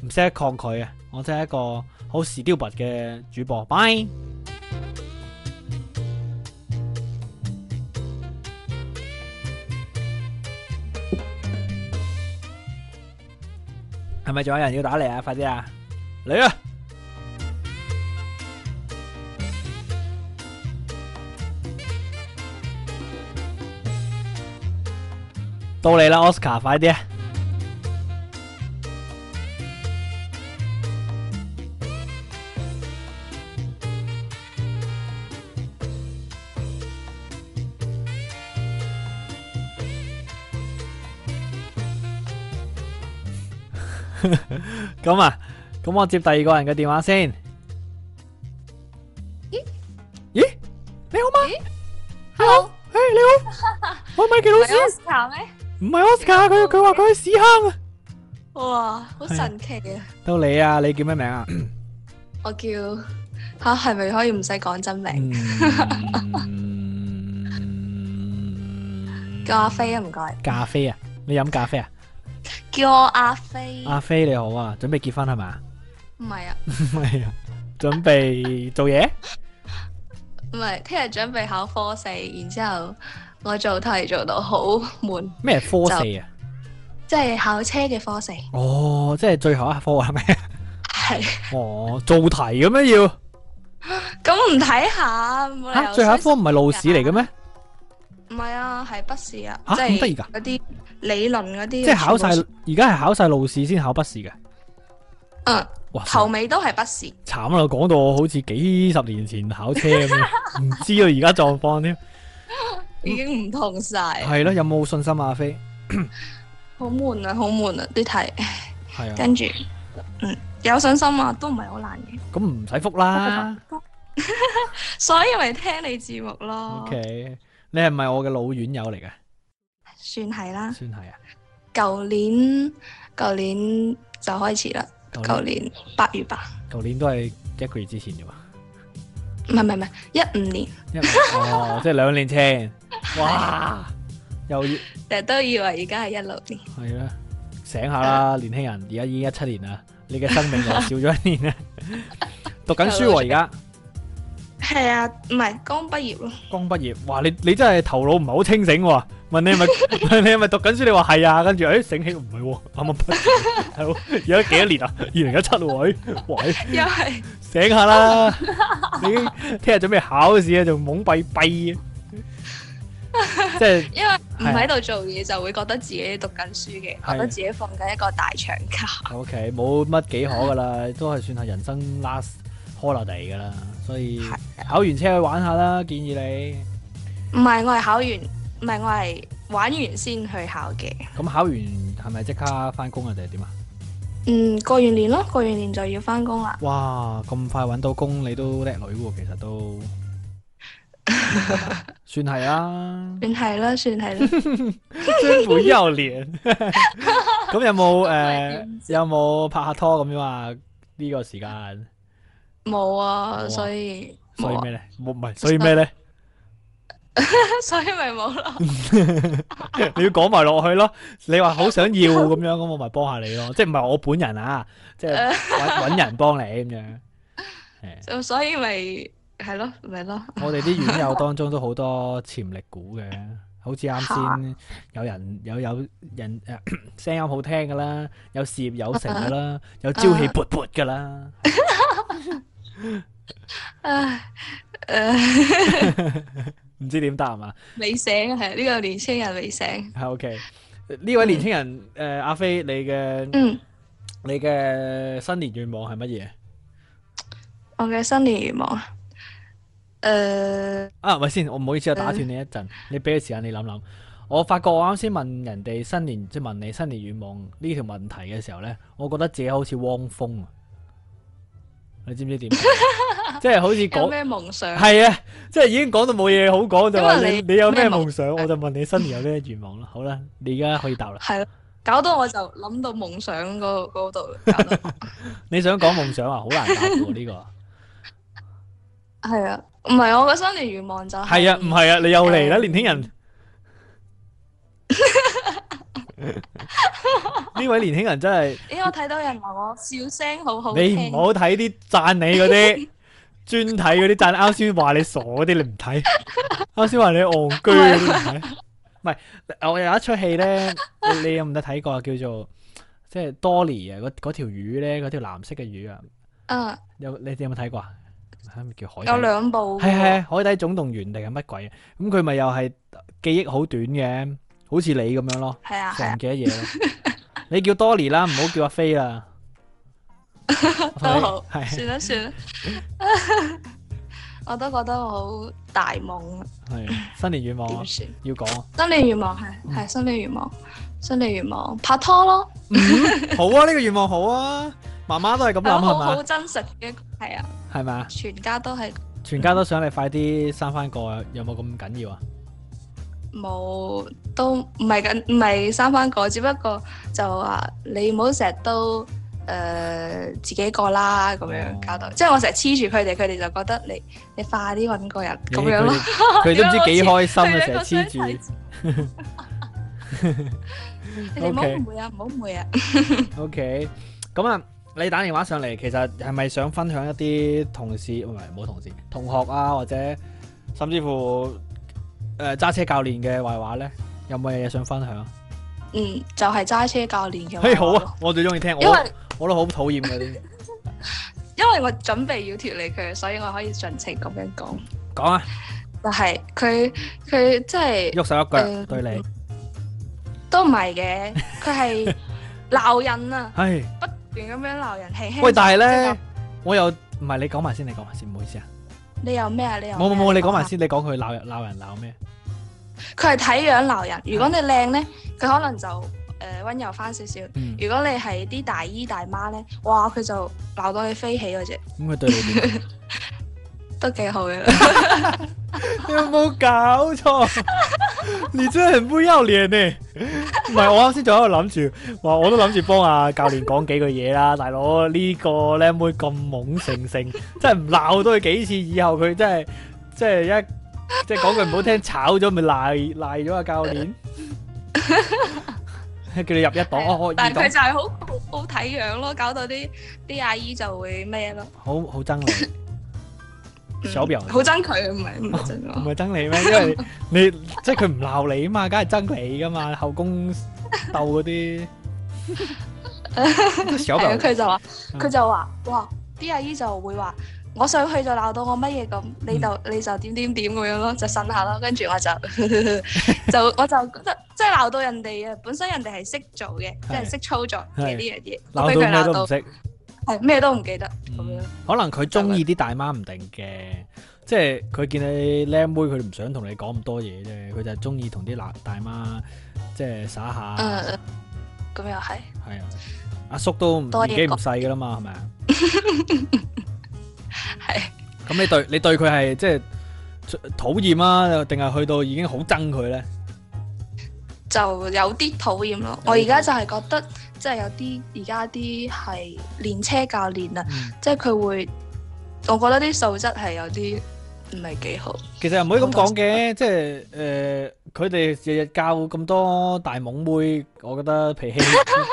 唔識得抗拒啊！我真係一個好士雕拔嘅主播，Bye！係咪仲有人要打嚟啊？快啲啊！嚟啊，到你啦，Oscar，快啲。咁啊，咁我接第二個人嘅電話先。咦咦，你好嗎？你好，誒你好，可唔可以叫 Oscar 咩？唔係 Oscar，佢佢話佢喺屎坑。啊！哇，好神奇啊！到你啊，你叫咩名啊？我叫吓，係咪可以唔使講真名？咖啡啊，唔該。咖啡啊，你飲咖啡啊？叫我阿飛，阿飛你好啊，準備結婚係嘛？唔係啊，唔係啊，準備 做嘢事？唔係，聽日準備考科四，然之後我做題做到好悶。咩科四啊？即係、即係考車嘅科四。哦，即係最後一科係咩？係。 哦，做題咁樣要？咁唔睇下，最後一科唔係路試嚟嘅咩？ 唔係啊，係筆試啊，即係嗰啲理論啲。即係考晒，而家係考晒路試先考筆試嘅。嗯。哇塞！頭尾都係筆試。慘啊！講到我好似幾十年前考車咁，唔 知道啊，而家狀況添，已經唔同晒。係咯、嗯？有冇信心啊？阿飛。好悶 啊！好悶啊！啲題。係啊。跟住，嗯，有信心啊，都唔係好難嘅。咁唔使複啦。 所以咪聽你字幕咯。O K。你係唔係我嘅老院友嚟㗎？算係啦，算係啊！舊年舊年就開始啦，舊年八月吧。舊年都係一個月之前啫嘛。唔係唔係唔係，一五年。一五年， 即係兩年前。 哇！又，成日都以為而家係一六年。係啊，醒下啦，年輕人，而家已經一七年啦。你嘅生命又少咗一年啦。 讀緊書喎，而家。係啊，唔係剛畢業咯。剛畢業，哇！你你真係頭腦唔係好清醒喎。問你係咪你係咪讀緊書？你話係啊，跟住誒醒起唔係喎，啱啱係而家幾多年啊？二零一七喎，誒，哇，又係醒下啦。你聽日準備考試啊，仲懵閉閉啊。即係因為唔喺度做嘢，就會覺得自己讀緊書嘅，覺得自己放緊一個大長假。O K，冇乜幾可噶啦，都係算係人生 last holiday 噶啦。所以考完車去玩下啦，建議你。唔係，我係考完，唔係我係玩完先去考嘅。咁考完係咪即刻翻工啊？定係點啊？嗯，過完年咯，過完年就要翻工啦。哇，咁快搵到工，你都叻女喎，其實都。 算係啊吧。算係啦，算係啦。不又臉。咁有冇誒？有冇拍下拖咁樣啊？呢個時間。冇啊，所以冇。所以咩咧？冇唔係，所以咩咧？所以咪冇咯。你要講埋落去咯。你話好想要咁樣，咁我咪幫下你咯。即係唔係我本人啊，即係搵搵人幫你咁樣。就所以咪係咯，咪咯。我哋啲院友當中都好多潛力股嘅，好似啱先有人有有人誒，聲音好聽噶啦，有事業有成噶啦，有朝氣勃勃噶啦。唉，唔知點答嘛？你醒係呢個年青人未醒？係 OK，呢、嗯、位年青人誒、呃，阿飛你嘅嗯，你嘅新年願望係乜嘢？我嘅新年願望誒、呃、啊，唔係先，我唔好意思啊，我打斷你一陣、呃，你俾個時間你諗諗。我發覺我啱先問人哋新年即係問你新年願望呢條問題嘅時候咧，我覺得自己好似汪峰。你知唔知點？即係好似講咩夢想？係啊，即係已經講到冇嘢，好講就。因為你你有咩夢想，我就問你新年有咩願望啦。好啦，你而家可以答啦。係咯，搞到我就諗到夢想嗰度。你想講夢想啊？好難答到呢個。係啊，唔係我嘅新年願望就係。係啊，唔係啊，你又嚟啦，年輕人。呢 位年輕人真係，咦，我睇到人話我笑聲好好，你唔好睇啲讚你嗰啲，專睇嗰啲讚。啱先話你傻啲，你唔睇。啱先話你戇居，唔係，我有一出戲咧，你有唔得睇過？叫做即係 Dolly 嗰嗰條魚咧，嗰條藍色嘅魚啊，uh, 有你有冇睇過啊？係咪叫海底有兩部是是，係係海底總動員定係乜鬼？咁佢咪又係記憶好短嘅。好似你咁樣咯，唔記得嘢咯。你叫多尼啦，唔好叫阿飛啦。都好，係，算啦算啦。我都覺得好大夢。係新年願望，要講啊。新年願望係，係新年願望，新年願望拍拖咯。好啊，呢個願望好啊。媽媽都係咁諗係嘛？好真實嘅係啊，係咪啊？全家都係，全家都想你快啲生翻個，有冇咁緊要啊？冇，都唔係緊，唔係三番個，只不過就話你唔好成日都誒自己過啦，咁樣搞到。即係我成日黐住佢哋，佢哋就覺得你你快啲揾個人咁樣咯。佢哋都唔知幾開心啊！成日黐住。O K，唔好誤會啊，唔好誤會啊。O K，咁啊，你打電話上嚟，其實係咪想分享一啲同事，唔係冇同事，同學啊，或者甚至乎。誒，揸車教練嘅壞話咧，有冇嘢想分享？嗯，就係揸車教練嘅。嘿好啊，我最中意聽。因為 我都好討厭佢啲，的 因為我準備要脫離佢，所以我可以盡情咁樣講。講啊！就係佢，佢即係喐手喐腳對你，呃，都唔係嘅，佢係鬧人啊， 不斷咁樣鬧人，輕輕，喂，但係咧，是我又唔係，你講埋先，你講埋先，唔好意思啊。你有咩啊？你有冇冇冇？你講埋先，你講佢鬧人鬧人鬧咩？佢係睇樣鬧人。如果你靚呢，佢可能就誒温柔翻少少。如果你係啲大姨大媽呢，哇！佢就鬧到你飛起嗰隻。咁佢對你點？都幾好嘅。你有冇搞錯？你真係很不要臉呢！唔係，我啱先仲喺度諗住，話我都諗住幫阿教練講幾句嘢啦，大佬呢個靚妹咁懵盛盛，真係唔鬧多佢幾次，以後佢真係，即係一，即係講句唔好聽，炒咗咪賴賴咗阿教練。叫你入一檔，我我但係佢就係好好睇樣咯，搞到啲啲阿姨就會咩咯，好好憎你。小好憎佢唔係，唔係憎你咩？因為你， 你即係佢唔鬧你啊嘛，梗係憎你噶嘛，後宮鬥嗰啲，佢就話佢就話，哇！啲阿姨就會話，我上去就鬧到我乜嘢咁，你就你就點點點咁樣咯，就呻下咯，跟住我就 就我就覺得，即係鬧到人哋啊，本身人哋係識做嘅，即係識操作嘅呢樣嘢，畀佢鬧到都唔識。咩都唔記得咁、嗯、樣，可能佢中意啲大媽唔定嘅是，即係佢見你靚妹，佢唔想同你講咁多嘢啫，佢就係中意同啲大媽即係耍下。咁又係，係啊，阿叔，叔都唔年紀唔細噶啦嘛，係咪啊？係吧。咁 是你對你對佢係即係討厭啊，定係去到已經好憎佢咧？就有啲討厭咯，嗯、我而家就係覺得。即係有啲而家啲係練車教練啊，即係佢會，我覺得啲素質係有啲唔係幾好。其實唔可以咁講嘅，即係誒，佢哋日日教咁多大懵妹，我覺得脾氣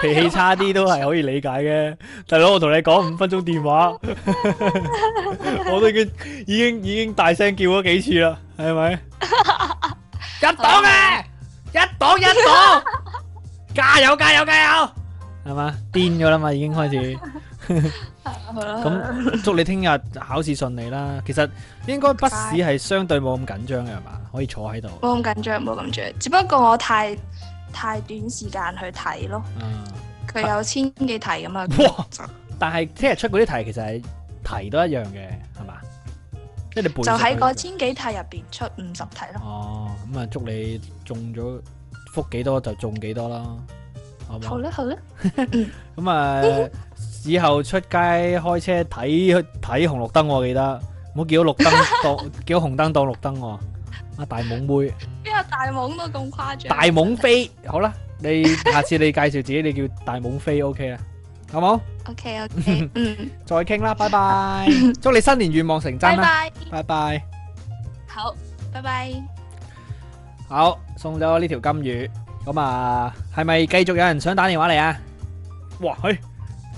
脾氣差啲都係可以理解嘅。大佬，我同你講五分鐘電話，我都已經已經已經大聲叫咗幾次啦，係咪？一檔嘅，一檔一檔，加油加油加油！係嘛，癲咗啦嘛，已經開始。咁 祝你聽日考試順利啦。其實應該筆試係相對冇咁緊張嘅，係嘛？可以坐喺度。冇咁緊張，冇咁着。只不過我太太短時間去睇咯。佢、嗯、有千幾題咁啊！哇但係聽日出嗰啲題，其實係題都一樣嘅，係嘛？即係你就喺嗰千幾題入邊出五十題咯。哦，咁啊，祝你中咗，複幾多就中幾多啦。好啦好啦，咁啊以後出街開車睇去睇紅綠燈，我記得，唔好見到綠燈當見到紅燈當綠燈哦。阿大懵妹，邊個大懵都咁誇張？大懵飛，好啦，你下次你介紹自己，你叫大懵飛，OK 啦，好冇？OK OK，嗯，再傾啦，拜拜，祝你新年願望成真啦，拜拜，拜拜，好，拜拜，好，送咗呢條金魚。咁啊，係咪繼續有人想打電話嚟啊？哇，去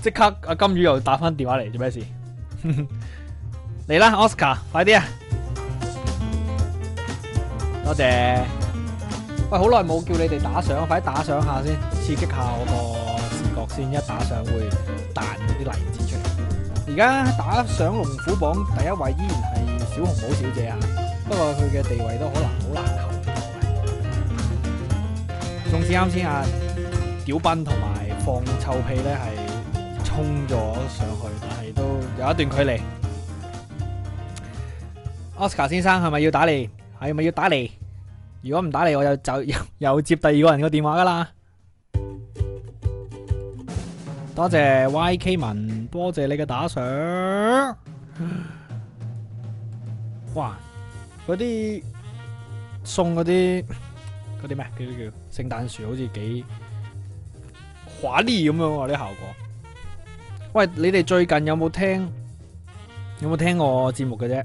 即刻阿金魚又打返電話嚟，做咩事？嚟啦，Oscar，快啲啊！多謝。喂，好耐冇叫你哋打賞，快啲打賞下先，刺激下我個視覺先，一打賞會彈啲例子出嚟。而家打上龍虎榜第一位依然係小紅帽小姐啊，不過佢嘅地位都可能好難求。總之啱先啊，屌賓同埋放臭屁咧，係衝咗上去，但係都有一段距離。Oscar 先生係咪要打嚟？係咪要打嚟？如果唔打嚟，我又就又接第二個人嘅電話噶啦。多謝，謝 YK 文，多謝，謝你嘅打賞。哇！嗰啲送嗰啲。嗰啲咩？嗰啲叫聖誕樹，好似幾華麗咁樣喎啲效果。喂，你哋最近有冇聽有冇聽我節目嘅啫？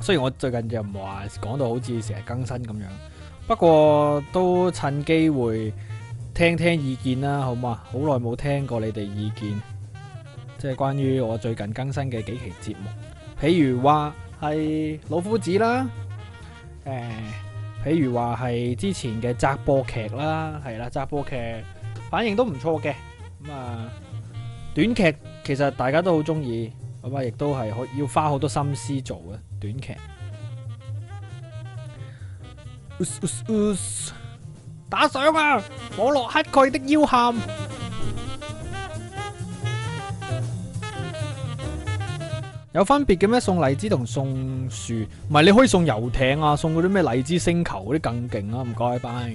雖然我最近就唔話講到好似成日更新咁樣，不過都趁機會聽聽意見啦，好嘛？好耐冇聽過你哋意見，即係關於我最近更新嘅幾期節目，譬如話係老夫子啦，誒。比如話係之前嘅窄播劇啦，係啦，窄播劇反應都唔錯嘅，咁啊短劇其實大家都好中意，咁啊亦都係要花好多心思做嘅短劇，呃呃呃。打賞啊！網絡乞丐的吆喊。有分別嘅咩？送荔枝同送樹，唔係你可以送遊艇啊，送嗰啲咩荔枝星球嗰啲更勁啊！唔該，拜拜！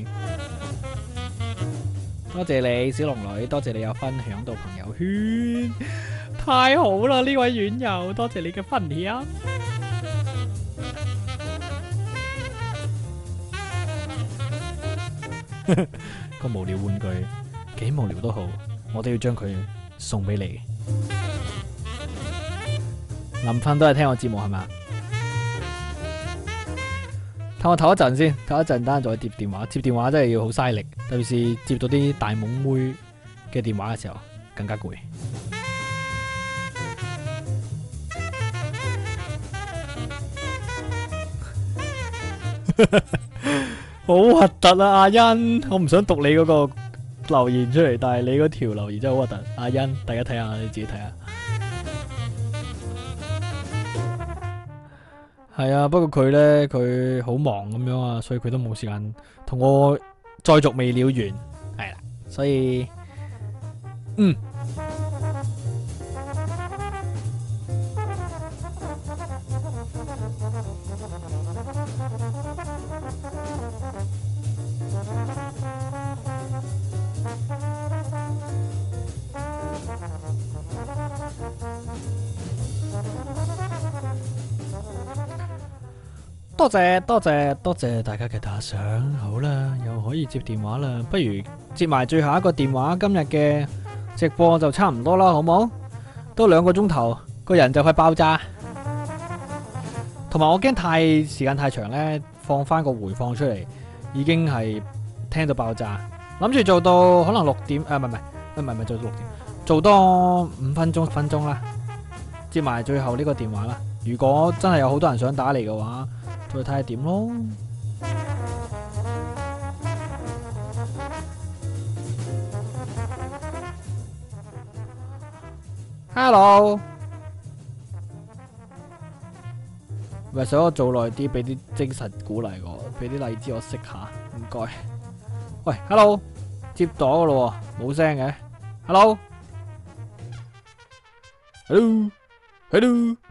多謝你，小龍女，多謝你有分享到朋友圈，太好啦！呢位院友，多謝你嘅分享。 個無聊玩具，幾無聊都好，我都要將佢送俾你。林奮都係聽我節目係嘛？等我唞一陣先，唞一陣，等下再接電話。接電話真係要好嘥力，特別是接到啲大懵妹嘅電話嘅時候，更加攰。好核突啊！阿欣，我唔想讀你嗰個留言出嚟，但係你嗰條留言真係好核突。阿欣，大家睇下，你自己睇下。係啊，不過佢呢，佢好忙咁樣啊，所以佢都冇時間同我再續未了緣。係啦、啊，所以嗯。多謝多謝多謝大家嘅打賞，好啦，又可以接電話啦，不如接埋最後一個電話，今日嘅直播就差唔多啦，好唔好？都兩個鐘頭，個人就快爆炸，同埋我驚太時間太長呢，放翻個回放出嚟，已經係聽到爆炸，諗住做到可能六點，誒唔係唔係唔係做到六點，做多五分鐘十分鐘啦，接埋最後呢個電話啦。如果真係有好多人想打嚟嘅話，再睇下點咯。Hello，咪想我做耐啲，俾啲精神鼓勵我，俾啲荔枝我食下。唔該。喂，Hello，接咗喇咯，冇聲嘅。Hello，Hello，Hello。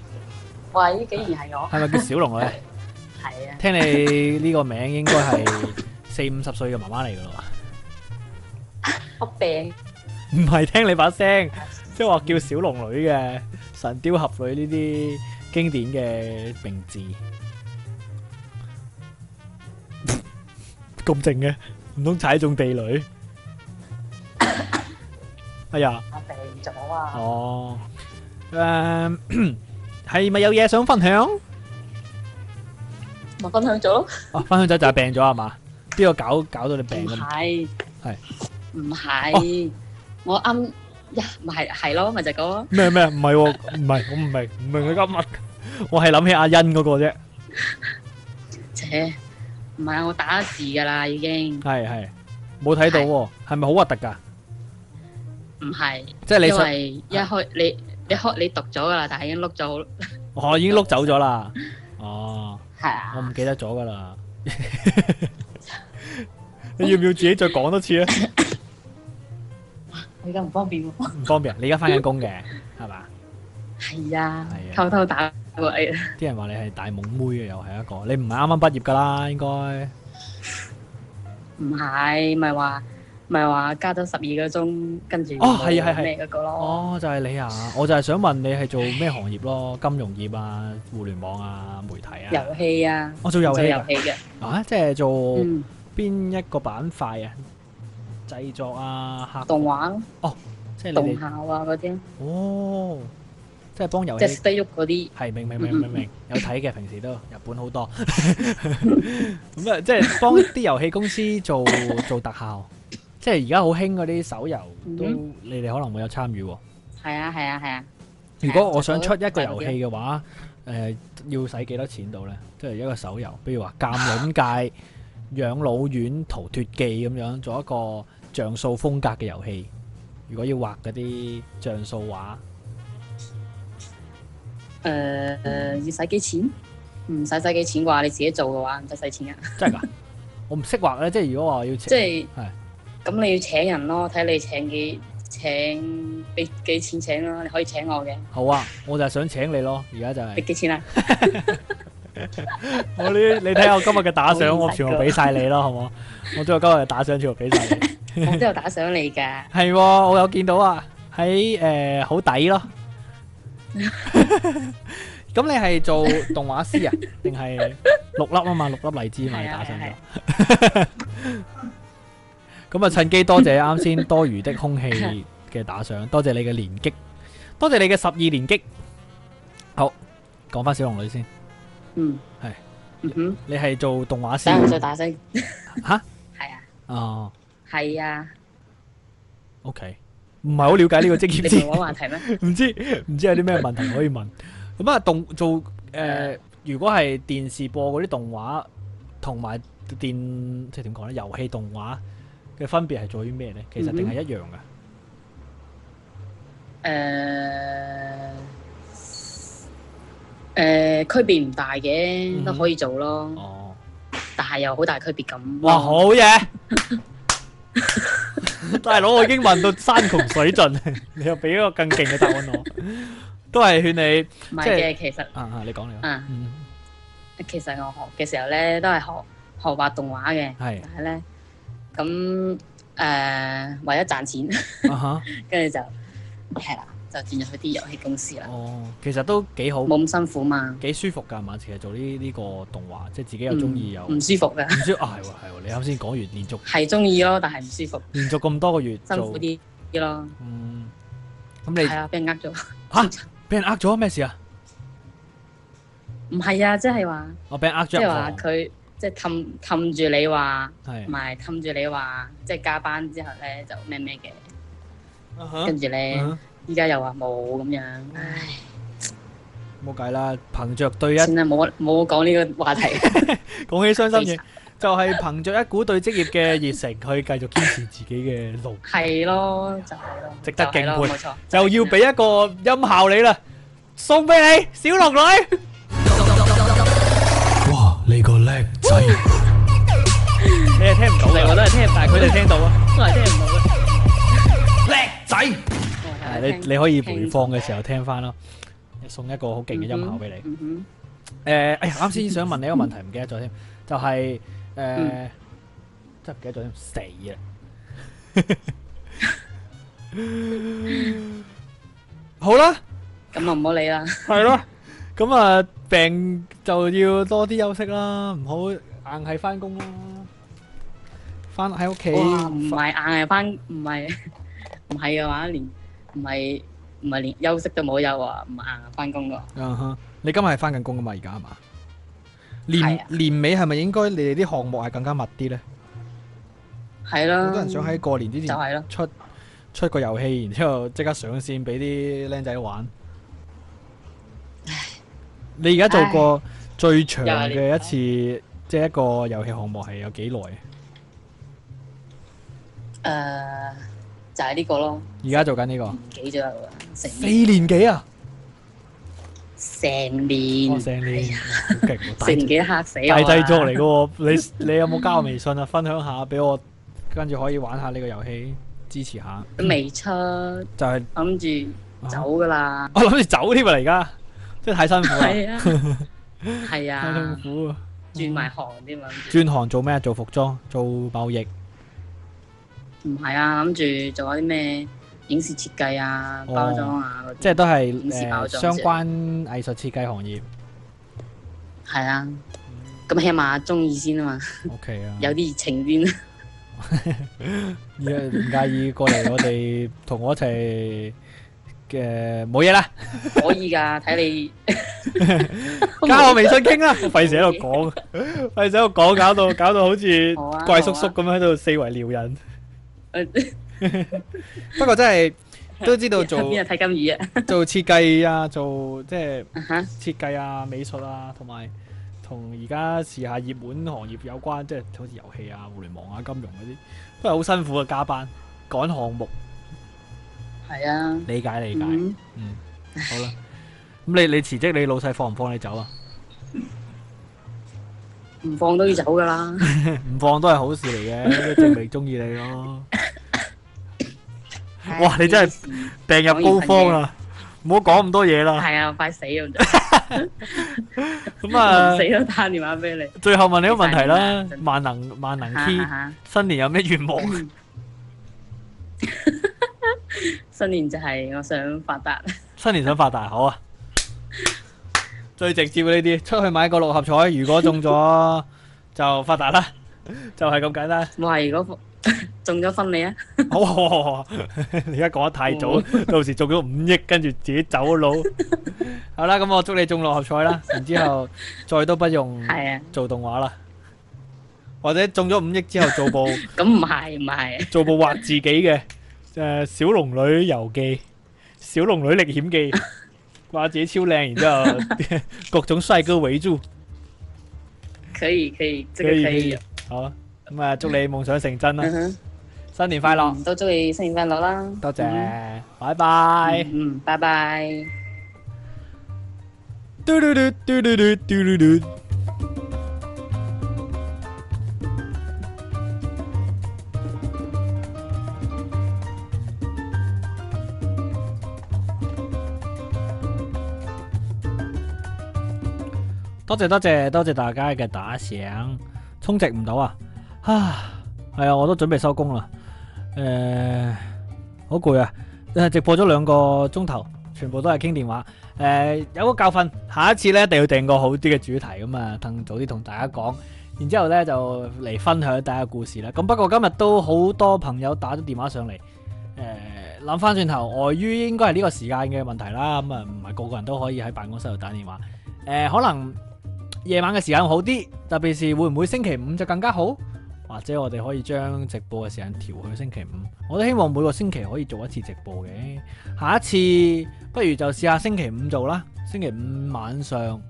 喂，竟然係我，係咪叫小龍女？係啊，聽你呢個名應該係四五十歲嘅媽媽嚟噶咯？我病，唔係聽你把聲，即係話叫小龍女嘅《神鵰俠侶》呢啲經典嘅名字，咁靜嘅，唔通踩中地雷？哎呀，我病咗啊！哦，誒。係咪有嘢想分享？咪分享咗咯？哦，分享咗就係病咗係嘛？邊個搞搞到你病？唔係，係唔係？我啱呀，咪係係咯，咪就係咁咯。咩咩唔係？唔係我唔明，唔明佢今日，我係諗起阿欣嗰個啫。切，唔係我打字噶啦已經。係係，冇睇到喎，係咪好核突噶？唔係，即係你想一開你。你開你讀咗噶啦，但係已經碌咗好。我已經碌走咗啦。哦，係啊，我唔記得咗噶啦。你要唔要自己再講多次啊？我而家唔方便喎。唔方便？你而家翻緊工嘅，係嘛？係啊，係啊，偷偷打個 A。啲人話你係大懵妹嘅，又係一個。你唔係啱啱畢業噶啦，應該。唔係咪話？咪話加咗十二個鐘，跟住哦係啊係啊咩嗰個咯哦就係你啊！我就係想問你係做咩行業咯？金融業啊、互聯網啊、媒體啊、遊戲啊，我做遊戲做遊戲嘅啊，即係做邊一個板塊啊？製作啊，動畫咯哦，即係動畫啊嗰啲哦，即係幫遊戲即係 stay up 嗰啲係明明明明明有睇嘅，平時都日本好多咁啊！即係幫啲遊戲公司做做特效。即係而家好興嗰啲手遊，都、嗯、你哋可能會有參與。係啊係啊係啊！如果我想出一個遊戲嘅話，誒、嗯啊啊啊呃，要使幾多錢到呢？即係一個手遊，比如話《鑑卵界》、《養老院》、《逃脫記》咁樣，做一個像素風格嘅遊戲。如果要畫嗰啲像素畫、呃、誒、呃，要使幾錢？唔使使幾錢啩？你自己做嘅話唔使使錢啊？ 真係噶？我唔識畫咧，即係如果話要即係。嗯咁你要請人咯，睇你請幾請俾幾錢請咯，你可以請我嘅。好啊，我就係想請你咯，而家就係。俾幾錢啊？我呢，你睇下我今日嘅打賞，我全部俾晒你咯，好唔好？我將我今日嘅打賞全部俾晒你。我都有打賞你㗎。係，我有見到啊，喺誒好抵咯。咁你係做動畫師啊，定係六粒啊嘛？六粒荔枝嘛？你打賞咗？咁啊！趁機多謝啱先多餘的空氣嘅打賞，多謝你嘅連擊，多謝你嘅十二連擊。好，講翻小龍女先。嗯，係。嗯哼，你係做動畫師。等我再大聲。吓？係啊。哦。係啊。OK，唔係好了解呢個職業。你唔搵話題咩？唔知，唔知有啲咩問題可以問。咁啊，動做誒，如果係電視播嗰啲動畫，同埋電即係點講咧？遊戲動畫。嘅分別係在於咩咧？其實定係一樣㗎。誒誒，區別唔大嘅，都可以做咯。哦，但係又好大區別咁。哇，好嘢！大佬，我已經問到山窮水盡，你又俾一個更勁嘅答案我。都係勸你，即係其實啊，你講你啊，嗯，其實我學嘅時候咧，都係學學畫動畫嘅，係，但係咧。咁誒，為咗賺錢，跟住就係啦，就轉入去啲遊戲公司啦。哦，其實都幾好，冇咁辛苦嘛。幾舒服㗎嘛，其實做呢呢個動畫，即係自己又中意又。唔舒服㗎。唔舒啊！係喎係喎，你啱先講完連續。係中意咯，但係唔舒服。連續咁多個月辛苦啲啲咯。嗯，咁你係啊？俾人呃咗吓，俾人呃咗咩事啊？唔係啊！即係話我俾人呃咗，即係話佢。即係氹氹住你話，唔係氹住你話，即係加班之後咧，就咩咩嘅，跟住咧依家又話冇咁樣，唉，冇計啦，憑着對一，先啦冇冇講呢個話題，講起傷心嘢，就係憑着一股對職業嘅熱誠去繼續堅持自己嘅路，係咯就係咯，值得敬佩，冇錯，就要俾一個音效你啦，送俾你，小龍女。你係聽唔到嘅，我都係聽，但係佢哋聽到啊，都係聽唔到嘅。叻仔，係你你可以回放嘅時候聽翻咯，送一個好勁嘅音效俾你。誒，哎呀，啱先想問你一個問題，唔記得咗添，就係誒，真係唔記得咗添，死啊！好啦，咁啊唔好理啦。係咯，咁啊。病就要多啲休息啦，唔好硬係翻工啦。翻喺屋企。唔係硬係翻，唔係唔係嘅話，連唔係唔係連休息都冇休、uh huh. 啊，唔硬翻工噶。你今日係翻緊工噶嘛？而家係嘛？年年尾係咪應該你哋啲項目係更加密啲呢？係咯、啊。好多人想喺過年之前出出個遊戲，然之後即刻上線俾啲僆仔玩。你而家做過最長嘅一次即係一個遊戲項目係有幾耐誒？就係、是、呢個咯。而家做緊、這、呢個幾左四年幾啊？成年，成年，好勁啊！四年幾吓死我啦！大製作嚟嘅，你你有冇加我微信啊？分享一下俾我，跟住可以玩一下呢個遊戲，支持一下。未出，就係諗住走噶啦、啊。我諗住走添啊！而家。即係太辛苦啦，係啊，太辛苦啊！轉埋行啲嘛？轉行做咩？做服裝，做貿易？唔係啊，諗住做下啲咩影視設計啊，包裝啊，即係都係相關藝術設計行業。係啊，咁起碼中意先啊嘛。OK 啊，有啲情願，而家唔介意過嚟我哋同我一齊。嘅，冇嘢啦，呃、沒了可以噶，睇 你加 我微信傾啦。費 事喺度講，費事喺度講，搞到搞到好似怪叔叔咁樣喺度四圍撩人。不過真係都知道做 做設計啊，做即係設計啊，美術啊，同埋同而家時下熱門行業有關，即係好似遊戲啊、互聯網啊、金融嗰啲，都係好辛苦嘅，加班趕項目。係啊，理解理解，嗯，好啦。咁你你辭職，你老細放唔放你走啊？唔放都要走噶啦，唔放都係好事嚟嘅，證明中意你咯。哇！你真係病入膏肓啦，唔好講咁多嘢啦。係啊，快死啊！咁啊，死都打電話俾你。最後問你個問題啦，萬能萬能 key，新年有咩願望？新年就係我想發達，新年想發達好啊！ 最直接呢啲，出去買個六合彩，如果中咗 就發達啦，就係、是、咁簡單。唔係，如果中咗分你啊？好，你而家講得太早，oh. 到時中咗五億，跟住自己走佬。 好啦、啊，咁我祝你中六合彩啦，然後之後再都不用、啊、做動畫啦，或者中咗五億之後做部咁唔係唔係？ 啊、做部畫自己嘅。誒，《小龍女遊記》《小龍女歷險記》，話自己超靚，然之後各種帥哥圍住，可以可以，真係可以。好，咁啊，祝你夢想成真啦！新年快樂，都祝你新年快樂啦！多謝，拜拜。嗯，拜拜。嘟嘟嘟嘟嘟嘟嘟嘟。多謝多謝多謝大家嘅打賞，充值唔到啊，係啊，我都準備收工啦，誒、呃，好攰啊，直播咗兩個鐘頭，全部都係傾電話，誒、呃，有個教訓，下一次咧一定要定個好啲嘅主題咁啊、嗯，等早啲同大家講，然之後咧就嚟分享大家嘅故事啦，咁不過今日都好多朋友打咗電話上嚟，誒、呃，諗翻轉頭，礙、呃、于、呃、應該係呢個時間嘅問題啦，咁啊，唔係個個人都可以喺辦公室度打電話，誒、呃，可能。夜晚嘅時間好啲，特別是會唔會星期五就更加好？或者我哋可以將直播嘅時間調去星期五。我都希望每個星期可以做一次直播嘅。下一次不如就試下星期五做啦。星期五晚上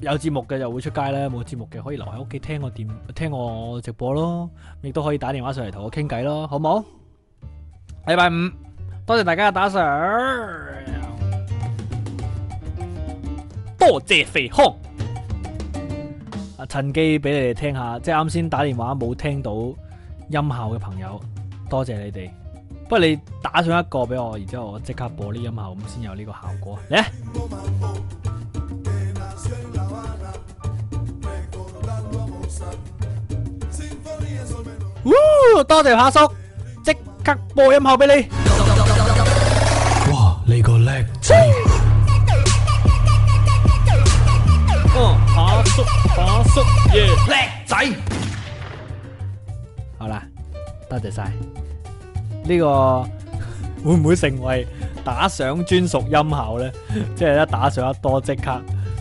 有節目嘅就會出街啦，冇節目嘅可以留喺屋企聽我電聽我直播咯。亦都可以打電話上嚟同我傾偈咯，好唔好？禮拜五，多謝大家打賞。多謝肥康，啊趁機俾你哋聽下，即係啱先打電話冇聽到音效嘅朋友，多謝你哋。不過你打上一個俾我，然之後我即刻播啲音效，咁先有呢個效果。嚟啊！多謝阿叔，即刻播音效俾你。哇，你個叻我叔爺叻仔，好啦，多謝晒呢個會唔會成為打賞專屬音效呢？即係一打賞得多，即刻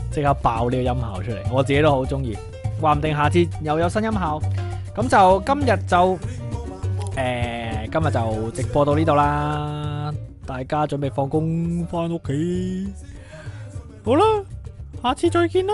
即刻爆呢個音效出嚟，我自己都好中意。話唔定下次又有新音效。咁就今日就誒、呃，今日就直播到呢度啦。大家準備放工翻屋企，好啦，下次再見啦。